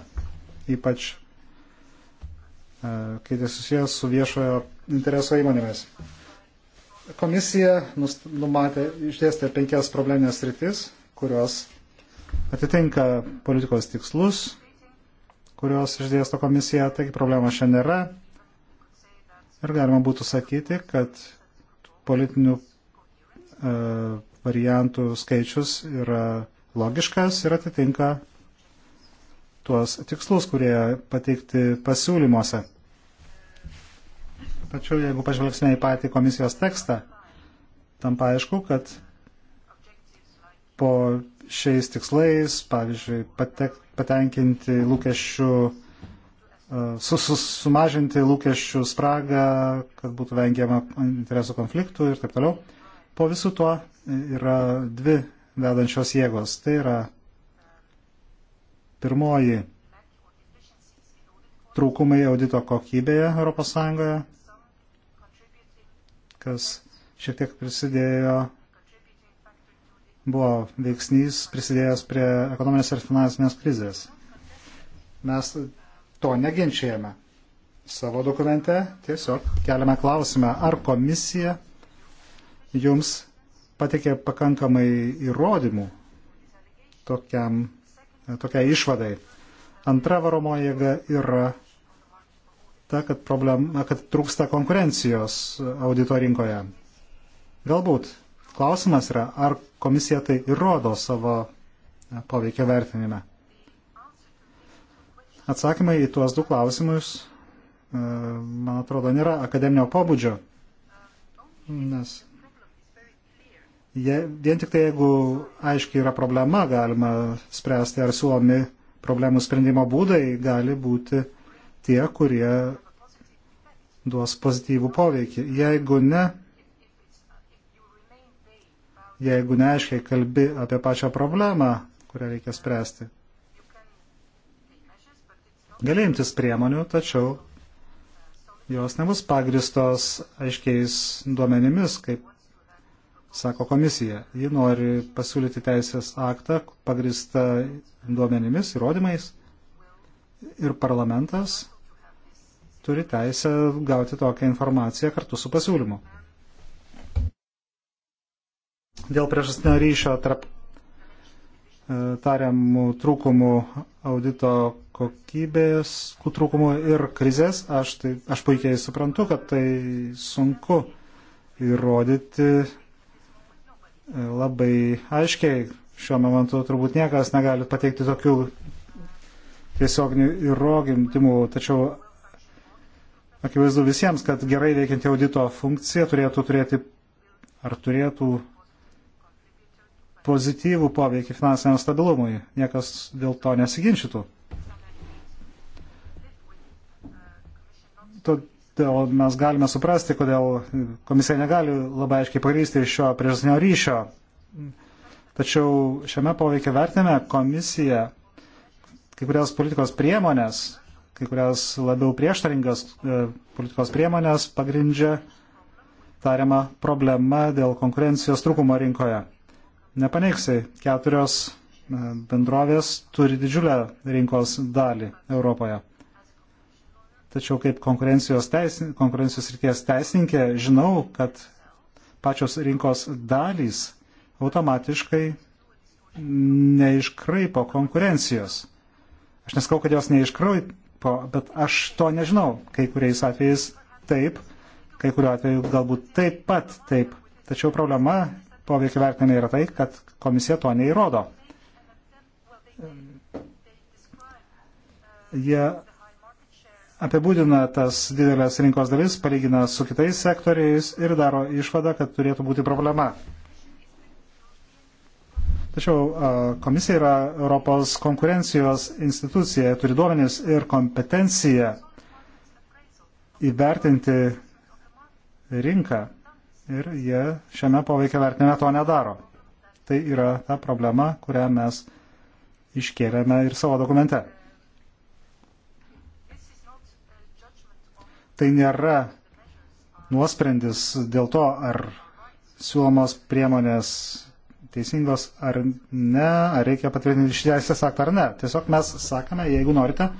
Speaker 3: ypač e, kai tai susijęs su viešojo intereso įmonėmis. Komisija numatė išdėstė penkias probleminės rytis, kurios atitinka politikos tikslus, kurios išdėsto komisija, taigi problemos čia nėra. Ir galima būtų sakyti, kad politinių e, variantų skaičius yra logiškas ir atitinka tuos tikslus, kurie pateikti pasiūlymuose. Tačiau jeigu pažvelgsime į patį komisijos tekstą, tam paaišku, kad po šiais tikslais, pavyzdžiui, patek, patenkinti lūkesčių sus, e, sus, sumažinti lūkesčių spragą, kad būtų vengiama interesų konfliktų ir taip toliau. Po visų to yra dvi vedančios jėgos. Tai yra pirmoji trūkumai audito kokybėje ES, kas šiek tiek prisidėjo, buvo veiksnys prisidėjęs prie ekonominės ir finansinės krizės. Mes to neginčiajame. Savo dokumente tiesiog keliame klausimą, ar komisija jums patikė pakankamai įrodymų tokiam, tokiai išvadai. Antra varomoji jėga yra ta, kad, problema, kad trūksta konkurencijos audito rinkoje. Galbūt klausimas yra, ar komisija tai įrodo savo poveikio vertinime. Atsakymai į tuos du klausimus, e, man atrodo, nėra akademinio pobūdžio, nes je, vien tik tai jeigu aiškiai yra problema, galima spręsti, ar suomi problemų sprendimo būdai gali būti tie, kurie duos pozityvų poveikį. Jeigu ne, jeigu neaiškiai kalbi apie pačią problemą, kurią reikia spręsti, galėjimtis priemonių, tačiau jos nebus pagristos aiškiais duomenimis, kaip sako komisija. Ji nori pasiūlyti teisės aktą pagristą duomenimis, įrodymais ir parlamentas turi teisę gauti tokią informaciją kartu su pasiūlymu. Dėl priežastinio ryšio tarp tariamų trūkumų audito kokybės trūkumų ir krizės, aš, tai, aš puikiai suprantu, kad tai sunku įrodyti e, labai aiškiai. Šiuo momentu turbūt niekas negali pateikti tokių tiesioginių įrodymų, tačiau akivaizdu visiems, kad gerai veikianti audito funkcija turėtų turėti ar turėtų pozityvų poveikį finansiniam stabilumui. Niekas dėl to nesiginčytų. Todėl mes galime suprasti, kodėl komisija negali labai aiškiai pagrysti šio priežasnio ryšio. Tačiau šiame poveikio vertinime komisija kai kurias politikos priemonės, kai kurias labiau prieštaringas e, politikos priemonės pagrindžia tariamą problemą dėl konkurencijos trūkumo rinkoje nepaneiksai, keturios e, bendrovės turi didžiulę rinkos dalį Europoje. Tačiau kaip konkurencijos, teisin, konkurencijos ryties teisininkė žinau, kad pačios rinkos dalys automatiškai neiškraipo konkurencijos. Aš neskau, kad jos neiškraipo, bet aš to nežinau. Kai kuriais atvejais taip, kai kuriuo atveju galbūt taip pat taip. Tačiau problema poveikio vertinime yra tai, kad komisija to neįrodo. Jie apibūdina tas didelės rinkos dalis, palygina su kitais sektoriais ir daro išvadą, kad turėtų būti problema. Tačiau komisija yra Europos konkurencijos institucija, turi duomenys ir kompetenciją įvertinti rinką ir jie šiame poveikia vertinime to nedaro. Tai yra ta problema, kurią mes iškėlėme ir savo dokumente. Tai nėra nuosprendis dėl to, ar siūlomos priemonės teisingos ar ne, ar reikia patvirtinti šį teisės aktą ar ne. Tiesiog mes sakome, jeigu norite,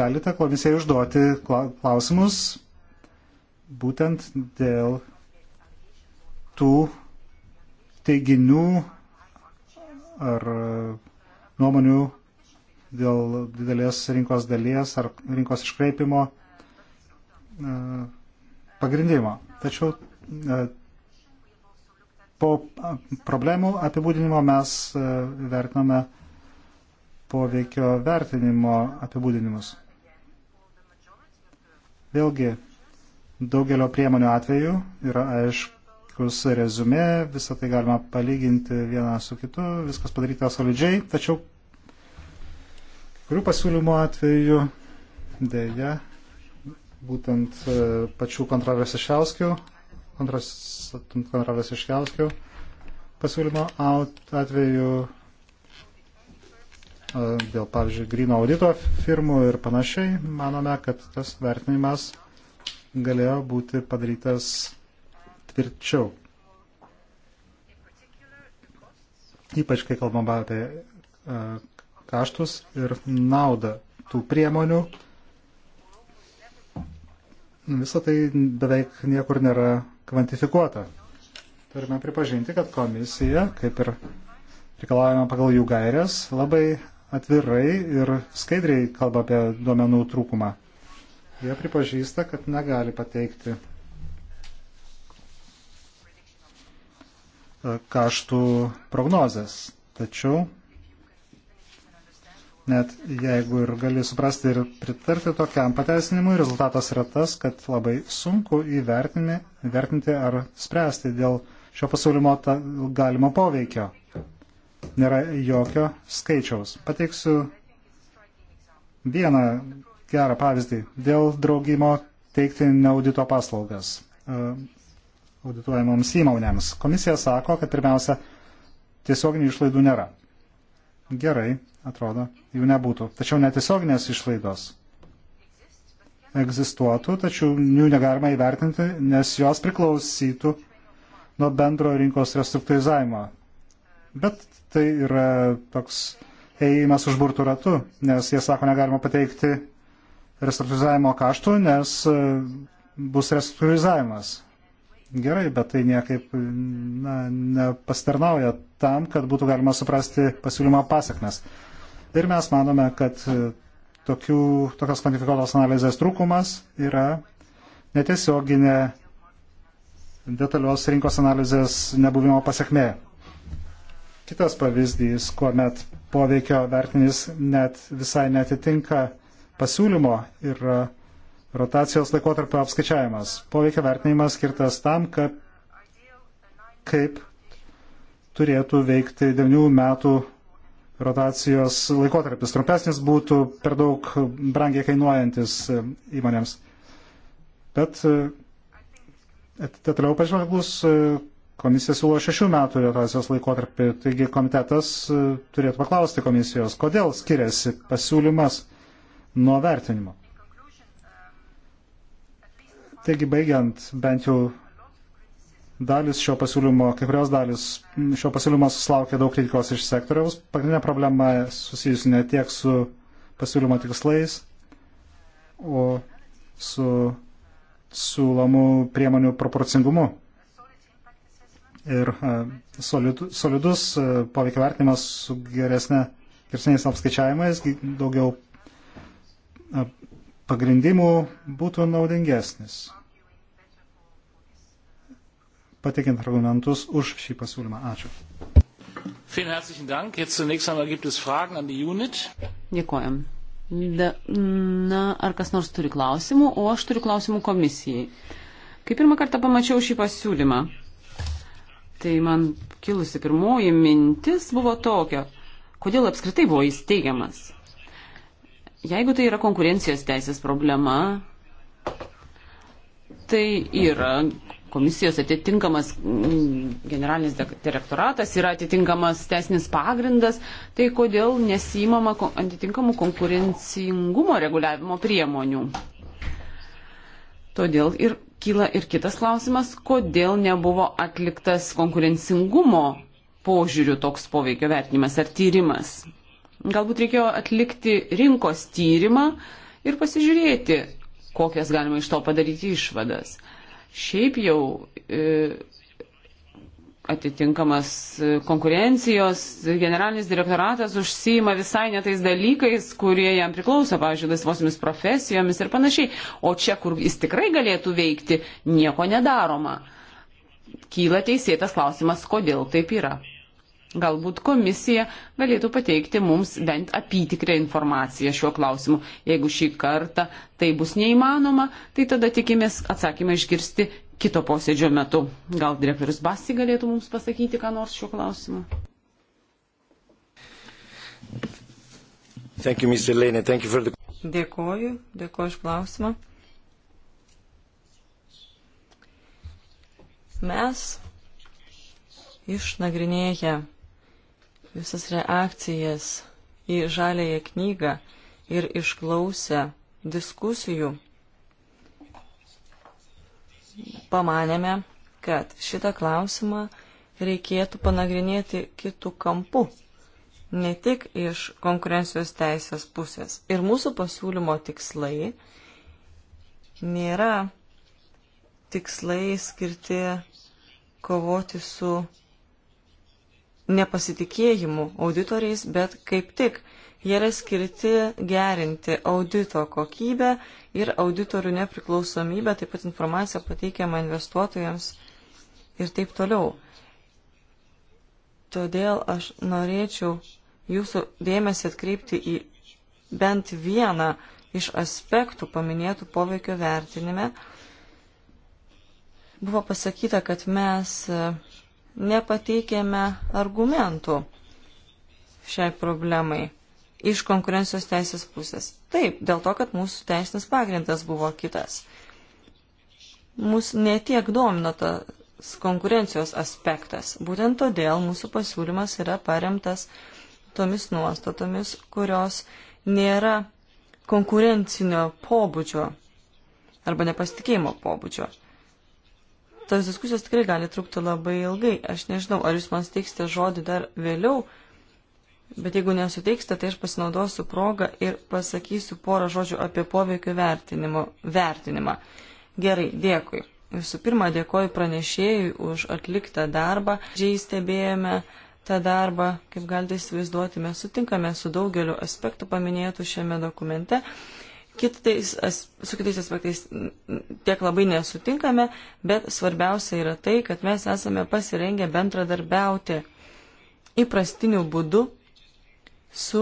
Speaker 3: galite komisijai užduoti klausimus būtent dėl tų teiginių ar e, nuomonių dėl didelės rinkos dalies ar rinkos iškreipimo e, pagrindimo. Tačiau e, po problemų apibūdinimo mes vertiname poveikio vertinimo apibūdinimus. Vėlgi, daugelio priemonių atveju yra aišku, puikus rezumė, visą tai galima palyginti vieną su kitu, viskas padaryta solidžiai, tačiau kurių pasiūlymo atveju dėja, būtent e, pačių kontroversiškiausių, kontroversiškiausių pasiūlymo atveju e, dėl, pavyzdžiui, grino audito firmų ir panašiai, manome, kad tas vertinimas galėjo būti padarytas tvirčiau. Ypač kai kalbama apie e, kaštus ir naudą tų priemonių. Visą tai beveik niekur nėra kvantifikuota. Turime pripažinti, kad komisija, kaip ir reikalavimą pagal jų gairias, labai atvirai ir skaidriai kalba apie duomenų trūkumą. Jie pripažįsta, kad negali pateikti E, kaštų prognozes. Tačiau net jeigu ir gali suprasti ir pritarti tokiam pateisinimui, rezultatas yra tas, kad labai sunku įvertinti, įvertinti ar spręsti dėl šio pasiūlymo galimo poveikio. Nėra jokio skaičiaus. Pateiksiu vieną gerą pavyzdį dėl draugimo teikti neaudito paslaugas. E, audituojamoms įmonėms. Komisija sako, kad pirmiausia, tiesioginių išlaidų nėra. Gerai, atrodo, jų nebūtų. Tačiau netiesioginės išlaidos egzistuotų, tačiau jų negalima įvertinti, nes jos priklausytų nuo bendro rinkos restruktūrizavimo. Bet tai yra toks ėjimas užburtų ratų, nes jie sako, negalima pateikti restruktūrizavimo kaštų, nes bus restruktūrizavimas gerai, bet tai niekaip na, nepastarnauja tam, kad būtų galima suprasti pasiūlymo pasiekmes. Ir mes manome, kad e, tokių, tokios kvantifikuotos analizės trūkumas yra netiesioginė detalios rinkos analizės nebuvimo pasiekmė. Kitas pavyzdys, kuomet poveikio vertinis net visai netitinka pasiūlymo, yra rotacijos laikotarpio apskaičiavimas. Poveikio vertinimas skirtas tam, kad kaip turėtų veikti 9 metų rotacijos laikotarpis. Trumpesnis būtų per daug brangiai kainuojantis e, įmonėms. Bet detaliau pažvelgus, e, komisija siūlo 6 metų rotacijos laikotarpį, taigi komitetas e, turėtų paklausti komisijos, kodėl skiriasi pasiūlymas nuo vertinimo. Taigi baigiant, bent jau dalis šio pasiūlymo, kai kurios dalis šio pasiūlymo susilaukė daug kritikos iš sektoriaus. Pagrindinė problema susijusi ne tiek su pasiūlymo tikslais, o su siūlomų priemonių proporcingumu. Ir e, solidus, solidus e, poveikio vertinimas su geresne, geresniais apskaičiavimais, daugiau e, pagrindimų būtų naudingesnis, pateikiant argumentus už šį pasiūlymą. Ačiū. Vielen herzlichen Dank. Jetzt zunächst einmal gibt es
Speaker 1: Fragen an die Unit. Dėkojam. Da, na, ar kas nors turi klausimų, o aš turiu klausimų komisijai. Kai pirmą kartą pamačiau šį pasiūlymą, tai man kilusi pirmoji mintis buvo tokia, kodėl apskritai buvo įsteigiamas. Jeigu tai yra konkurencijos teisės problema, tai yra komisijos atitinkamas mm, generalinis direktoratas, yra atitinkamas teisinis pagrindas, tai kodėl nesijimama atitinkamų konkurencingumo reguliavimo priemonių. Todėl ir kyla ir kitas klausimas, kodėl nebuvo atliktas konkurencingumo požiūrių toks poveikio vertinimas ar tyrimas. Galbūt reikėjo atlikti rinkos tyrimą ir pasižiūrėti, kokias galima iš to padaryti išvadas. Šiaip jau e, atitinkamas konkurencijos generalinis direktoratas užsijima visai netais dalykais, kurie jam priklauso, pavyzdžiui, laisvosiomis profesijomis ir panašiai. O čia, kur jis tikrai galėtų veikti, nieko nedaroma. Kyla teisėtas klausimas, kodėl taip yra. Galbūt komisija galėtų pateikti mums bent apytikrę informaciją šiuo klausimu. Jeigu šį kartą tai bus neįmanoma, tai tada tikimės atsakymą išgirsti kito posėdžio metu. Gal direktorius Basi galėtų mums pasakyti, ką nors šiuo klausimu.
Speaker 3: Thank you, Mr. Lane. Thank you for the...
Speaker 2: Dėkoju, dėkoju iš klausimą. Mes išnagrinėję visas reakcijas į žalėją knygą ir išklausę diskusijų, pamanėme, kad šitą klausimą reikėtų panagrinėti kitų kampų, ne tik iš konkurencijos teisės pusės. Ir mūsų pasiūlymo tikslai nėra tikslai skirti kovoti su nepasitikėjimu auditoriais, bet kaip tik jie yra skirti gerinti audito kokybę ir auditorių nepriklausomybę, taip pat informaciją pateikiamą investuotojams ir taip toliau. Todėl aš norėčiau jūsų dėmesį atkreipti į bent vieną iš aspektų paminėtų poveikio vertinime. Buvo pasakyta, kad mes nepateikėme argumentų šiai problemai iš konkurencijos teisės pusės. Taip, dėl to, kad mūsų teisinis pagrindas buvo kitas. Mūsų netiek domino tas konkurencijos aspektas. Būtent todėl mūsų pasiūlymas yra paremtas tomis nuostatomis, kurios nėra konkurencinio pobūdžio arba nepasitikėjimo pobūdžio tos diskusijos tikrai gali trukti labai ilgai. Aš nežinau, ar jūs man suteiksite žodį dar vėliau, bet jeigu nesuteiksite, tai aš pasinaudosiu progą ir pasakysiu porą žodžių apie poveikio vertinimą. Gerai, dėkui. Visų pirma, dėkoju pranešėjui už atliktą darbą. Žiai stebėjome tą darbą, kaip galite įsivaizduoti, mes sutinkame su daugeliu aspektų paminėtų šiame dokumente. Kitais, su kitais aspektais tiek labai nesutinkame, bet svarbiausia yra tai, kad mes esame pasirengę bendradarbiauti įprastiniu būdu su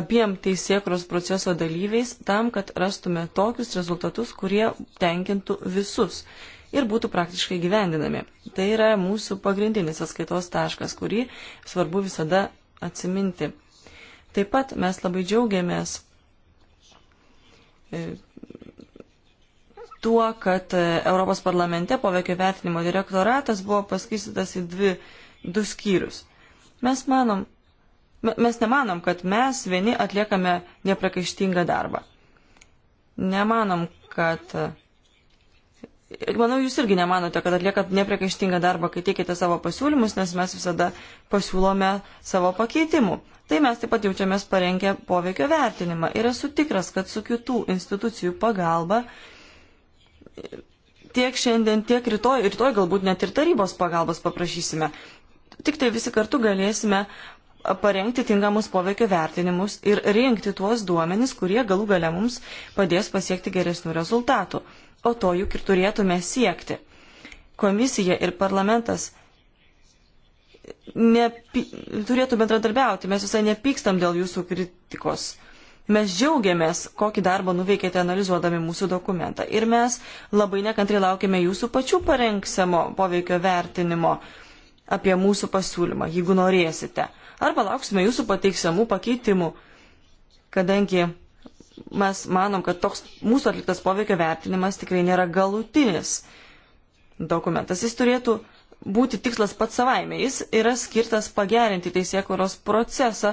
Speaker 2: abiem teisėkros proceso dalyviais tam, kad rastume tokius rezultatus, kurie tenkintų visus ir būtų praktiškai gyvendinami. Tai yra mūsų pagrindinis atskaitos taškas, kurį svarbu visada atsiminti. Taip pat mes labai džiaugiamės E, tuo, kad e, Europos parlamente poveikio vertinimo direktoratas buvo paskirstytas į dvi, du skyrius. Mes manom, mes nemanom, kad mes vieni atliekame neprikaištingą darbą. Nemanom, kad. E, manau, jūs irgi nemanote, kad atliekat neprikaištingą darbą, kai teikite savo pasiūlymus, nes mes visada pasiūlome savo pakeitimų. Tai mes taip pat jaučiamės parengę poveikio vertinimą ir esu tikras, kad su kitų institucijų pagalba tiek šiandien, tiek rytoj, rytoj galbūt net ir tarybos pagalbos paprašysime. Tik tai visi kartu galėsime parengti tinkamus poveikio vertinimus ir rinkti tuos duomenis, kurie galų gale mums padės pasiekti geresnių rezultatų. O to juk ir turėtume siekti. Komisija ir parlamentas ne, turėtų bendradarbiauti. Mes visai nepykstam dėl jūsų kritikos. Mes džiaugiamės, kokį darbą nuveikėte analizuodami mūsų dokumentą. Ir mes labai nekantri laukiame jūsų pačių parengsamo poveikio vertinimo apie mūsų pasiūlymą, jeigu norėsite. Arba lauksime jūsų pateiksamų pakeitimų, kadangi mes manom, kad toks mūsų atliktas poveikio vertinimas tikrai nėra galutinis dokumentas. Jis turėtų būti tikslas pats savaime. Jis yra skirtas pagerinti teisėkuros procesą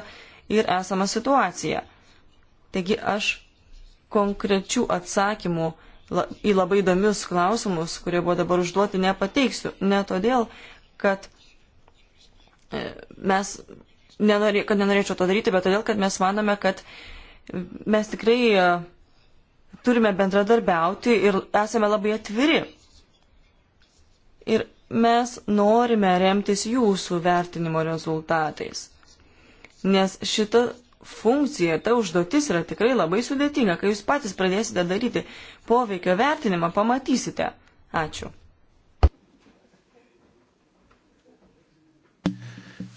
Speaker 2: ir esamą situaciją. Taigi aš konkrečių atsakymų į labai įdomius klausimus, kurie buvo dabar užduoti, nepateiksiu. Ne todėl, kad e, mes nenorė, kad nenorėčiau to daryti, bet todėl, kad mes manome, kad mes tikrai e, turime bendradarbiauti ir esame labai atviri. Ir mes norime remtis jūsų vertinimo rezultatais. Nes šita funkcija, ta užduotis yra tikrai labai sudėtinga. Kai jūs patys pradėsite daryti poveikio vertinimą, pamatysite. Ačiū.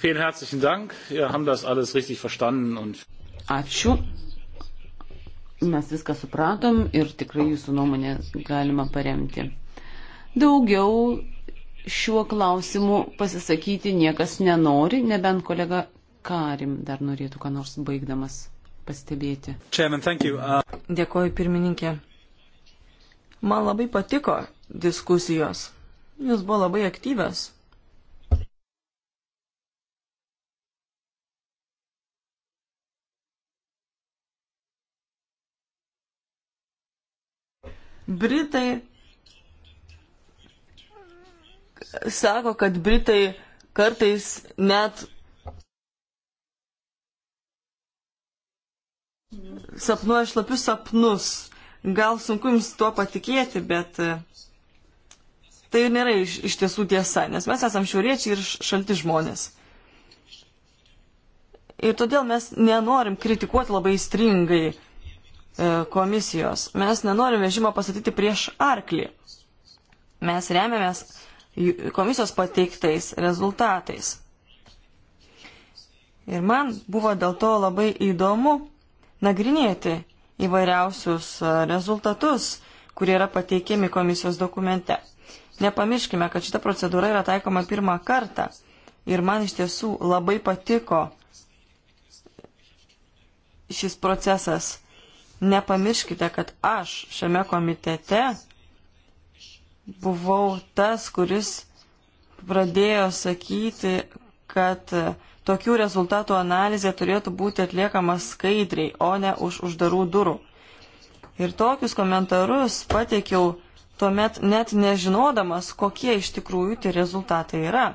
Speaker 3: Vielen herzlichen Dank. Wir haben das alles richtig verstanden. Und
Speaker 1: Ačiū. Mes viską supratom ir tikrai jūsų nuomonę galima paremti. Daugiau šiuo klausimu pasisakyti niekas nenori, nebent kolega Karim dar norėtų ką nors
Speaker 2: baigdamas pastebėti. Chairman, uh... Dėkoju pirmininkė. Man labai patiko diskusijos. Jūs buvo labai aktyvios. Britai sako, kad Britai kartais net sapnuoja šlapius sapnus. Gal sunku jums tuo patikėti, bet e, tai nėra iš, iš tiesų tiesa, nes mes esam šiauriečiai ir šalti žmonės. Ir todėl mes nenorim kritikuoti labai stringai e, komisijos. Mes nenorim vežimo pastatyti prieš arklį. Mes remiamės komisijos pateiktais rezultatais. Ir man buvo dėl to labai įdomu nagrinėti įvairiausius rezultatus, kurie yra pateikiami komisijos dokumente. Nepamirškime, kad šita procedūra yra taikoma pirmą kartą. Ir man iš tiesų labai patiko šis procesas. Nepamirškite, kad aš šiame komitete buvau tas, kuris pradėjo sakyti, kad tokių rezultatų analizė turėtų būti atliekama skaidriai, o ne už uždarų durų. Ir tokius komentarus pateikiau tuomet net nežinodamas, kokie iš tikrųjų tie rezultatai yra.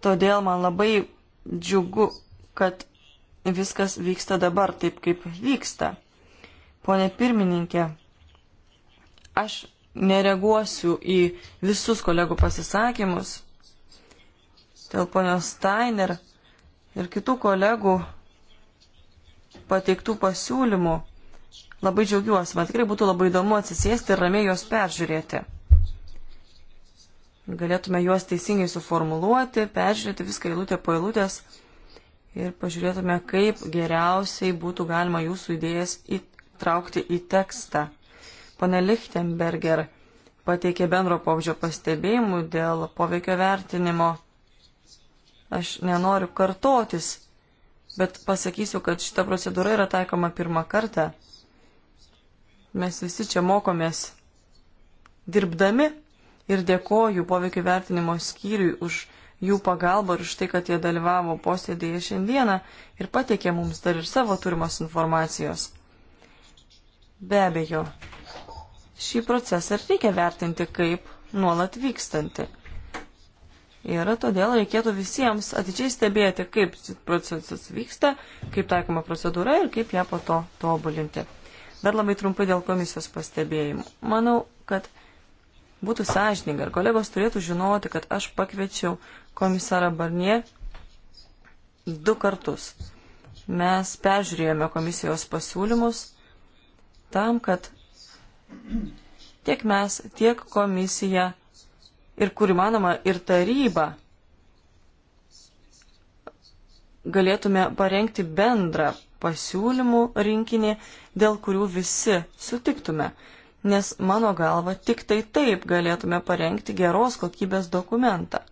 Speaker 2: Todėl man labai džiugu, kad viskas vyksta dabar taip, kaip vyksta. Pone pirmininkė, Aš nereaguosiu į visus kolegų pasisakymus dėl ponios Steiner ir kitų kolegų pateiktų pasiūlymų. Labai džiaugiuosi, man tikrai būtų labai įdomu atsisėsti ir ramiai juos peržiūrėti. Galėtume juos teisingai suformuluoti, peržiūrėti viską eilutę po eilutės ir pažiūrėtume, kaip geriausiai būtų galima jūsų idėjas įtraukti į tekstą. Pane Lichtenberger pateikė bendro pobūdžio pastebėjimų dėl poveikio vertinimo. Aš nenoriu kartotis, bet pasakysiu, kad šita procedūra yra taikoma pirmą kartą. Mes visi čia mokomės dirbdami ir dėkoju poveikio vertinimo skyriui už jų pagalbą ir už tai, kad jie dalyvavo posėdėje šiandieną ir pateikė mums dar ir savo turimos informacijos. Be abejo, šį procesą ir reikia vertinti kaip nuolat vykstanti. Ir todėl reikėtų visiems atidžiai stebėti, kaip procesas vyksta, kaip taikoma procedūra ir kaip ją po to tobulinti. Dar labai trumpai dėl komisijos pastebėjimų. Manau, kad būtų sąžininga ir kolegos turėtų žinoti, kad aš pakviečiau komisarą Barnie du kartus. Mes peržiūrėjome komisijos pasiūlymus tam, kad Tiek mes, tiek komisija ir kur įmanoma ir taryba galėtume parengti bendrą pasiūlymų rinkinį, dėl kurių visi sutiktume, nes mano galva tik tai taip galėtume parengti geros kokybės dokumentą.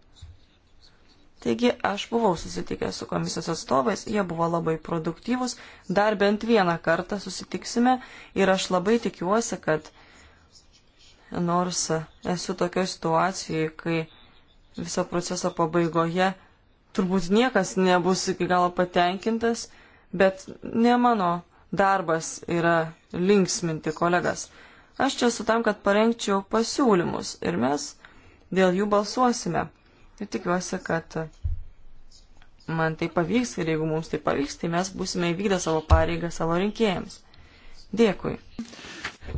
Speaker 2: Taigi aš buvau susitikęs su komisijos atstovais, jie buvo labai produktyvūs, dar bent vieną kartą susitiksime ir aš labai tikiuosi, kad nors esu tokioje situacijoje, kai viso proceso pabaigoje turbūt niekas nebus iki galo patenkintas, bet ne mano darbas yra linksminti kolegas. Aš čia esu tam, kad parengčiau pasiūlymus ir mes dėl jų balsuosime. Ir tikiuosi, kad man tai pavyks ir jeigu mums tai pavyks, tai mes būsime įvykdę savo pareigą savo rinkėjams. Dėkui.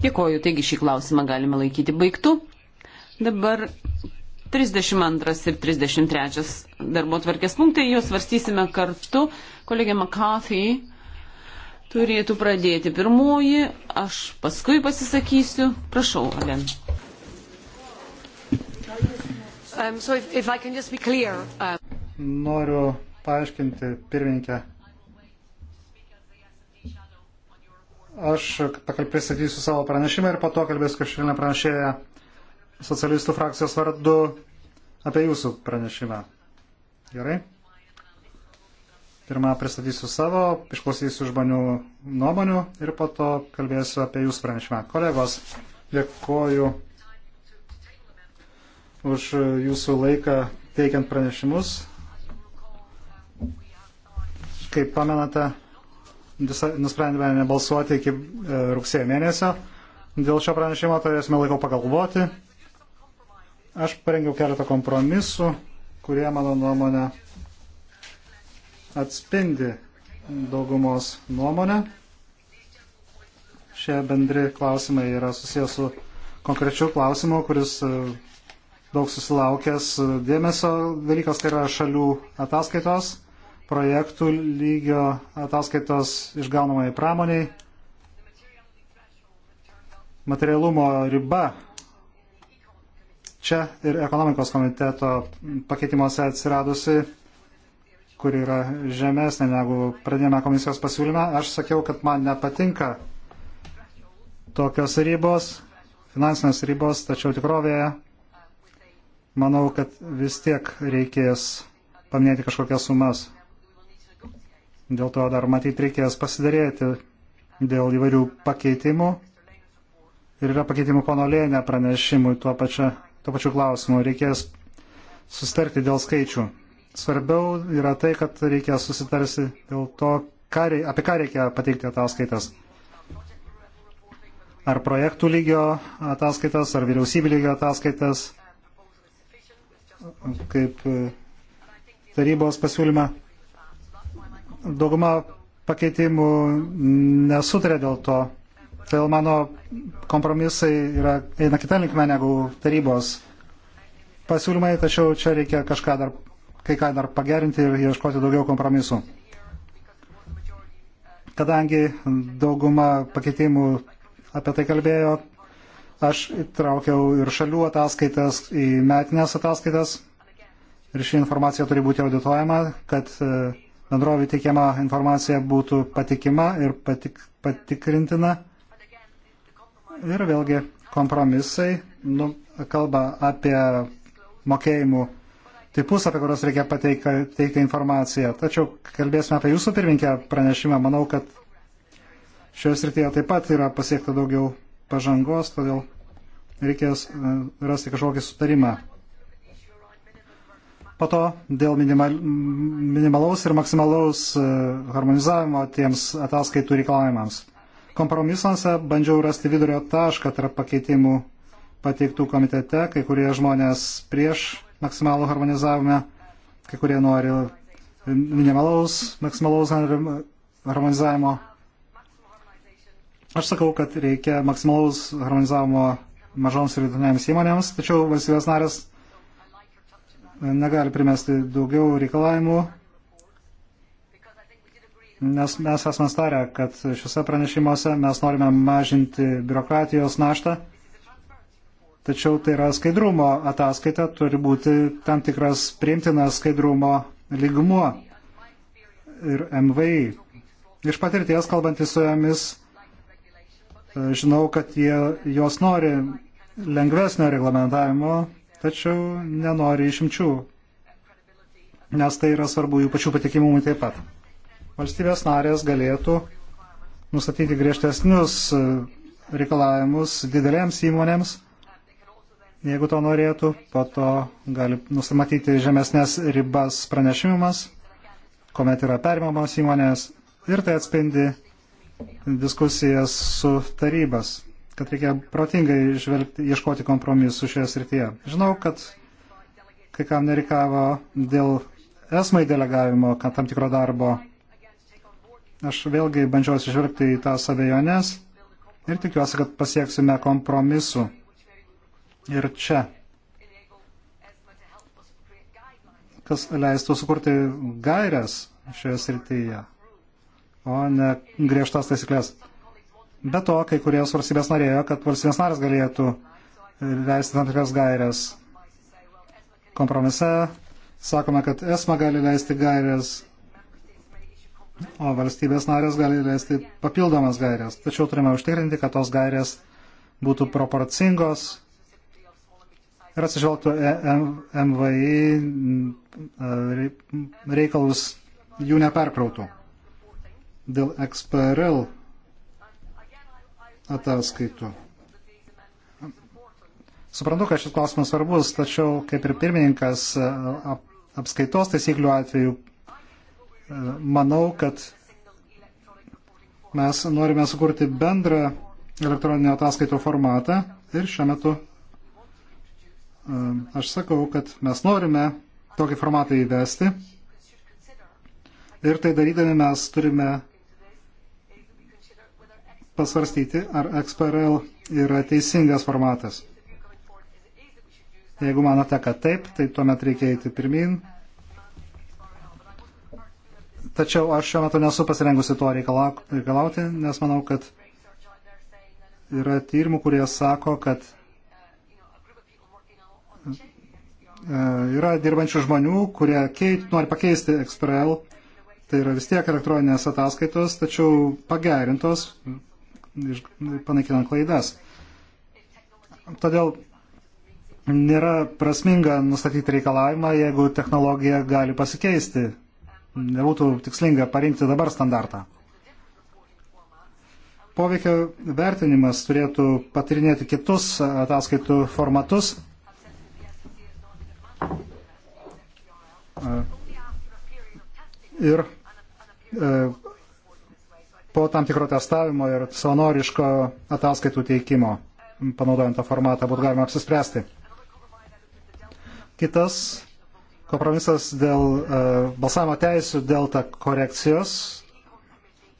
Speaker 2: Dėkoju, taigi šį klausimą galime laikyti baigtų. Dabar
Speaker 1: 32 ir 33 darbo tvarkės punktai, juos svarstysime kartu. Kolegė McCarthy turėtų pradėti pirmoji, aš paskui pasisakysiu. Prašau, Alen. Um, so if, if I can just be clear. Uh... Noriu paaiškinti
Speaker 3: pirmininkę. Aš pristatysiu savo pranešimą ir po to kalbėsiu kažkilinę pranešėją socialistų frakcijos vardu apie jūsų pranešimą. Gerai? Pirmą pristatysiu savo, išklausysiu žmonių nuomonių ir po to kalbėsiu apie jūsų pranešimą. Kolegos, dėkoju už jūsų laiką teikiant pranešimus. Kaip pamenate, nusprendėme nebalsuoti iki e, rugsėjo mėnesio. Dėl šio pranešimo turėsime tai laiko pagalvoti. Aš parengiau keletą kompromisų, kurie, mano nuomonė, atspindi daugumos nuomonę. Šie bendri klausimai yra susijęs su konkrečiu klausimu, kuris e, daug susilaukęs dėmesio dalykas, tai yra šalių ataskaitos, projektų lygio ataskaitos išgaunamai pramoniai, materialumo riba. Čia ir ekonomikos komiteto pakeitimuose atsiradusi, kur yra žemesnė negu pradėjome komisijos pasiūlymą. Aš sakiau, kad man nepatinka tokios ribos, finansinės ribos, tačiau tikrovėje manau, kad vis tiek reikės paminėti kažkokias sumas. Dėl to dar matyti reikės pasidarėti dėl įvairių pakeitimų. Ir yra pakeitimų pono Lėnė pranešimui tuo pačiu, tuo pačiu klausimu. Reikės susitarti dėl skaičių. Svarbiau yra tai, kad reikia susitarsi dėl to, ką, apie ką reikia pateikti ataskaitas. Ar projektų lygio ataskaitas, ar vyriausybių lygio ataskaitas kaip e, tarybos pasiūlymą. Dauguma pakeitimų nesutarė dėl to. Todėl tai mano kompromisai yra, eina kitą linkmę negu tarybos pasiūlymai, tačiau čia reikia kažką dar, kai ką dar pagerinti ir ieškoti daugiau kompromisų. Kadangi dauguma pakeitimų apie tai kalbėjo, Aš įtraukiau ir šalių ataskaitas į metinės ataskaitas ir ši informacija turi būti audituojama, kad e, bendrovė teikiama informacija būtų patikima ir patik, patikrintina. Ir vėlgi kompromisai nu, kalba apie mokėjimų tipus, apie kurios reikia pateikti, teikti informaciją. Tačiau kalbėsime apie jūsų pirminkę pranešimą. Manau, kad šioje srityje taip pat yra pasiekta daugiau pažangos, todėl reikės e, rasti kažkokį sutarimą. Po to dėl minimal, minimalaus ir maksimalaus e, harmonizavimo tiems ataskaitų reikalavimams. Kompromisuose bandžiau rasti vidurio tašką tarp pakeitimų pateiktų komitete, kai kurie žmonės prieš maksimalų harmonizavimą, kai kurie nori minimalaus, maksimalaus harmonizavimo Aš sakau, kad reikia maksimalaus harmonizavimo mažoms ir vidutinėms įmonėms, tačiau valstybės narės negali primesti daugiau reikalavimų, nes mes esame starę, kad šiuose pranešimuose mes norime mažinti biurokratijos naštą, tačiau tai yra skaidrumo ataskaita, turi būti tam tikras priimtinas skaidrumo lygmuo ir MVI. Iš patirties, kalbantys su jomis, Žinau, kad jie, jos nori lengvesnio reglamentavimo, tačiau nenori išimčių, nes tai yra svarbu jų pačių patikimumui taip pat. Valstybės narės galėtų nustatyti griežtesnius e, reikalavimus didelėms įmonėms, jeigu to norėtų, po to gali nusimatyti žemesnės ribas pranešimas, kuomet yra perimamos įmonės ir tai atspindi diskusijas su tarybas, kad reikia protingai žvelgti, ieškoti kompromisų šioje srityje. Žinau, kad kai kam nereikavo dėl esmai delegavimo, kad tam tikro darbo. Aš vėlgi bandžiau atsižvelgti į tą savejonės ir tikiuosi, kad pasieksime kompromisų ir čia, kas leistų sukurti gairias šioje srityje o ne griežtas taisyklės. Be to, kai kurios valstybės norėjo, kad valstybės narės galėtų leisti tam tikras gairias. Kompromise sakome, kad ESMA gali leisti gairias, o valstybės narės gali leisti papildomas gairias. Tačiau turime užtikrinti, kad tos gairias būtų proporcingos ir atsižvelgtų e, MVI e, reikalus jų neperkrautų dėl XPRL ataskaitų. Suprantu, kad šis klausimas svarbus, tačiau kaip ir pirmininkas apskaitos taisyklių atveju, manau, kad mes norime sukurti bendrą elektroninio ataskaitų formatą ir šiuo metu aš sakau, kad mes norime tokį formatą įvesti ir tai darydami mes turime pasvarstyti, ar XPRL yra teisingas formatas. Jeigu manote, kad taip, tai tuomet reikia eiti pirmin. Tačiau aš šiuo metu nesu pasirengusi tuo reikalauti, nes manau, kad yra tyrimų, kurie sako, kad e, yra dirbančių žmonių, kurie keit, nori pakeisti XPRL. Tai yra vis tiek elektroninės ataskaitos, tačiau pagerintos, panaikinant klaidas. Todėl nėra prasminga nustatyti reikalavimą, jeigu technologija gali pasikeisti. Nebūtų tikslinga parinkti dabar standartą. Poveikio vertinimas turėtų patirinėti kitus ataskaitų formatus. Ir e, po tam tikro testavimo ir savanoriško ataskaitų teikimo, panaudojant tą formatą, būtų galima apsispręsti. Kitas kompromisas dėl uh, balsavimo teisų delta korekcijos.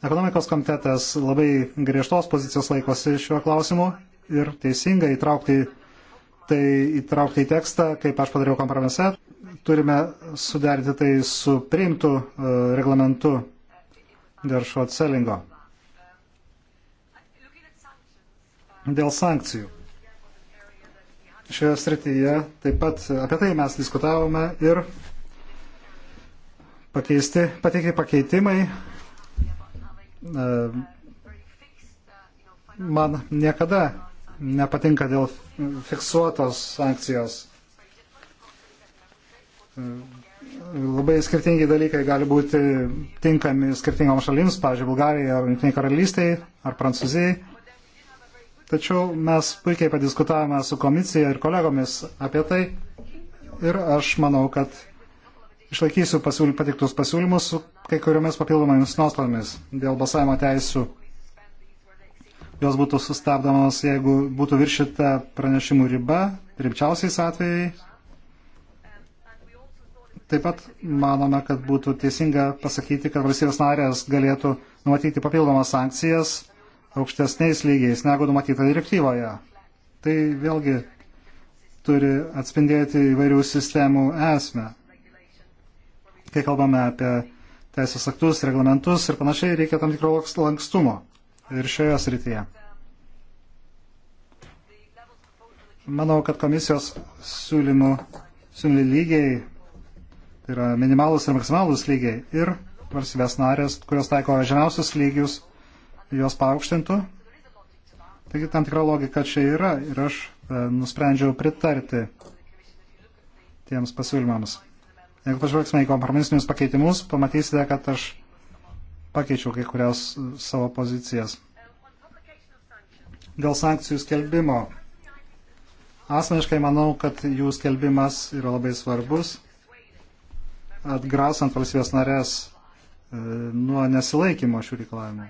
Speaker 3: Ekonomikos komitetas labai griežtos pozicijos laikosi šiuo klausimu ir teisingai įtraukti tai įtraukti į tekstą, kaip aš padariau kompromise. Turime suderinti tai su priimtų uh, e, reglamentu Geršo Celingo. Dėl sankcijų. Šioje srityje taip pat apie tai mes diskutavome ir pakeisti, pateikti pakeitimai. E, man niekada nepatinka dėl fiksuotos sankcijos e, labai skirtingi dalykai gali būti tinkami skirtingoms šalims, pavyzdžiui, Bulgarijai ar Junktiniai karalystiai ar Prancūzijai. Tačiau mes puikiai padiskutavome su komisija ir kolegomis apie tai ir aš manau, kad išlaikysiu pasiūly, patiktus pasiūlymus su kai kuriomis papildomomis nuostatomis dėl balsavimo teisų. Jos būtų sustabdomos, jeigu būtų viršita pranešimų riba, rimčiausiais atvejais Taip pat manome, kad būtų teisinga pasakyti, kad valstybės narės galėtų numatyti papildomas sankcijas aukštesniais lygiais negu numatyta direktyvoje. Tai vėlgi turi atspindėti įvairių sistemų esmę. Kai kalbame apie teisės aktus, reglamentus ir panašiai, reikia tam tikro lankstumo ir šioje srityje. Manau, kad komisijos siūlymų siūlymi lygiai Tai yra minimalus ir maksimalus lygiai. Ir valstybės narės, kurios taiko žemiausius lygius, juos paaukštintų. Taigi tam tikra logika čia yra ir aš e, nusprendžiau pritarti tiems pasiūlymams. Jeigu pažvelgsime į kompromisinius pakeitimus, pamatysite, kad aš pakeičiau kai kurias e, savo pozicijas. Dėl sankcijų skelbimo. Asmeniškai manau, kad jų skelbimas yra labai svarbus atgrasant valstybės narės e, nuo nesilaikymo šių reikalavimų.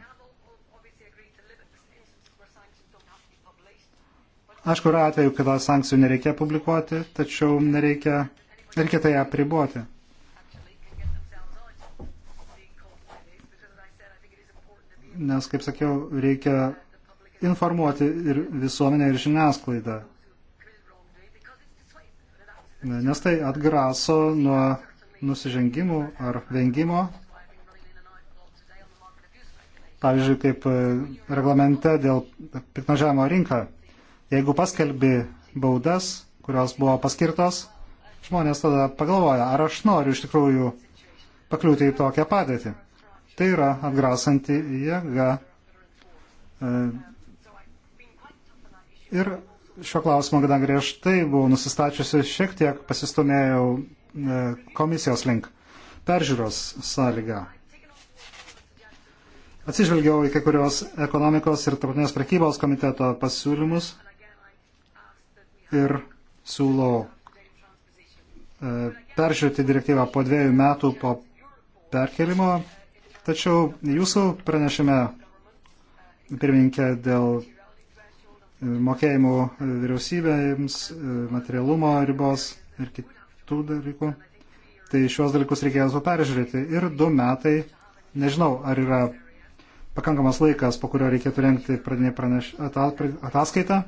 Speaker 3: Aišku, yra atveju, kada sankcijų nereikia publikuoti, tačiau nereikia, reikia tai apriboti. Nes, kaip sakiau, reikia informuoti ir visuomenę, ir žiniasklaidą. Nes tai atgraso nuo nusižengimų ar vengimo. Pavyzdžiui, kaip e, reglamente dėl piknažiavimo rinką. Jeigu paskelbi baudas, kurios buvo paskirtos, žmonės tada pagalvoja, ar aš noriu iš tikrųjų pakliūti į tokią padėtį. Tai yra atgrasanti jėga. E, ir šio klausimo, kadangi griežtai buvau nusistačiusi, šiek tiek pasistumėjau E, komisijos link. Peržiūros sąlyga. Atsižvelgiau į kai kurios ekonomikos ir tarptautinės prekybos komiteto pasiūlymus ir siūlau e, peržiūrėti direktyvą po dviejų metų po perkelimo. Tačiau jūsų pranešime, pirmininkė, dėl e, mokėjimų vyriausybėms, materialumo ribos ir kit, kitų dalykų. Tai šios dalykus reikėtų peržiūrėti. Ir du metai, nežinau, ar yra pakankamas laikas, po kurio reikėtų renkti pradinį praneš... ataskaitą.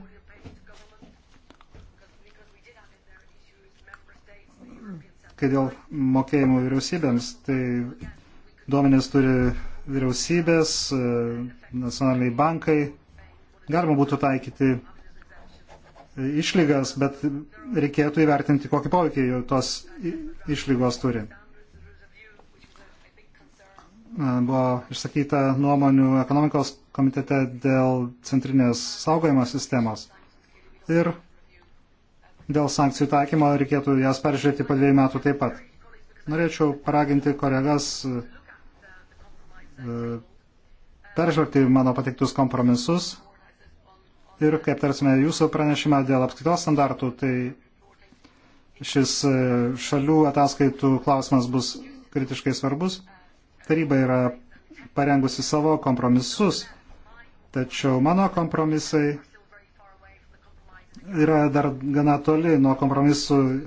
Speaker 3: Kai dėl mokėjimų vyriausybėms, tai duomenės turi vyriausybės, e, nacionaliniai bankai. Galima būtų taikyti išlygas, bet reikėtų įvertinti, kokį poveikį tos išlygos turi. Buvo išsakyta nuomonių ekonomikos komitete dėl centrinės saugojimo sistemos. Ir dėl sankcijų taikymo reikėtų jas peržiūrėti po dviejų metų taip pat. Norėčiau paraginti kolegas e, peržvelgti mano pateiktus kompromisus ir kaip tarsime jūsų pranešimą dėl apskaitos standartų, tai šis e, šalių ataskaitų klausimas bus kritiškai svarbus. Taryba yra parengusi savo kompromisus, tačiau mano kompromisai yra dar gana toli nuo kompromisų e,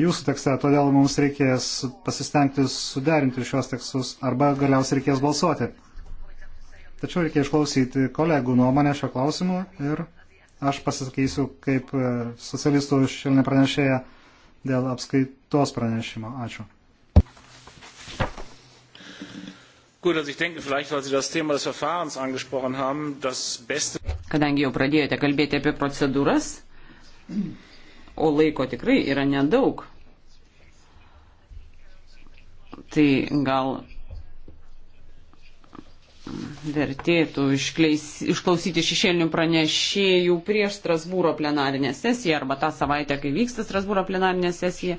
Speaker 3: jūsų tekste, todėl mums reikės pasistengti suderinti šios tekstus arba galiausiai reikės balsuoti. Tačiau reikia išklausyti kolegų nuomonę šio klausimu ir aš pasisakysiu kaip e, socialistų šilinė pranešėja dėl apskaitos pranešimo. Ačiū. Gut, also ich denke vielleicht, weil Sie das Thema des Verfahrens angesprochen haben, das Beste.
Speaker 1: Kadangi jau pradėjote kalbėti apie procedūras, o laiko tikrai yra nedaug, tai gal vertėtų iškleis, išklausyti šešėlinių pranešėjų prieš Strasbūro plenarinę sesiją arba tą savaitę, kai vyksta Strasbūro plenarinė sesija.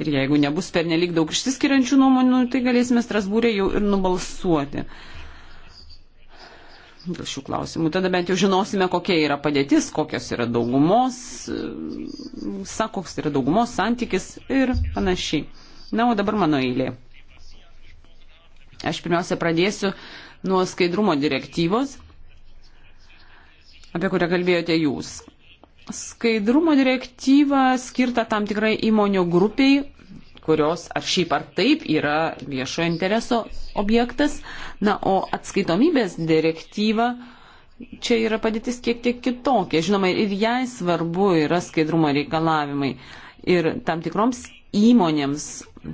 Speaker 1: Ir jeigu nebus pernelik daug išsiskiriančių nuomonių, tai galėsime Strasbūrė jau ir nubalsuoti. Dėl šių klausimų. Tada bent jau žinosime, kokia yra padėtis, kokios yra daugumos, koks yra daugumos santykis ir panašiai. Na, o dabar mano eilė. Aš pirmiausia pradėsiu nuo skaidrumo direktyvos, apie kurią kalbėjote jūs. Skaidrumo direktyva skirta tam tikrai įmonių grupiai, kurios ar šiaip ar taip yra viešo intereso objektas. Na, o atskaitomybės direktyva čia yra padėtis kiek tiek kitokia. Žinoma, ir jai svarbu yra skaidrumo reikalavimai. Ir tam tikroms įmonėms,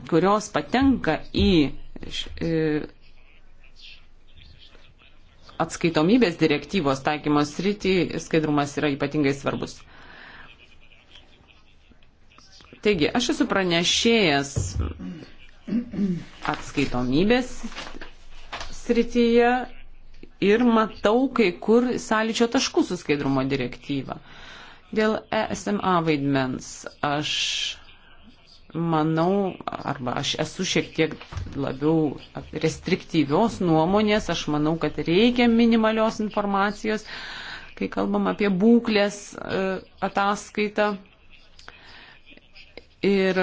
Speaker 1: kurios patenka į e, atskaitomybės direktyvos taikymos rytį skaidrumas yra ypatingai svarbus. Taigi, aš esu pranešėjęs atskaitomybės srityje ir matau kai kur sąlyčio taškų su skaidrumo direktyva. Dėl ESMA vaidmens aš manau, arba aš esu šiek tiek labiau restriktyvios nuomonės, aš manau, kad reikia minimalios informacijos, kai kalbam apie būklės e, ataskaitą. Ir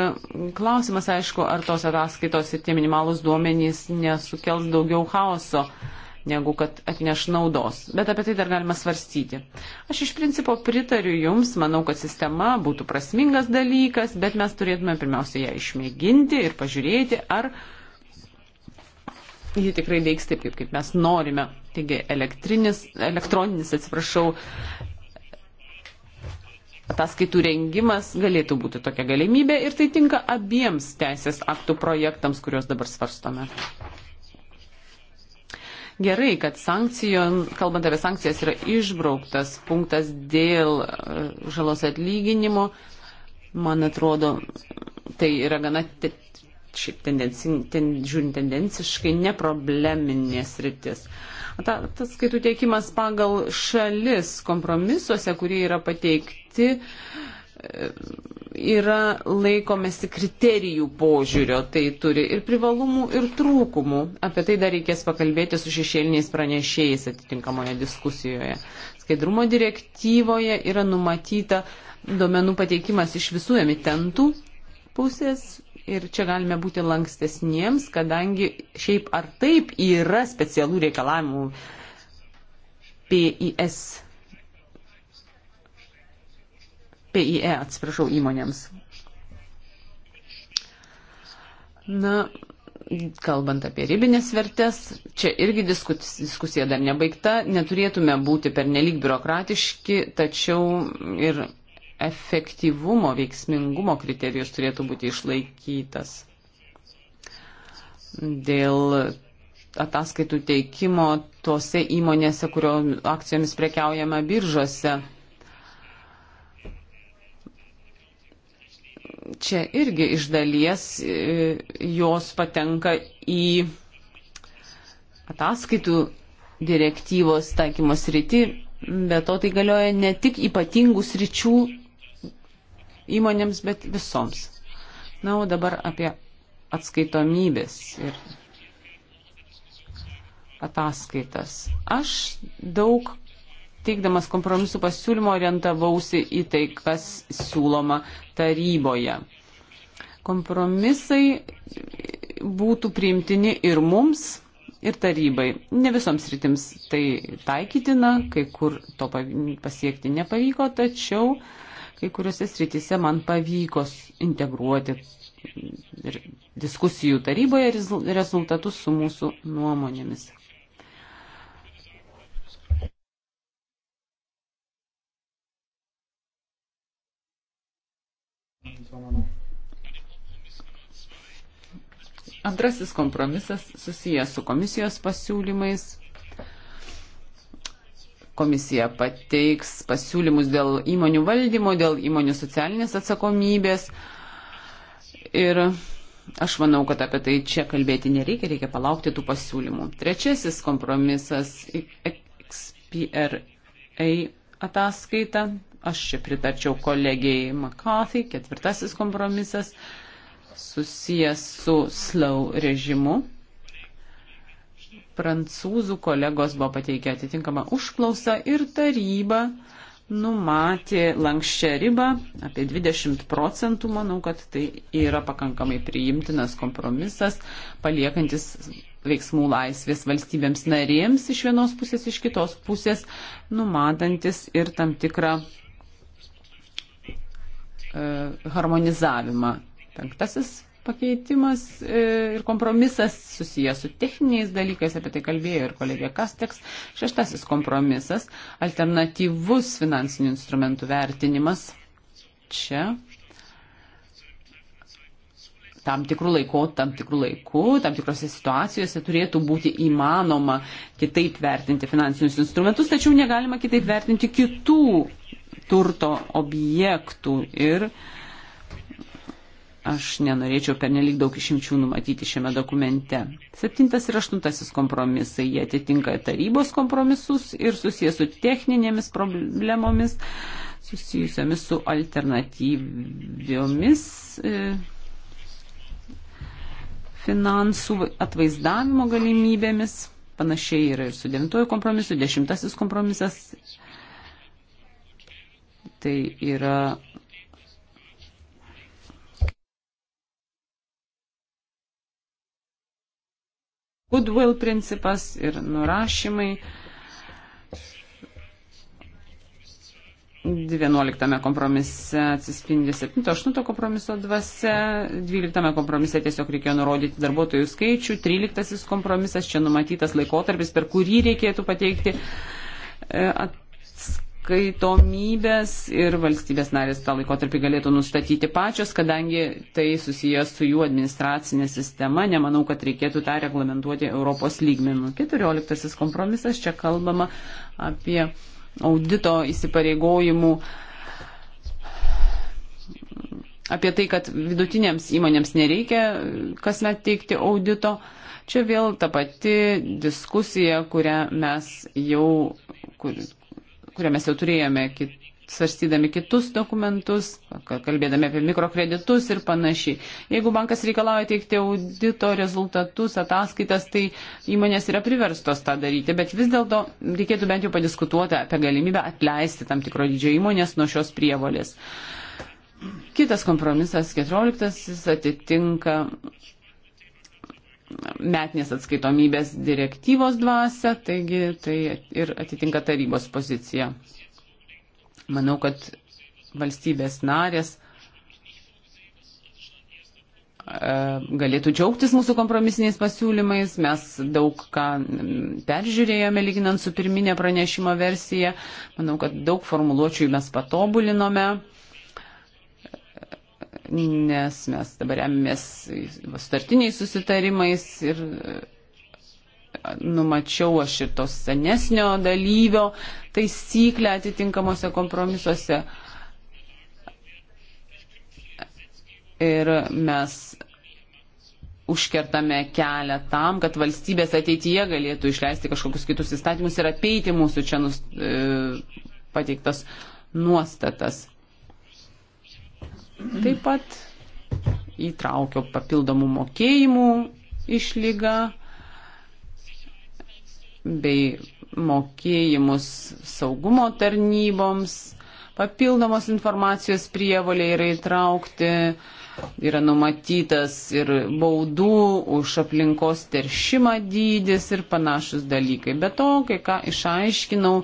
Speaker 1: klausimas, aišku, ar tos ataskaitos ir tie minimalus duomenys nesukels daugiau chaoso. Uh, negu kad atneš naudos. Bet apie tai dar galima svarstyti. Aš iš principo pritariu Jums, manau, kad sistema būtų prasmingas dalykas, bet mes turėtume pirmiausia ją išmėginti ir pažiūrėti, ar ji tikrai veiks taip, kaip, kaip mes norime. Taigi elektroninis, atsiprašau, ataskaitų rengimas galėtų būti tokia galimybė ir tai tinka abiems teisės aktų projektams, kuriuos dabar svarstome gerai, kad sankcijom, kalbant apie sankcijas, yra išbrauktas punktas dėl e, žalos atlyginimo. Man atrodo, tai yra gana šiaip tendenci, ten, žiūrint tendenciškai neprobleminės rytis. Ta, tas skaitų tiekimas pagal šalis kompromisuose, kurie yra pateikti, uh, yra laikomasi kriterijų požiūrio, tai turi ir privalumų, ir trūkumų. Apie tai dar reikės pakalbėti su šešėliniais pranešėjais atitinkamoje diskusijoje. Skaidrumo direktyvoje yra numatyta duomenų pateikimas iš visų emitentų pusės ir čia galime būti lankstesniems, kadangi šiaip ar taip yra specialių reikalavimų PIS PIE, atsiprašau, įmonėms. Na, kalbant apie ribinės vertės, čia irgi diskusija dar nebaigta, neturėtume būti pernelyg biurokratiški, tačiau ir efektyvumo, veiksmingumo kriterijus turėtų būti išlaikytas. Dėl ataskaitų teikimo tose įmonėse, kurio akcijomis prekiaujama biržose čia irgi iš dalies e, jos patenka į ataskaitų direktyvos taikymos rytį, bet to tai galioja ne tik ypatingų sričių įmonėms, bet visoms. Na, o dabar apie atskaitomybės ir ataskaitas. Aš daug teikdamas kompromisų pasiūlymo orientavausi į tai, kas siūloma taryboje. Kompromisai būtų priimtini ir mums, ir tarybai. Ne visoms rytims tai taikytina, kai kur to pasiekti nepavyko, tačiau kai kuriuose srityse man pavyko integruoti diskusijų taryboje rezultatus su mūsų nuomonėmis. Antrasis kompromisas susijęs su komisijos pasiūlymais. Komisija pateiks pasiūlymus dėl įmonių valdymo, dėl įmonių socialinės atsakomybės. Ir aš manau, kad apie tai čia kalbėti nereikia, reikia palaukti tų pasiūlymų. Trečiasis kompromisas XPRA ataskaita Aš čia pritarčiau kolegijai McCarthy, ketvirtasis kompromisas susijęs su slow režimu. Prancūzų kolegos buvo pateikę atitinkamą užklausą ir taryba numatė lankščią ribą apie 20 procentų. Manau, kad tai yra pakankamai priimtinas kompromisas, paliekantis veiksmų laisvės valstybėms narėms iš vienos pusės, iš kitos pusės, numatantis ir tam tikrą E, harmonizavimą. Penktasis pakeitimas e, ir kompromisas susijęs su techniniais dalykais, apie tai kalbėjo ir kolegė Kasteks. Šeštasis kompromisas - alternatyvus finansinių instrumentų vertinimas. Čia tam tikrų laikų, tam tikrų laikų, tam tikrose situacijose turėtų būti įmanoma kitaip vertinti finansinius instrumentus, tačiau negalima kitaip vertinti kitų turto objektų ir aš nenorėčiau pernelyg daug išimčių numatyti šiame dokumente. Septintas ir aštuntasis kompromisai, jie atitinka tarybos kompromisus ir susijęs su techninėmis problemomis, susijusiamis su alternatyviomis e, finansų atvaizdavimo galimybėmis. Panašiai yra ir su devintojo kompromisu, dešimtasis kompromisas tai yra. Goodwill principas ir nurašymai. 11 kompromise atsispindi 7-8 kompromiso dvasia, 12 kompromise tiesiog reikėjo nurodyti darbuotojų skaičių, 13 kompromisas čia numatytas laikotarpis, per kurį reikėtų pateikti e, at, atskaitomybės ir valstybės narės tą laikotarpį galėtų nustatyti pačios, kadangi tai susijęs su jų administracinė sistema, nemanau, kad reikėtų tą reglamentuoti Europos lygmenų. 14 kompromisas, čia kalbama apie audito įsipareigojimų apie tai, kad vidutinėms įmonėms nereikia kasmet teikti audito. Čia vėl ta pati diskusija, kurią mes jau, kur, kurią mes jau turėjome kit, svarstydami kitus dokumentus, kalbėdami apie mikrokreditus ir panašiai. Jeigu bankas reikalauja teikti audito rezultatus, ataskaitas, tai įmonės yra priverstos tą daryti, bet vis dėlto reikėtų bent jau padiskutuoti apie galimybę atleisti tam tikro didžio įmonės nuo šios prievolės. Kitas kompromisas, 14, atitinka metinės atskaitomybės direktyvos dvasia, taigi tai ir atitinka tarybos poziciją. Manau, kad valstybės narės e, galėtų džiaugtis mūsų kompromisiniais pasiūlymais. Mes daug ką peržiūrėjome, lyginant su pirminė pranešimo versija. Manau, kad daug formuluočių mes patobulinome nes mes dabar remiamės sutartiniais susitarimais ir e, numačiau aš ir tos senesnio dalyvio taisyklę atitinkamuose kompromisuose. Ir mes užkertame kelią tam, kad valstybės ateityje galėtų išleisti kažkokius kitus įstatymus ir apeiti mūsų čia nus, e, pateiktas nuostatas. Taip pat įtraukiau papildomų mokėjimų išlygą bei mokėjimus saugumo tarnyboms. Papildomos informacijos prievolė yra įtraukti, yra numatytas ir baudų už aplinkos teršimą dydis ir panašus dalykai. Be to, kai ką išaiškinau,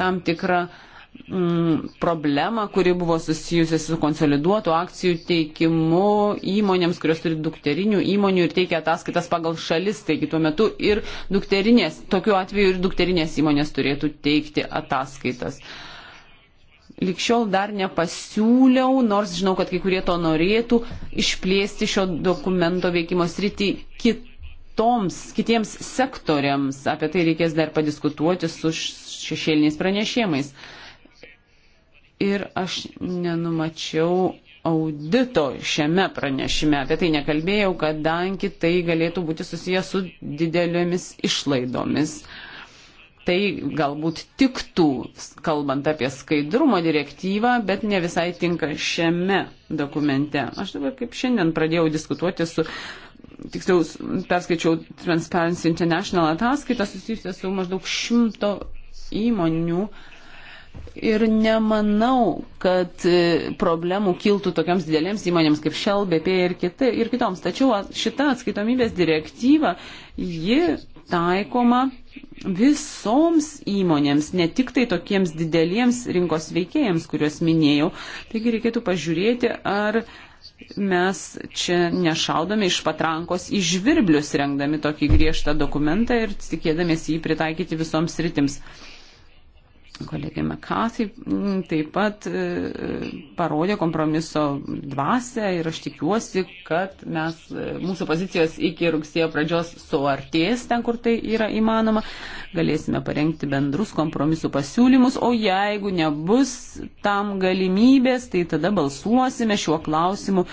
Speaker 1: tam tikrą uh, Mm, problemą, kuri buvo susijusi su konsoliduotų akcijų teikimu įmonėms, kurios turi dukterinių įmonių ir teikia ataskaitas pagal šalis. Taigi tuo metu ir dukterinės, tokiu atveju ir dukterinės įmonės turėtų teikti ataskaitas. Likščiol dar nepasiūliau, nors žinau, kad kai kurie to norėtų, išplėsti šio dokumento veikimo sritį kitoms, kitiems sektoriams. Apie tai reikės dar padiskutuoti su šešėliniais pranešėjimais ir aš nenumačiau audito šiame pranešime. Apie tai nekalbėjau, kadangi tai galėtų būti susijęs su didelėmis išlaidomis. Tai galbūt tiktų, kalbant apie skaidrumo direktyvą, bet ne visai tinka šiame dokumente. Aš dabar kaip šiandien pradėjau diskutuoti su, tiksliau, perskaičiau Transparency International ataskaitą susijusią su maždaug šimto įmonių uh, Ir nemanau, kad e, problemų kiltų tokiams didelėms įmonėms kaip Shell, BP ir, kita, ir kitoms. Tačiau šita atskaitomybės direktyva, ji taikoma visoms įmonėms, ne tik tai tokiems dideliems rinkos veikėjams, kuriuos minėjau. Taigi reikėtų pažiūrėti, ar mes čia nešaudome iš patrankos į žvirblius, rengdami tokį griežtą dokumentą ir tikėdamės jį pritaikyti visoms rytims. Kolegė McCarthy mm, taip pat e, e, parodė kompromiso dvasę ir aš tikiuosi, kad mes, e, mūsų pozicijos iki rugsėjo pradžios suartės ten, kur tai yra įmanoma, galėsime parengti bendrus kompromisų pasiūlymus, o jeigu nebus tam galimybės, tai tada balsuosime šiuo klausimu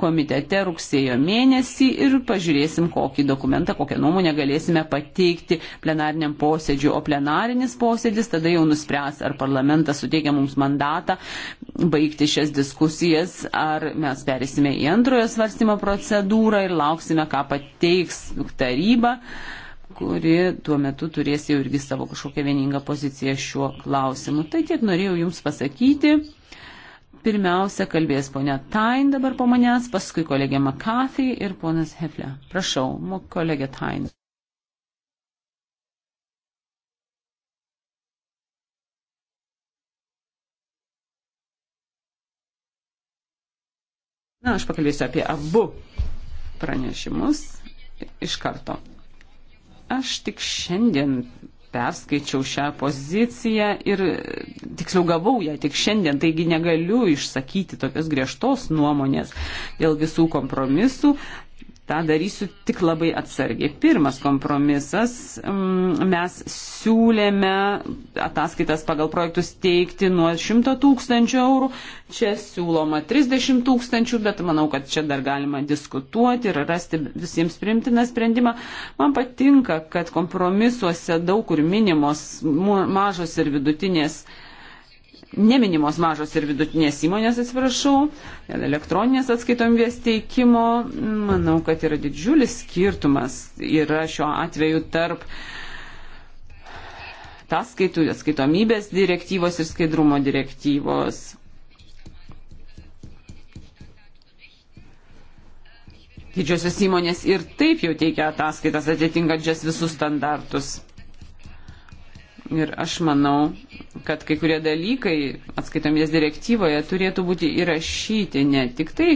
Speaker 1: komitete rugsėjo mėnesį ir pažiūrėsim, kokį dokumentą, kokią nuomonę galėsime pateikti plenariniam posėdžiu. O plenarinis posėdis tada jau nuspręs, ar parlamentas suteikia mums mandatą baigti šias diskusijas, ar mes perėsime į antrojo svarstymo procedūrą ir lauksime, ką pateiks taryba kuri tuo metu turės jau irgi savo kažkokią vieningą poziciją šiuo klausimu. Tai tiek norėjau Jums pasakyti. Pirmiausia, kalbės ponia Tain dabar po manęs, paskui kolegė McCarthy ir ponas Hefle. Prašau, kolegė Tain. Na, aš pakalbėsiu apie abu pranešimus iš karto. Aš tik šiandien perskaičiau šią poziciją ir tiksliau gavau ją tik šiandien, taigi negaliu išsakyti tokios griežtos nuomonės dėl visų kompromisų, tą darysiu tik labai atsargiai. Pirmas kompromisas mm, - mes siūlėme ataskaitas pagal projektus teikti nuo 100 tūkstančių eurų, čia siūloma 30 tūkstančių, bet manau, kad čia dar galima diskutuoti ir rasti visiems primtiną sprendimą. Man patinka, kad kompromisuose daug kur minimos mažos ir vidutinės neminimos mažos ir vidutinės įmonės, atsiprašau, elektroninės atskaitomvės teikimo, manau, kad yra didžiulis skirtumas yra šiuo atveju tarp ataskaitų, atskaitomybės direktyvos ir skaidrumo direktyvos. Didžiosios įmonės ir taip jau teikia ataskaitas atitinkančias visus standartus. Ir aš manau, kad kai kurie dalykai atskaitomės direktyvoje turėtų būti įrašyti ne tik tai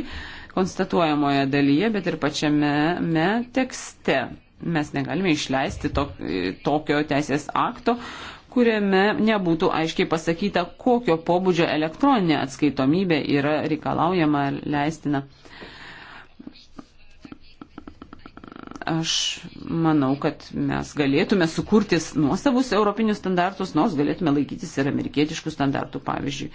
Speaker 1: konstatuojamoje dalyje, bet ir pačiame me, tekste. Mes negalime išleisti to, tokio teisės akto, kuriame nebūtų aiškiai pasakyta, kokio pobūdžio elektroninė atskaitomybė yra reikalaujama leistina. Aš manau, kad mes galėtume sukurti nuosavus europinius standartus, nors galėtume laikytis ir amerikietiškų standartų, pavyzdžiui.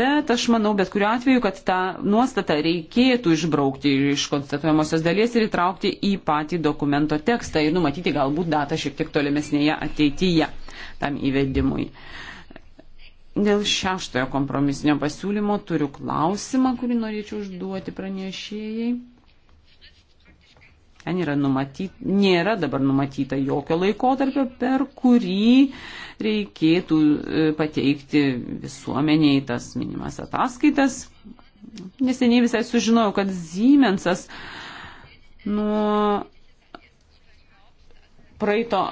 Speaker 1: Bet aš manau, bet kuriu atveju, kad tą nuostatą reikėtų išbraukti iš konstatuojamosios dalies ir įtraukti į patį dokumento tekstą ir numatyti galbūt datą šiek tiek tolimesnėje ateityje tam įvedimui. Dėl šeštojo kompromisinio pasiūlymo turiu klausimą, kurį norėčiau užduoti pranešėjai. Ten yra numatyt, nėra dabar numatyta jokio laikotarpio, per kurį reikėtų e, pateikti visuomeniai tas minimas ataskaitas. Neseniai visai sužinojau, kad Siemensas nuo praeito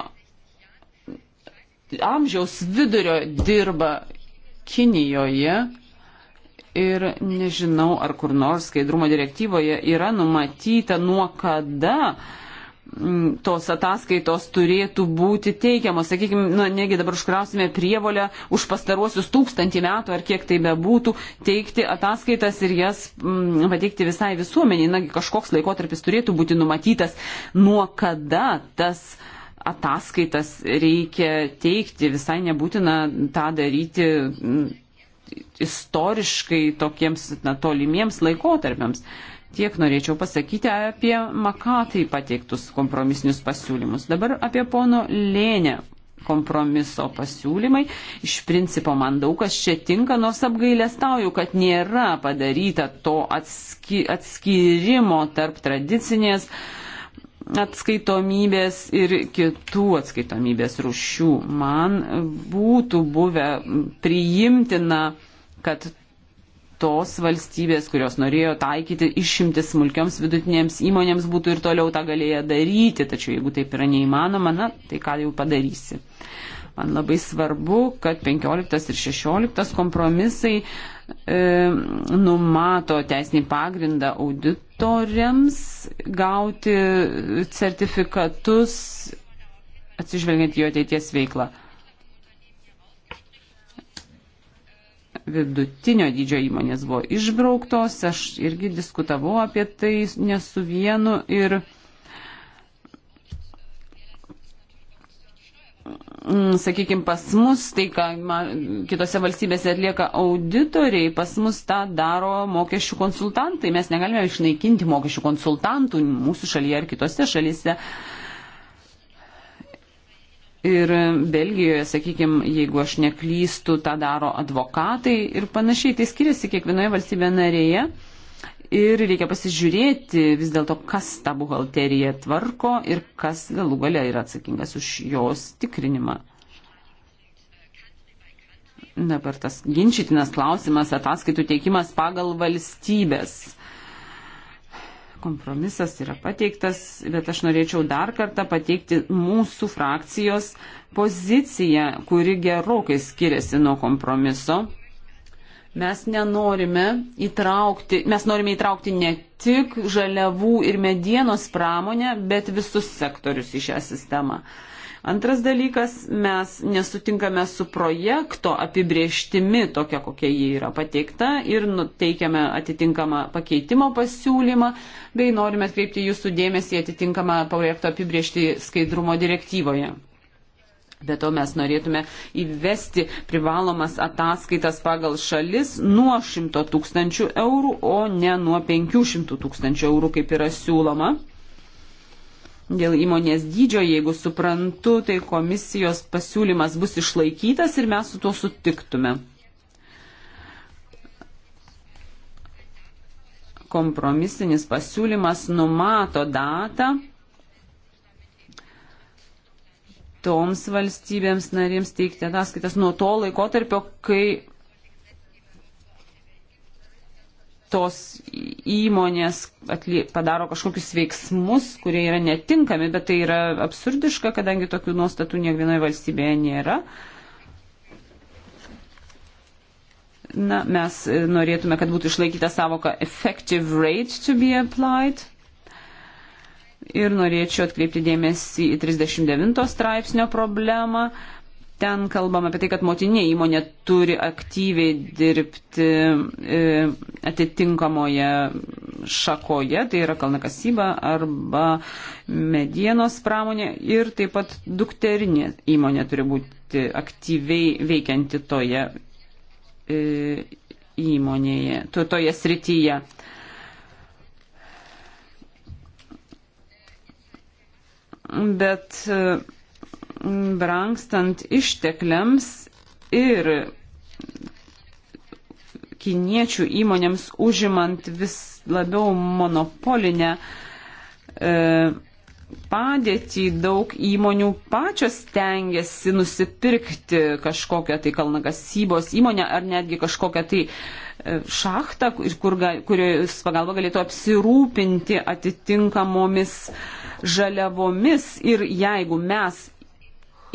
Speaker 1: amžiaus vidurio dirba Kinijoje ir nežinau, ar kur nors skaidrumo direktyvoje yra numatyta, nuo kada mm, tos ataskaitos turėtų būti teikiamos. Sakykime, nu, negi dabar užkrausime prievolę už pastaruosius tūkstantį metų ar kiek tai bebūtų teikti ataskaitas ir jas mm, pateikti visai visuomeniai. Nagi kažkoks laikotarpis turėtų būti numatytas, nuo kada tas ataskaitas reikia teikti. Visai nebūtina tą daryti mm, istoriškai tokiems na, tolimiems laikotarpiams. Tiek norėčiau pasakyti apie Makatai pateiktus kompromisinius pasiūlymus. Dabar apie pono Lėnę kompromiso pasiūlymai. Iš principo man daug kas čia tinka, nors apgailestauju, kad nėra padaryta to atski, atskirimo tarp tradicinės uh, atskaitomybės ir kitų atskaitomybės rušių. Man būtų buvę priimtina, kad tos valstybės, kurios norėjo taikyti išimti smulkioms vidutinėms įmonėms, būtų ir toliau tą galėję daryti, tačiau jeigu taip yra neįmanoma, na, tai ką jau padarysi. Man labai svarbu, kad 15 ir 16 kompromisai e, numato teisinį pagrindą audit auditoriams gauti certifikatus atsižvelgiant į jo ateities veiklą. Vidutinio dydžio įmonės buvo išbrauktos, aš irgi diskutavau apie tai ne su vienu ir Mm, sakykime, pas mus tai, ką kitose valstybėse atlieka auditoriai, pas mus tą daro mokesčių konsultantai. Mes negalime išnaikinti mokesčių konsultantų mūsų šalyje ar kitose šalyse. Ir Belgijoje, sakykime, jeigu aš neklystu, tą daro advokatai ir panašiai. Tai skiriasi kiekvienoje valstybėje narėje ir reikia pasižiūrėti vis dėlto, kas tą buhalteriją tvarko ir kas galų galia yra atsakingas už jos tikrinimą. Dabar tas ginčytinas klausimas ataskaitų teikimas pagal valstybės kompromisas yra pateiktas, bet aš norėčiau dar kartą pateikti mūsų frakcijos poziciją, kuri gerokai skiriasi nuo kompromiso. Mes nenorime įtraukti, mes norime įtraukti ne tik žaliavų ir medienos pramonę, bet visus sektorius į šią sistemą. Antras dalykas, mes nesutinkame su projekto apibrieštimi tokia, kokia jį yra pateikta ir nu, teikiame atitinkamą pakeitimo pasiūlymą, bei norime atkreipti jūsų dėmesį atitinkamą projekto apibriešti skaidrumo direktyvoje. Be to mes norėtume įvesti privalomas ataskaitas pagal šalis nuo 100 tūkstančių eurų, o ne nuo 500 tūkstančių eurų, kaip yra siūloma. Dėl įmonės dydžio, jeigu suprantu, tai komisijos pasiūlymas bus išlaikytas ir mes su tuo sutiktume. Kompromisinis pasiūlymas numato datą toms valstybėms narėms teikti ataskaitas nuo to laikotarpio, kai tos įmonės atlie, padaro kažkokius veiksmus, kurie yra netinkami, bet tai yra absurdiška, kadangi tokių nuostatų ne vienoje valstybėje nėra. Na, mes norėtume, kad būtų išlaikyta savoka effective rate to be applied. Ir norėčiau atkreipti dėmesį į 39 straipsnio problemą. Ten kalbam apie tai, kad motinė įmonė turi aktyviai dirbti e, atitinkamoje šakoje, tai yra kalnakasyba arba medienos pramonė ir taip pat dukterinė įmonė turi būti aktyviai veikianti toje e, įmonėje, toje srityje. bet e, brangstant ištekliams ir kiniečių įmonėms užimant vis labiau monopolinę e, padėtį, daug įmonių pačios tengiasi nusipirkti kažkokią tai kalnakasybos įmonę ar netgi kažkokią tai e, šachtą, kur, kurios pagalba galėtų apsirūpinti atitinkamomis e, žaliavomis ir jeigu mes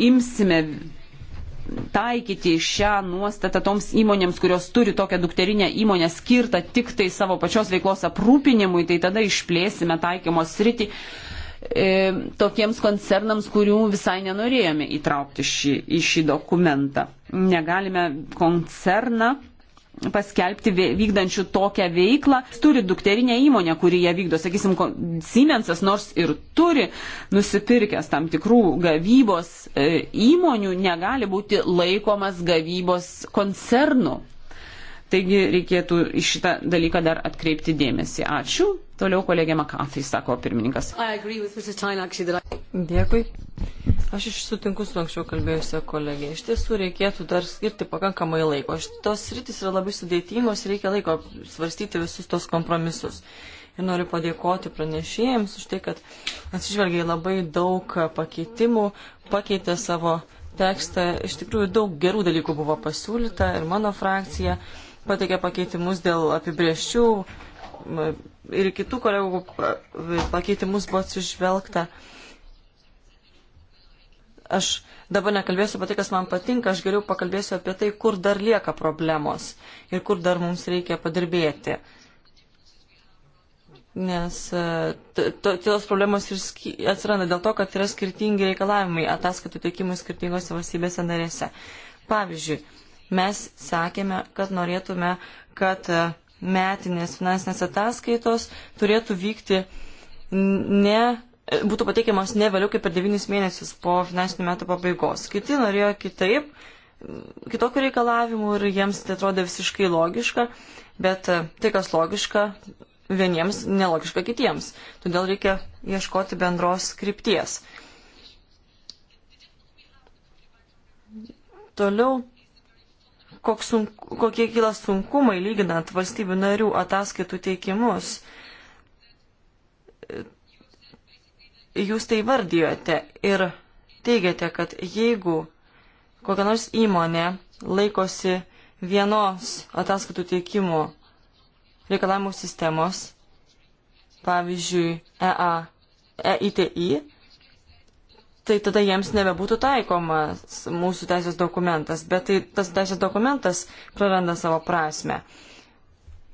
Speaker 1: imsime taikyti šią nuostatą toms įmonėms, kurios turi tokią dukterinę įmonę skirtą tik tai savo pačios veiklos aprūpinimui, tai tada išplėsime taikymos sritį e, tokiems koncernams, kurių visai nenorėjome įtraukti šį, į šį dokumentą. Negalime koncerną paskelbti vykdančių tokią veiklą, turi dukterinę įmonę, kuri ją vykdo, sakysim, Siemensas nors ir turi nusipirkęs tam tikrų gavybos e, įmonių, negali būti laikomas gavybos koncernu. Taigi reikėtų į šitą dalyką dar atkreipti dėmesį. Ačiū. Toliau kolegė Makafai, sako pirmininkas.
Speaker 2: Dėkui. Aš iš sutinku su anksčiau kalbėjusią kolegę. Iš tiesų reikėtų dar skirti pakankamai laiko. Šitos rytis yra labai sudėtingos, reikia laiko svarstyti visus tos kompromisus. Ir noriu padėkoti pranešėjams už tai, kad atsižvelgiai labai daug pakeitimų, pakeitė savo tekstą. Iš tikrųjų daug gerų dalykų buvo pasiūlyta ir mano frakcija pateikė pakeitimus dėl apibrieščių ir kitų kolegų pakeitimus buvo atsižvelgta aš dabar nekalbėsiu apie tai, kas man patinka, aš geriau pakalbėsiu apie tai, kur dar lieka problemos ir kur dar mums reikia padirbėti. Nes e, tos problemos ir atsiranda dėl to, kad yra skirtingi reikalavimai ataskaitų teikimui skirtingose valstybėse narėse. Pavyzdžiui, mes sakėme, kad norėtume, kad e, metinės finansinės ataskaitos turėtų vykti ne būtų pateikiamos ne vėliau kaip per 9 mėnesius po finansinių metų pabaigos. Kiti norėjo kitaip, kitokių reikalavimų ir jiems tai atrodė visiškai logiška, bet tai, kas logiška, vieniems nelogiška kitiems. Todėl reikia ieškoti bendros krypties. Toliau, sunku, kokie kyla sunkumai lyginant valstybių narių ataskaitų teikimus jūs tai vardijote ir teigiate, kad jeigu kokia nors įmonė laikosi vienos ataskaitų teikimo reikalavimų sistemos, pavyzdžiui, EA, EITI, tai tada jiems nebebūtų taikomas mūsų teisės dokumentas, bet tai tas teisės dokumentas praranda savo prasme.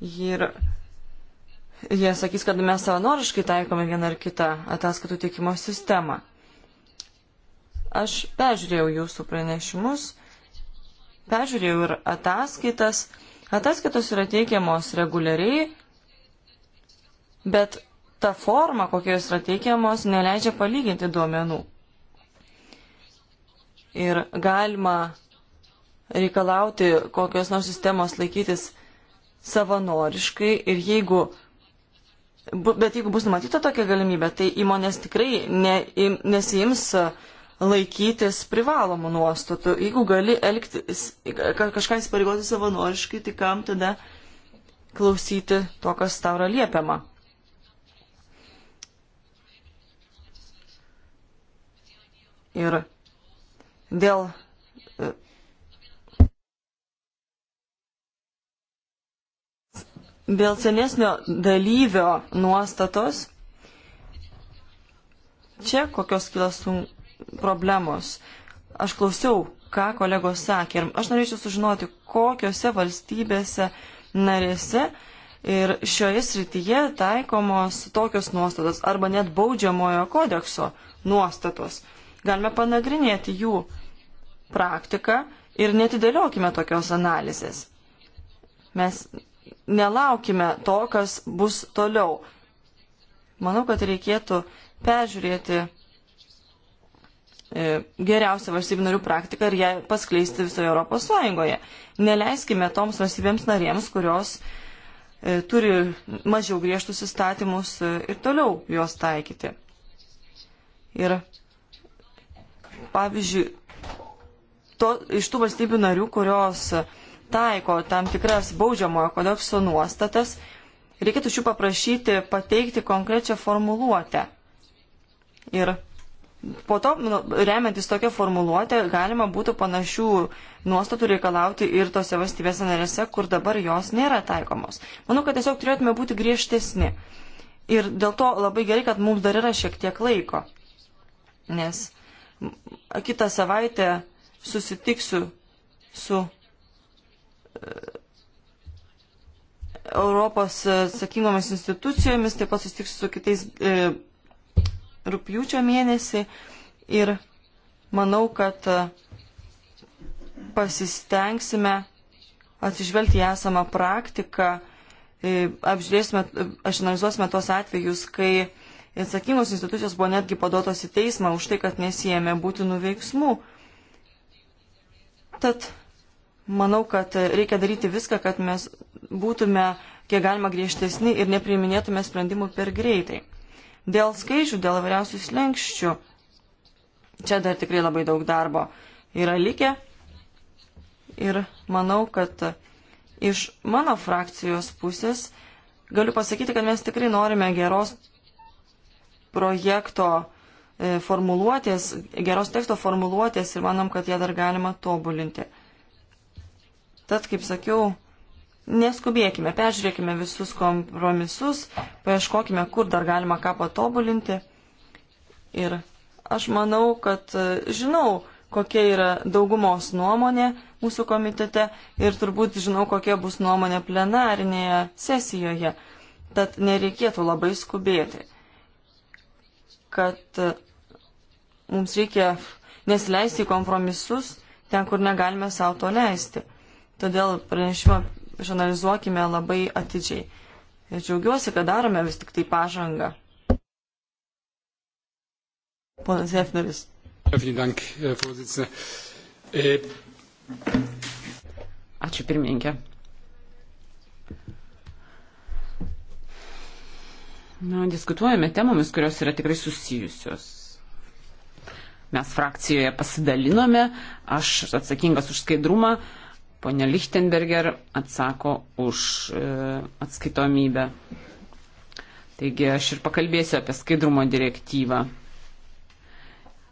Speaker 2: Ir jie sakys, kad mes savanoriškai taikome vieną ar kitą ataskaitų teikimo sistemą. Aš peržiūrėjau jūsų pranešimus, peržiūrėjau ir ataskaitas. Ataskaitos yra teikiamos reguliariai, bet ta forma, kokia jos yra teikiamos, neleidžia palyginti duomenų. Ir galima reikalauti kokios nors sistemos laikytis savanoriškai ir jeigu Bet jeigu bus numatyta tokia galimybė, tai įmonės tikrai ne, nesiims e, laikytis privalomų nuostatų. Jeigu gali elgtis, kažką įsipareigoti savanoriškai, tai kam tada klausyti to, kas tau yra liepiama? Ir dėl Dėl senesnio dalyvio nuostatos, čia kokios kilas problemos. Aš klausiau, ką kolegos sakė ir aš norėčiau sužinoti, kokiose valstybėse narėse ir šioje srityje taikomos tokios nuostatos arba net baudžiamojo kodekso nuostatos. Galime panagrinėti jų praktiką ir netidėliokime tokios analizės. Mes nelaukime to, kas bus toliau. Manau, kad reikėtų peržiūrėti e, geriausią valstybių narių praktiką ir ją paskleisti visoje Europos Sąjungoje. Neleiskime toms valstybėms narėms, kurios e, turi mažiau griežtus įstatymus e, ir toliau juos taikyti. Ir pavyzdžiui, to, iš tų valstybių narių, kurios uh, taiko tam tikras baudžiamojo kodekso nuostatas, reikėtų šių paprašyti pateikti konkrečią formuluotę. Ir po to, nu, remiantis tokią formuluotę, galima būtų panašių nuostatų reikalauti ir tose valstybėse narėse, kur dabar jos nėra taikomos. Manau, kad tiesiog turėtume būti griežtesni. Ir dėl to labai gerai, kad mums dar yra šiek tiek laiko. Nes kitą savaitę susitiksiu su Europos atsakingomis e, institucijomis, taip pat susitiksiu su kitais e, rūpjūčio mėnesį ir manau, kad e, pasistengsime atsižvelgti į esamą praktiką, e, apžiūrėsime, e, išanalizuosime tos atvejus, kai atsakingos institucijos buvo netgi padotos į teismą už tai, kad nesijėmė būtinų veiksmų. Tad Manau, kad reikia daryti viską, kad mes būtume kiek galima griežtesni ir nepriiminėtume sprendimų per greitai. Dėl skaičių, dėl variausių slengščių, čia dar tikrai labai daug darbo yra likę ir manau, kad iš mano frakcijos pusės galiu pasakyti, kad mes tikrai norime geros projekto e, formuluotės, geros teksto formuluotės ir manom, kad ją dar galima tobulinti. Tad, kaip sakiau, neskubėkime, peržiūrėkime visus kompromisus, paieškokime, kur dar galima ką patobulinti. Ir aš manau, kad e, žinau, kokia yra daugumos nuomonė mūsų komitete ir turbūt žinau, kokia bus nuomonė plenarinėje sesijoje. Tad nereikėtų labai skubėti, kad e, mums reikia nesileisti į kompromisus ten, kur negalime savo to leisti. Todėl pranešimą išanalizuokime labai atidžiai. Ir džiaugiuosi, kad darome vis tik tai pažangą. Ponas Hefneris. Äh,
Speaker 1: Ačiū pirmininkė. Na, diskutuojame temomis, kurios yra tikrai susijusios. Mes frakcijoje pasidalinome, aš atsakingas už skaidrumą, Pone Lichtenberger atsako už e, atskaitomybę. Taigi aš ir pakalbėsiu apie skaidrumo direktyvą.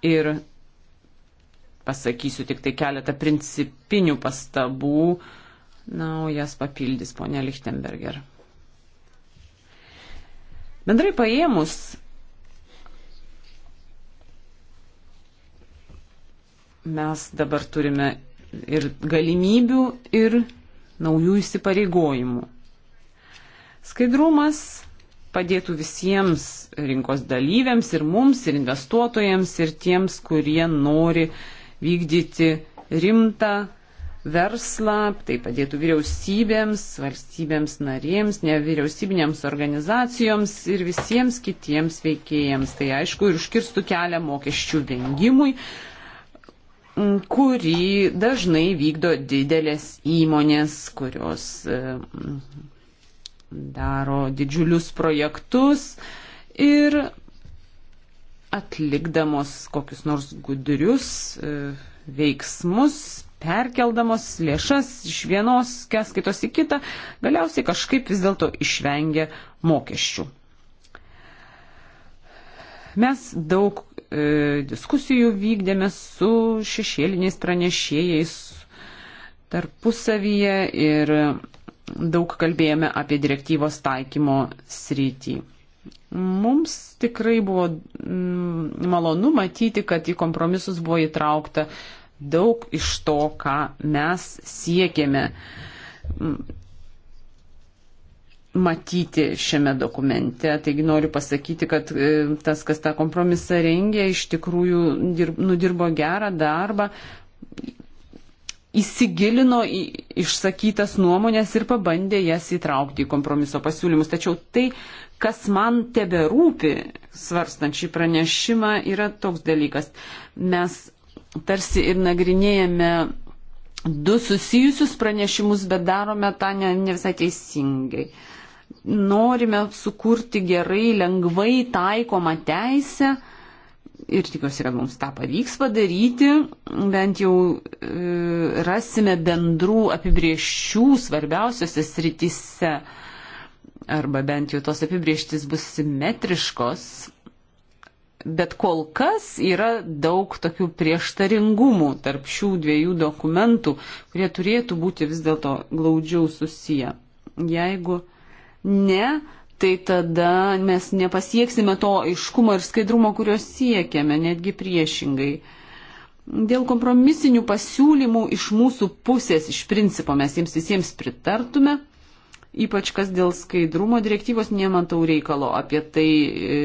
Speaker 1: Ir pasakysiu tik tai keletą principinių pastabų. Na, o jas papildys ponė Lichtenberger. Bendrai paėmus, mes dabar turime ir galimybių, ir naujų įsipareigojimų. Skaidrumas padėtų visiems rinkos dalyviams ir mums, ir investuotojams, ir tiems, kurie nori vykdyti rimtą verslą, tai padėtų vyriausybėms, valstybėms narėms, nevyriausybinėms organizacijoms ir visiems kitiems veikėjams. Tai aišku ir užkirstų kelią mokesčių vengimui, kurį dažnai vykdo didelės įmonės, kurios e, daro didžiulius projektus ir atlikdamos kokius nors gudrius e, veiksmus, perkeldamos lėšas iš vienos keskaitos į kitą, galiausiai kažkaip vis dėlto išvengia mokesčių. Mes daug e, diskusijų vykdėme su šešėliniais pranešėjais tarpusavyje ir daug kalbėjome apie direktyvos taikymo srityje. Mums tikrai buvo mm, malonu matyti, kad į kompromisus buvo įtraukta daug iš to, ką mes siekėme. Mm, matyti šiame dokumente. Taigi noriu pasakyti, kad e, tas, kas tą kompromisą rengė, iš tikrųjų dirb, nudirbo gerą darbą, įsigilino į išsakytas nuomonės ir pabandė jas įtraukti į kompromiso pasiūlymus. Tačiau tai, kas man tebe rūpi, svarstant šį pranešimą, yra toks dalykas. Mes tarsi ir nagrinėjame du susijusius pranešimus, bet darome tą ne, ne visai teisingai. Uh, norime sukurti gerai, lengvai taikomą teisę ir tikiuosi, kad mums tą pavyks padaryti, bent jau e, rasime bendrų apibrieščių svarbiausiose srityse, arba bent jau tos apibrieštis bus simetriškos, bet kol kas yra daug tokių prieštaringumų tarp šių dviejų dokumentų, kurie turėtų būti vis dėlto glaudžiau susiję. Jeigu ne, tai tada mes nepasieksime to aiškumo ir skaidrumo, kurio siekiame, netgi priešingai. Dėl kompromisinių pasiūlymų iš mūsų pusės, iš principo, mes jiems visiems pritartume, ypač kas dėl skaidrumo direktyvos, nematau reikalo apie tai e,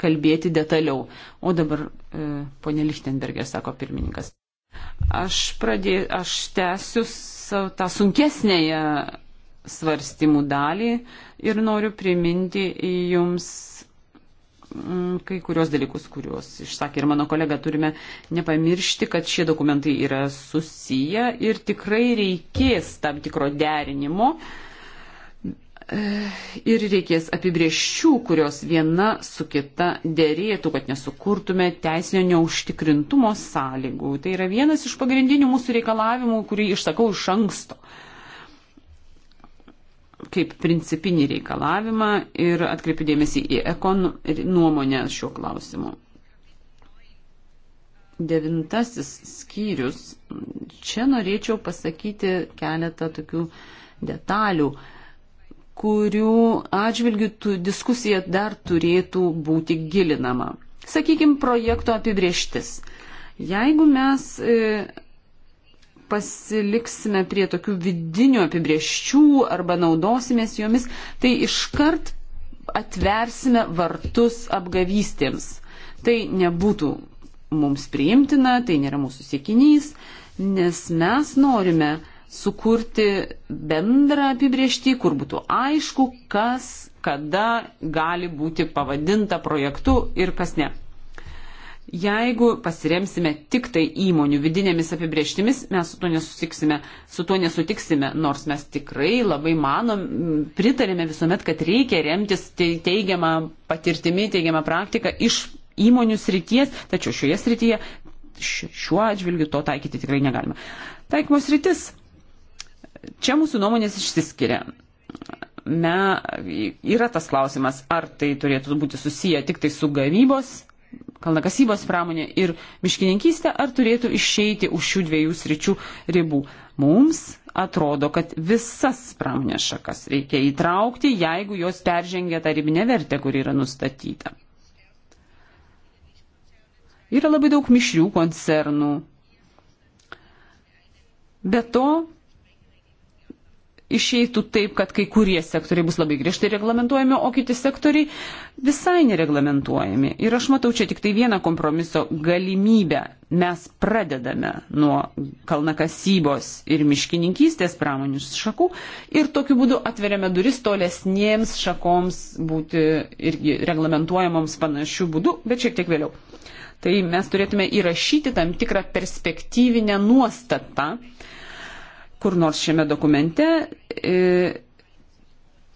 Speaker 1: kalbėti detaliau. O dabar e, ponė Lichtenberger, sako pirmininkas. Aš, pradė, aš tęsiu tą sunkesnėje svarstymų dalį ir noriu priminti jums mm, kai kurios dalykus, kuriuos išsakė ir mano kolega, turime nepamiršti, kad šie dokumentai yra susiję ir tikrai reikės tam tikro derinimo e, ir reikės apibrieščių, kurios viena su kita dėrėtų, kad nesukurtume teisinio neužtikrintumo sąlygų. Tai yra vienas iš pagrindinių mūsų reikalavimų, kurį išsakau iš anksto. Uh, kaip principinį reikalavimą ir atkreipiu dėmesį į ekon nuomonę šiuo klausimu. Devintasis skyrius. Čia norėčiau pasakyti keletą tokių detalių, kurių atžvilgių diskusija dar turėtų būti gilinama. Sakykime, projekto apibrieštis. Jeigu mes e, pasiliksime prie tokių vidinių apibrieščių arba naudosimės jomis, tai iškart atversime vartus apgavystėms. Tai nebūtų mums priimtina, tai nėra mūsų siekinys, nes mes norime sukurti bendrą apibriežtį, kur būtų aišku, kas, kada gali būti pavadinta projektu ir kas ne. Jeigu pasiremsime tik tai įmonių vidinėmis apibrieštimis, mes su tuo nesusitiksime, su tuo nesutiksime, nors mes tikrai labai manom, pritarėme visuomet, kad reikia remtis teigiamą patirtimį, teigiamą praktiką iš įmonių srities, tačiau šioje srityje šiuo atžvilgiu to taikyti tikrai negalima. Taikymo sritis. Čia mūsų nuomonės išsiskiria me, yra tas klausimas, ar tai turėtų būti susiję tik tai su gavybos kalnakasybos pramonė ir miškininkystė, ar turėtų išeiti už šių dviejų sričių ribų. Mums atrodo, kad visas pramonės šakas reikia įtraukti, jeigu jos peržengia tą ribinę vertę, kuri yra nustatyta. Yra labai daug mišrių koncernų. Be to, išeitų taip, kad kai kurie sektoriai bus labai griežtai reglamentuojami, o kiti sektoriai visai nereglamentuojami. Ir aš matau čia tik tai vieną kompromiso galimybę. Mes pradedame nuo kalnakasybos ir miškininkystės pramonius šakų ir tokiu būdu atveriame duris tolesniems šakoms būti irgi reglamentuojamoms panašių būdų, bet šiek tiek vėliau. Tai mes turėtume įrašyti tam tikrą perspektyvinę nuostatą, uh, kur nors šiame dokumente, e,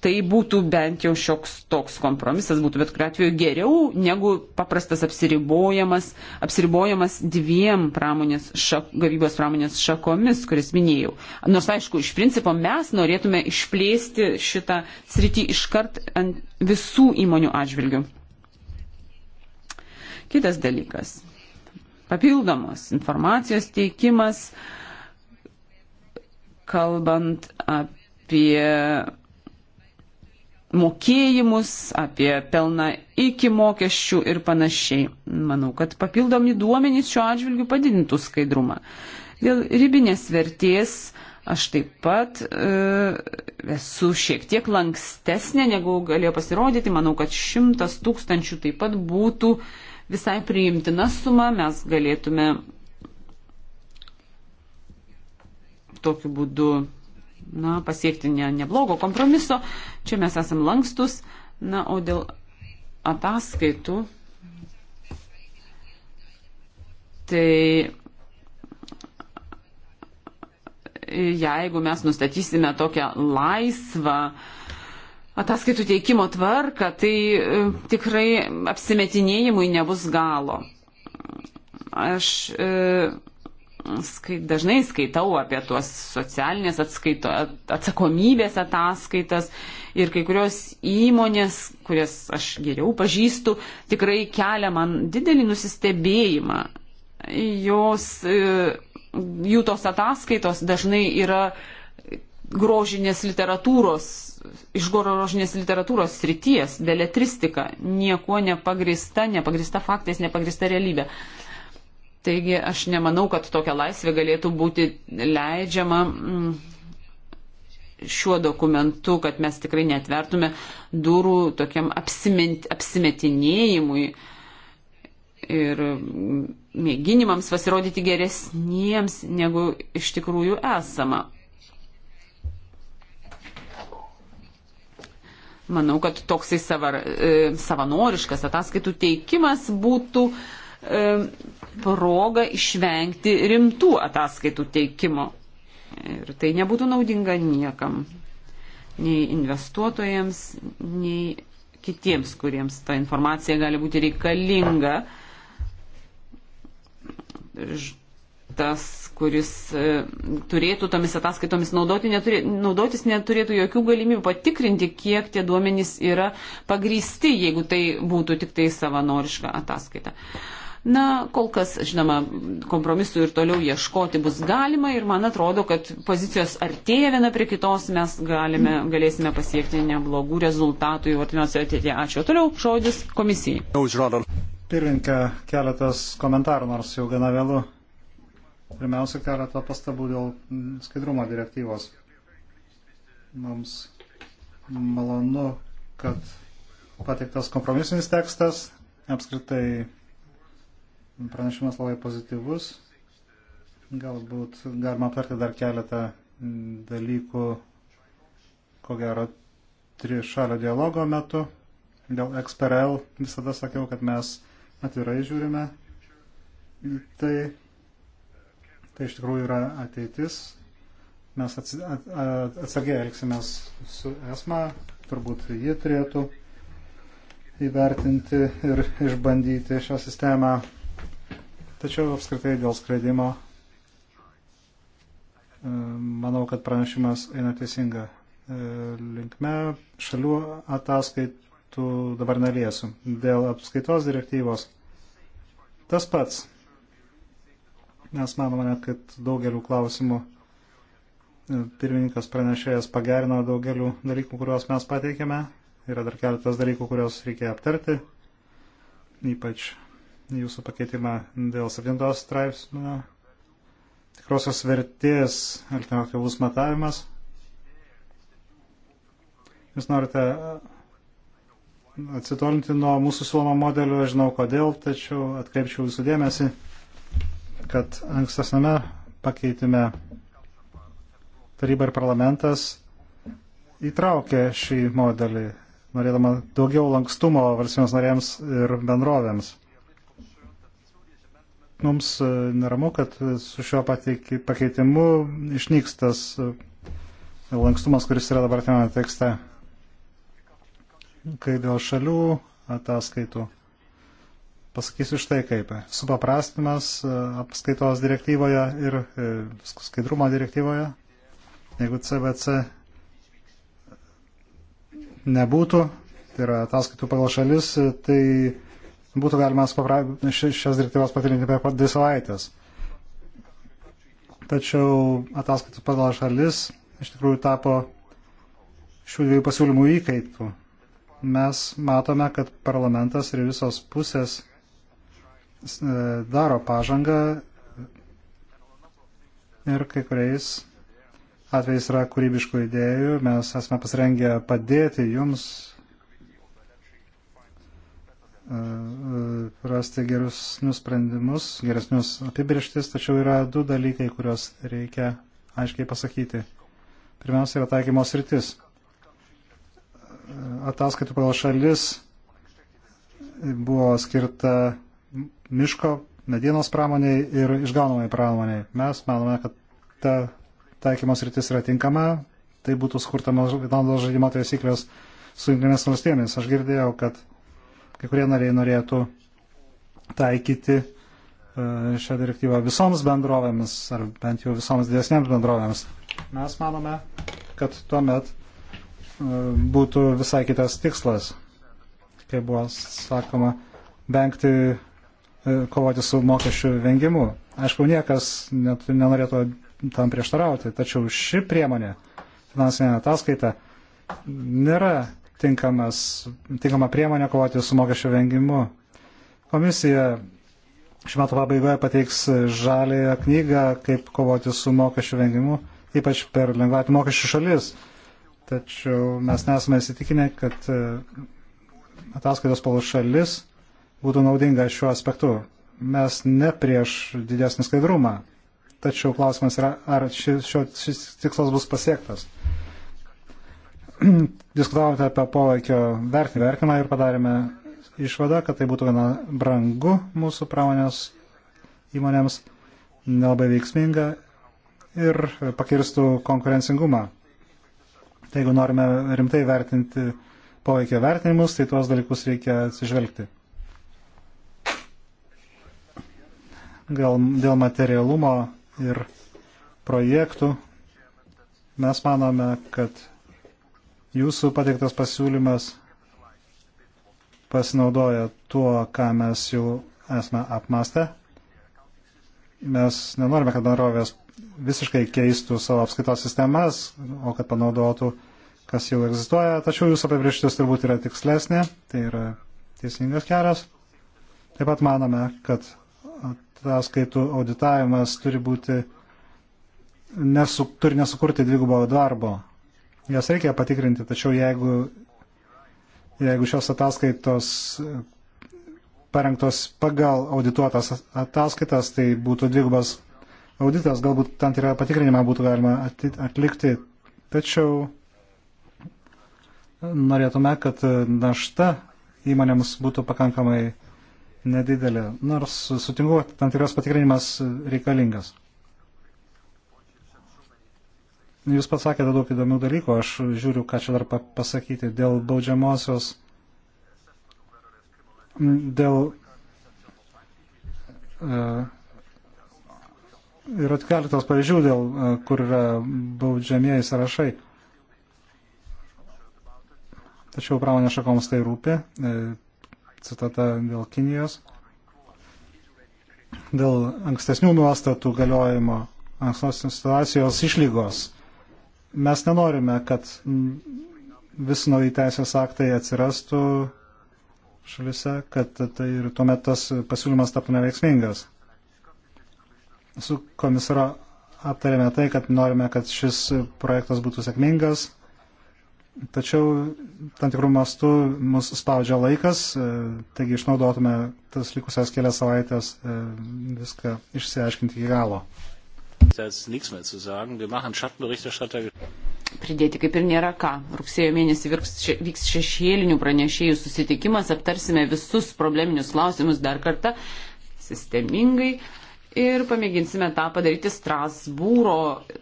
Speaker 1: tai būtų bent jau šioks toks kompromisas, būtų bet kuriu atveju geriau negu paprastas apsiribojamas, apsiribojamas dviem pramonės šak, gavybos pramonės šakomis, kuris minėjau. Nors aišku, iš principo mes norėtume išplėsti šitą sritį iškart ant visų įmonių atžvilgių. Kitas dalykas. Papildomos informacijos teikimas. Uh, kalbant apie mokėjimus, apie pelną iki mokesčių ir panašiai. Manau, kad papildomi duomenys šiuo atžvilgiu padidintų skaidrumą. Dėl ribinės vertės aš taip pat e, esu šiek tiek lankstesnė, negu galėjo pasirodyti. Manau, kad šimtas tūkstančių taip pat būtų visai priimtina suma. Mes galėtume tokiu būdu na, pasiekti ne, neblogo kompromiso. Čia mes esam lankstus. Na, o dėl ataskaitų, tai jeigu mes nustatysime tokią laisvą ataskaitų teikimo tvarką, tai e, tikrai apsimetinėjimui nebus galo. Aš e, skai, dažnai skaitau apie tuos socialinės atskaito, atsakomybės ataskaitas ir kai kurios įmonės, kurias aš geriau pažįstu, tikrai kelia man didelį nusistebėjimą. Jos, e, jų tos ataskaitos dažnai yra grožinės literatūros, iš grožinės literatūros srities, beletristika, niekuo nepagrista, nepagrista faktais, nepagrista realybė. Uh, Taigi aš nemanau, kad tokia laisvė galėtų būti leidžiama mm, šiuo dokumentu, kad mes tikrai netvertume durų tokiam apsiment, apsimetinėjimui ir mm, mėginimams pasirodyti geresniems, negu iš tikrųjų esama. Manau, kad toksai savar, e, savanoriškas ataskaitų teikimas būtų e, proga išvengti rimtų ataskaitų teikimo. Ir tai nebūtų naudinga niekam, nei investuotojams, nei kitiems, kuriems ta informacija gali būti reikalinga. Tas, kuris e, turėtų tomis ataskaitomis naudoti, neturė, naudotis, neturėtų jokių galimybių patikrinti, kiek tie duomenys yra pagrysti, jeigu tai būtų tik tai savanoriška ataskaita. Uh, Na, kol kas, žinoma, kompromisų ir toliau ieškoti bus galima ir man atrodo, kad pozicijos artėja viena prie kitos, mes galime, galėsime pasiekti neblogų rezultatų jau artimiausioje ateityje. Ačiū. Toliau žodis komisijai.
Speaker 3: Pirminkė, keletas komentarų, nors jau gana vėlų. Pirmiausia, keletą pastabų dėl skaidrumo direktyvos. Mums malonu, kad pateiktas kompromisinis tekstas apskritai Pranešimas labai pozityvus. Galbūt galima aptarti dar keletą dalykų, ko gero, trišalio dialogo metu. Dėl XPRL visada sakiau, kad mes atvirai žiūrime. Tai, tai iš tikrųjų yra ateitis. Mes atsargiai elgsimės su ESMA, turbūt ji turėtų įvertinti ir išbandyti šią sistemą Tačiau apskritai dėl skraidimo e, manau, kad pranešimas eina teisinga e, linkme. Šalių ataskaitų dabar neliesiu. Dėl apskaitos direktyvos tas pats. Nes manoma net, kad daugeliu klausimų e, pirmininkas pranešėjas pagerino daugeliu dalykų, kuriuos mes pateikėme. Yra dar keletas dalykų, kuriuos reikia aptarti. Ypač jūsų pakeitimą dėl 7 straipsnio. Tikrosios vertės alternatyvus matavimas. Jūs norite uh, atsitolinti nuo mūsų siūlomo modelio, žinau kodėl, tačiau atkreipčiau jūsų dėmesį, kad ankstesname pakeitime taryba ir parlamentas įtraukė šį modelį, norėdama daugiau lankstumo valstybės narėms ir bendrovėms mums e, neramu, kad su šiuo pakeitimu išnyks tas e, lankstumas, kuris yra dabartinėme tekste, kai dėl šalių ataskaitų. Pasakysiu štai kaip. Supaprastimas e, apskaitos direktyvoje ir skaidrumo direktyvoje, jeigu CVC nebūtų, tai yra ataskaitų pagal šalis, tai būtų galima šias direktyvas patirinti per dvi savaitės. Tačiau ataskaitų pagal šalis iš tikrųjų tapo šių dviejų pasiūlymų įkaitų. Mes matome, kad parlamentas ir visos pusės e, daro pažangą ir kai kuriais atvejais yra kūrybiškų idėjų. Mes esame pasirengę padėti jums E, e, rasti geresnius sprendimus, geresnius apibrieštis, tačiau yra du dalykai, kuriuos reikia aiškiai pasakyti. Pirmiausia yra taikymos rytis. E, ataskaitų pagal šalis buvo skirta miško, medienos pramoniai ir išgaunamai pramoniai. Mes manome, kad ta taikymos rytis yra tinkama, tai būtų skurta vienodos žaidimo taisyklės su jungtinėmis valstybėmis. Aš girdėjau, kad kai kurie nariai norėtų taikyti e, šią direktyvą visoms bendrovėmis, ar bent jau visoms didesnėms bendrovėms. Mes manome, kad tuomet e, būtų visai kitas tikslas, kai buvo sakoma, vengti e, kovoti su mokesčių vengimu. Aišku, niekas net nenorėtų tam prieštarauti, tačiau ši priemonė, finansinė ataskaita, nėra tinkamas, tinkama priemonė kovoti su mokesčio vengimu. Komisija šiuo metu pabaigoje pateiks žalėją knygą, kaip kovoti su mokesčio vengimu, ypač per lengvatų mokesčių šalis. Tačiau mes nesame įsitikinę, kad e, ataskaitos pagal šalis būtų naudinga šiuo aspektu. Mes ne prieš didesnį skaidrumą. Tačiau klausimas yra, ar šis, šio, šis tikslas bus pasiektas. diskutavome apie poveikio vertinimą ir padarėme išvadą, kad tai būtų gana brangu mūsų pramonės įmonėms, nelabai veiksminga ir pakirstų konkurencingumą. Tai jeigu norime rimtai vertinti poveikio vertinimus, tai tuos dalykus reikia atsižvelgti. Gal dėl materialumo ir projektų mes manome, kad Jūsų pateiktas pasiūlymas pasinaudoja tuo, ką mes jau esame apmastę. Mes nenorime, kad bendrovės visiškai keistų savo apskaitos sistemas, o kad panaudotų, kas jau egzistuoja. Tačiau jūsų apibrieštis turbūt yra tikslesnė, tai yra teisingas kelias. Taip pat manome, kad ataskaitų auditavimas turi būti, nesu, turi nesukurti dvigubo darbo. Jos reikia patikrinti, tačiau jeigu, jeigu šios ataskaitos parengtos pagal audituotas ataskaitas, tai būtų dvigubas auditas, galbūt tam tikrą patikrinimą būtų galima atlikti, tačiau norėtume, kad našta įmonėms būtų pakankamai nedidelė, nors sutinku, tam tikras patikrinimas reikalingas. Jūs pasakėte daug įdomių dalykų, aš žiūriu, ką čia dar pasakyti dėl baudžiamosios, dėl. Uh, yra keletas pavyzdžių, dėl uh, kur yra baudžiamieji sąrašai. Tačiau pramonės šakoms tai rūpi. E, citata dėl Kinijos. Dėl ankstesnių nuostatų galiojimo, ankstesnės situacijos išlygos Mes nenorime, kad vis nauji teisės aktai atsirastų šalise, kad tai ir tuomet tas pasiūlymas taptų neveiksmingas. Su komisaro aptarėme tai, kad norime, kad šis projektas būtų sėkmingas, tačiau tam tikrų mastų mus spaudžia laikas, taigi išnaudotume tas likusias kelias savaitės e, viską išsiaiškinti iki galo. Pridėti
Speaker 1: kaip ir nėra ką. Rugsėjo mėnesį vyks šešėlinių pranešėjų susitikimas, aptarsime visus probleminius klausimus dar kartą sistemingai ir pamėginsime tą padaryti Strasbūro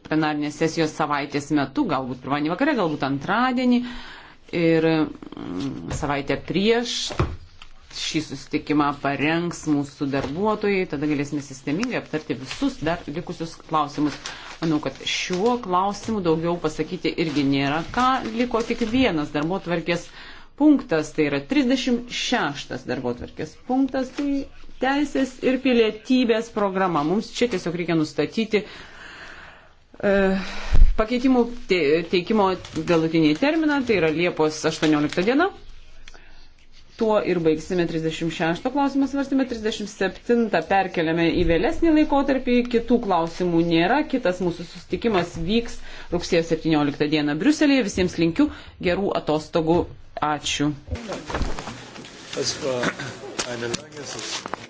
Speaker 1: plenarinės sesijos savaitės metu, galbūt pirmąjį vakarę, galbūt antradienį ir mm, savaitę prieš šį susitikimą parengs mūsų darbuotojai, tada galėsime sistemingai aptarti visus dar likusius klausimus. Manau, kad šiuo klausimu daugiau pasakyti irgi nėra ką, liko tik vienas darbotvarkės punktas, tai yra 36 darbotvarkės punktas, tai teisės ir pilietybės programa. Mums čia tiesiog reikia nustatyti e, pakeitimų teikimo galutinį terminą, tai yra Liepos 18 diena. Tuo ir baigsime 36 klausimą svarstymą, 37 perkeliame į vėlesnį laikotarpį, kitų klausimų nėra, kitas mūsų susitikimas vyks rugsėjo 17 dieną Briuselėje. Visiems linkiu gerų atostogų. Ačiū.
Speaker 3: Das war uh, eine lange Sitzung.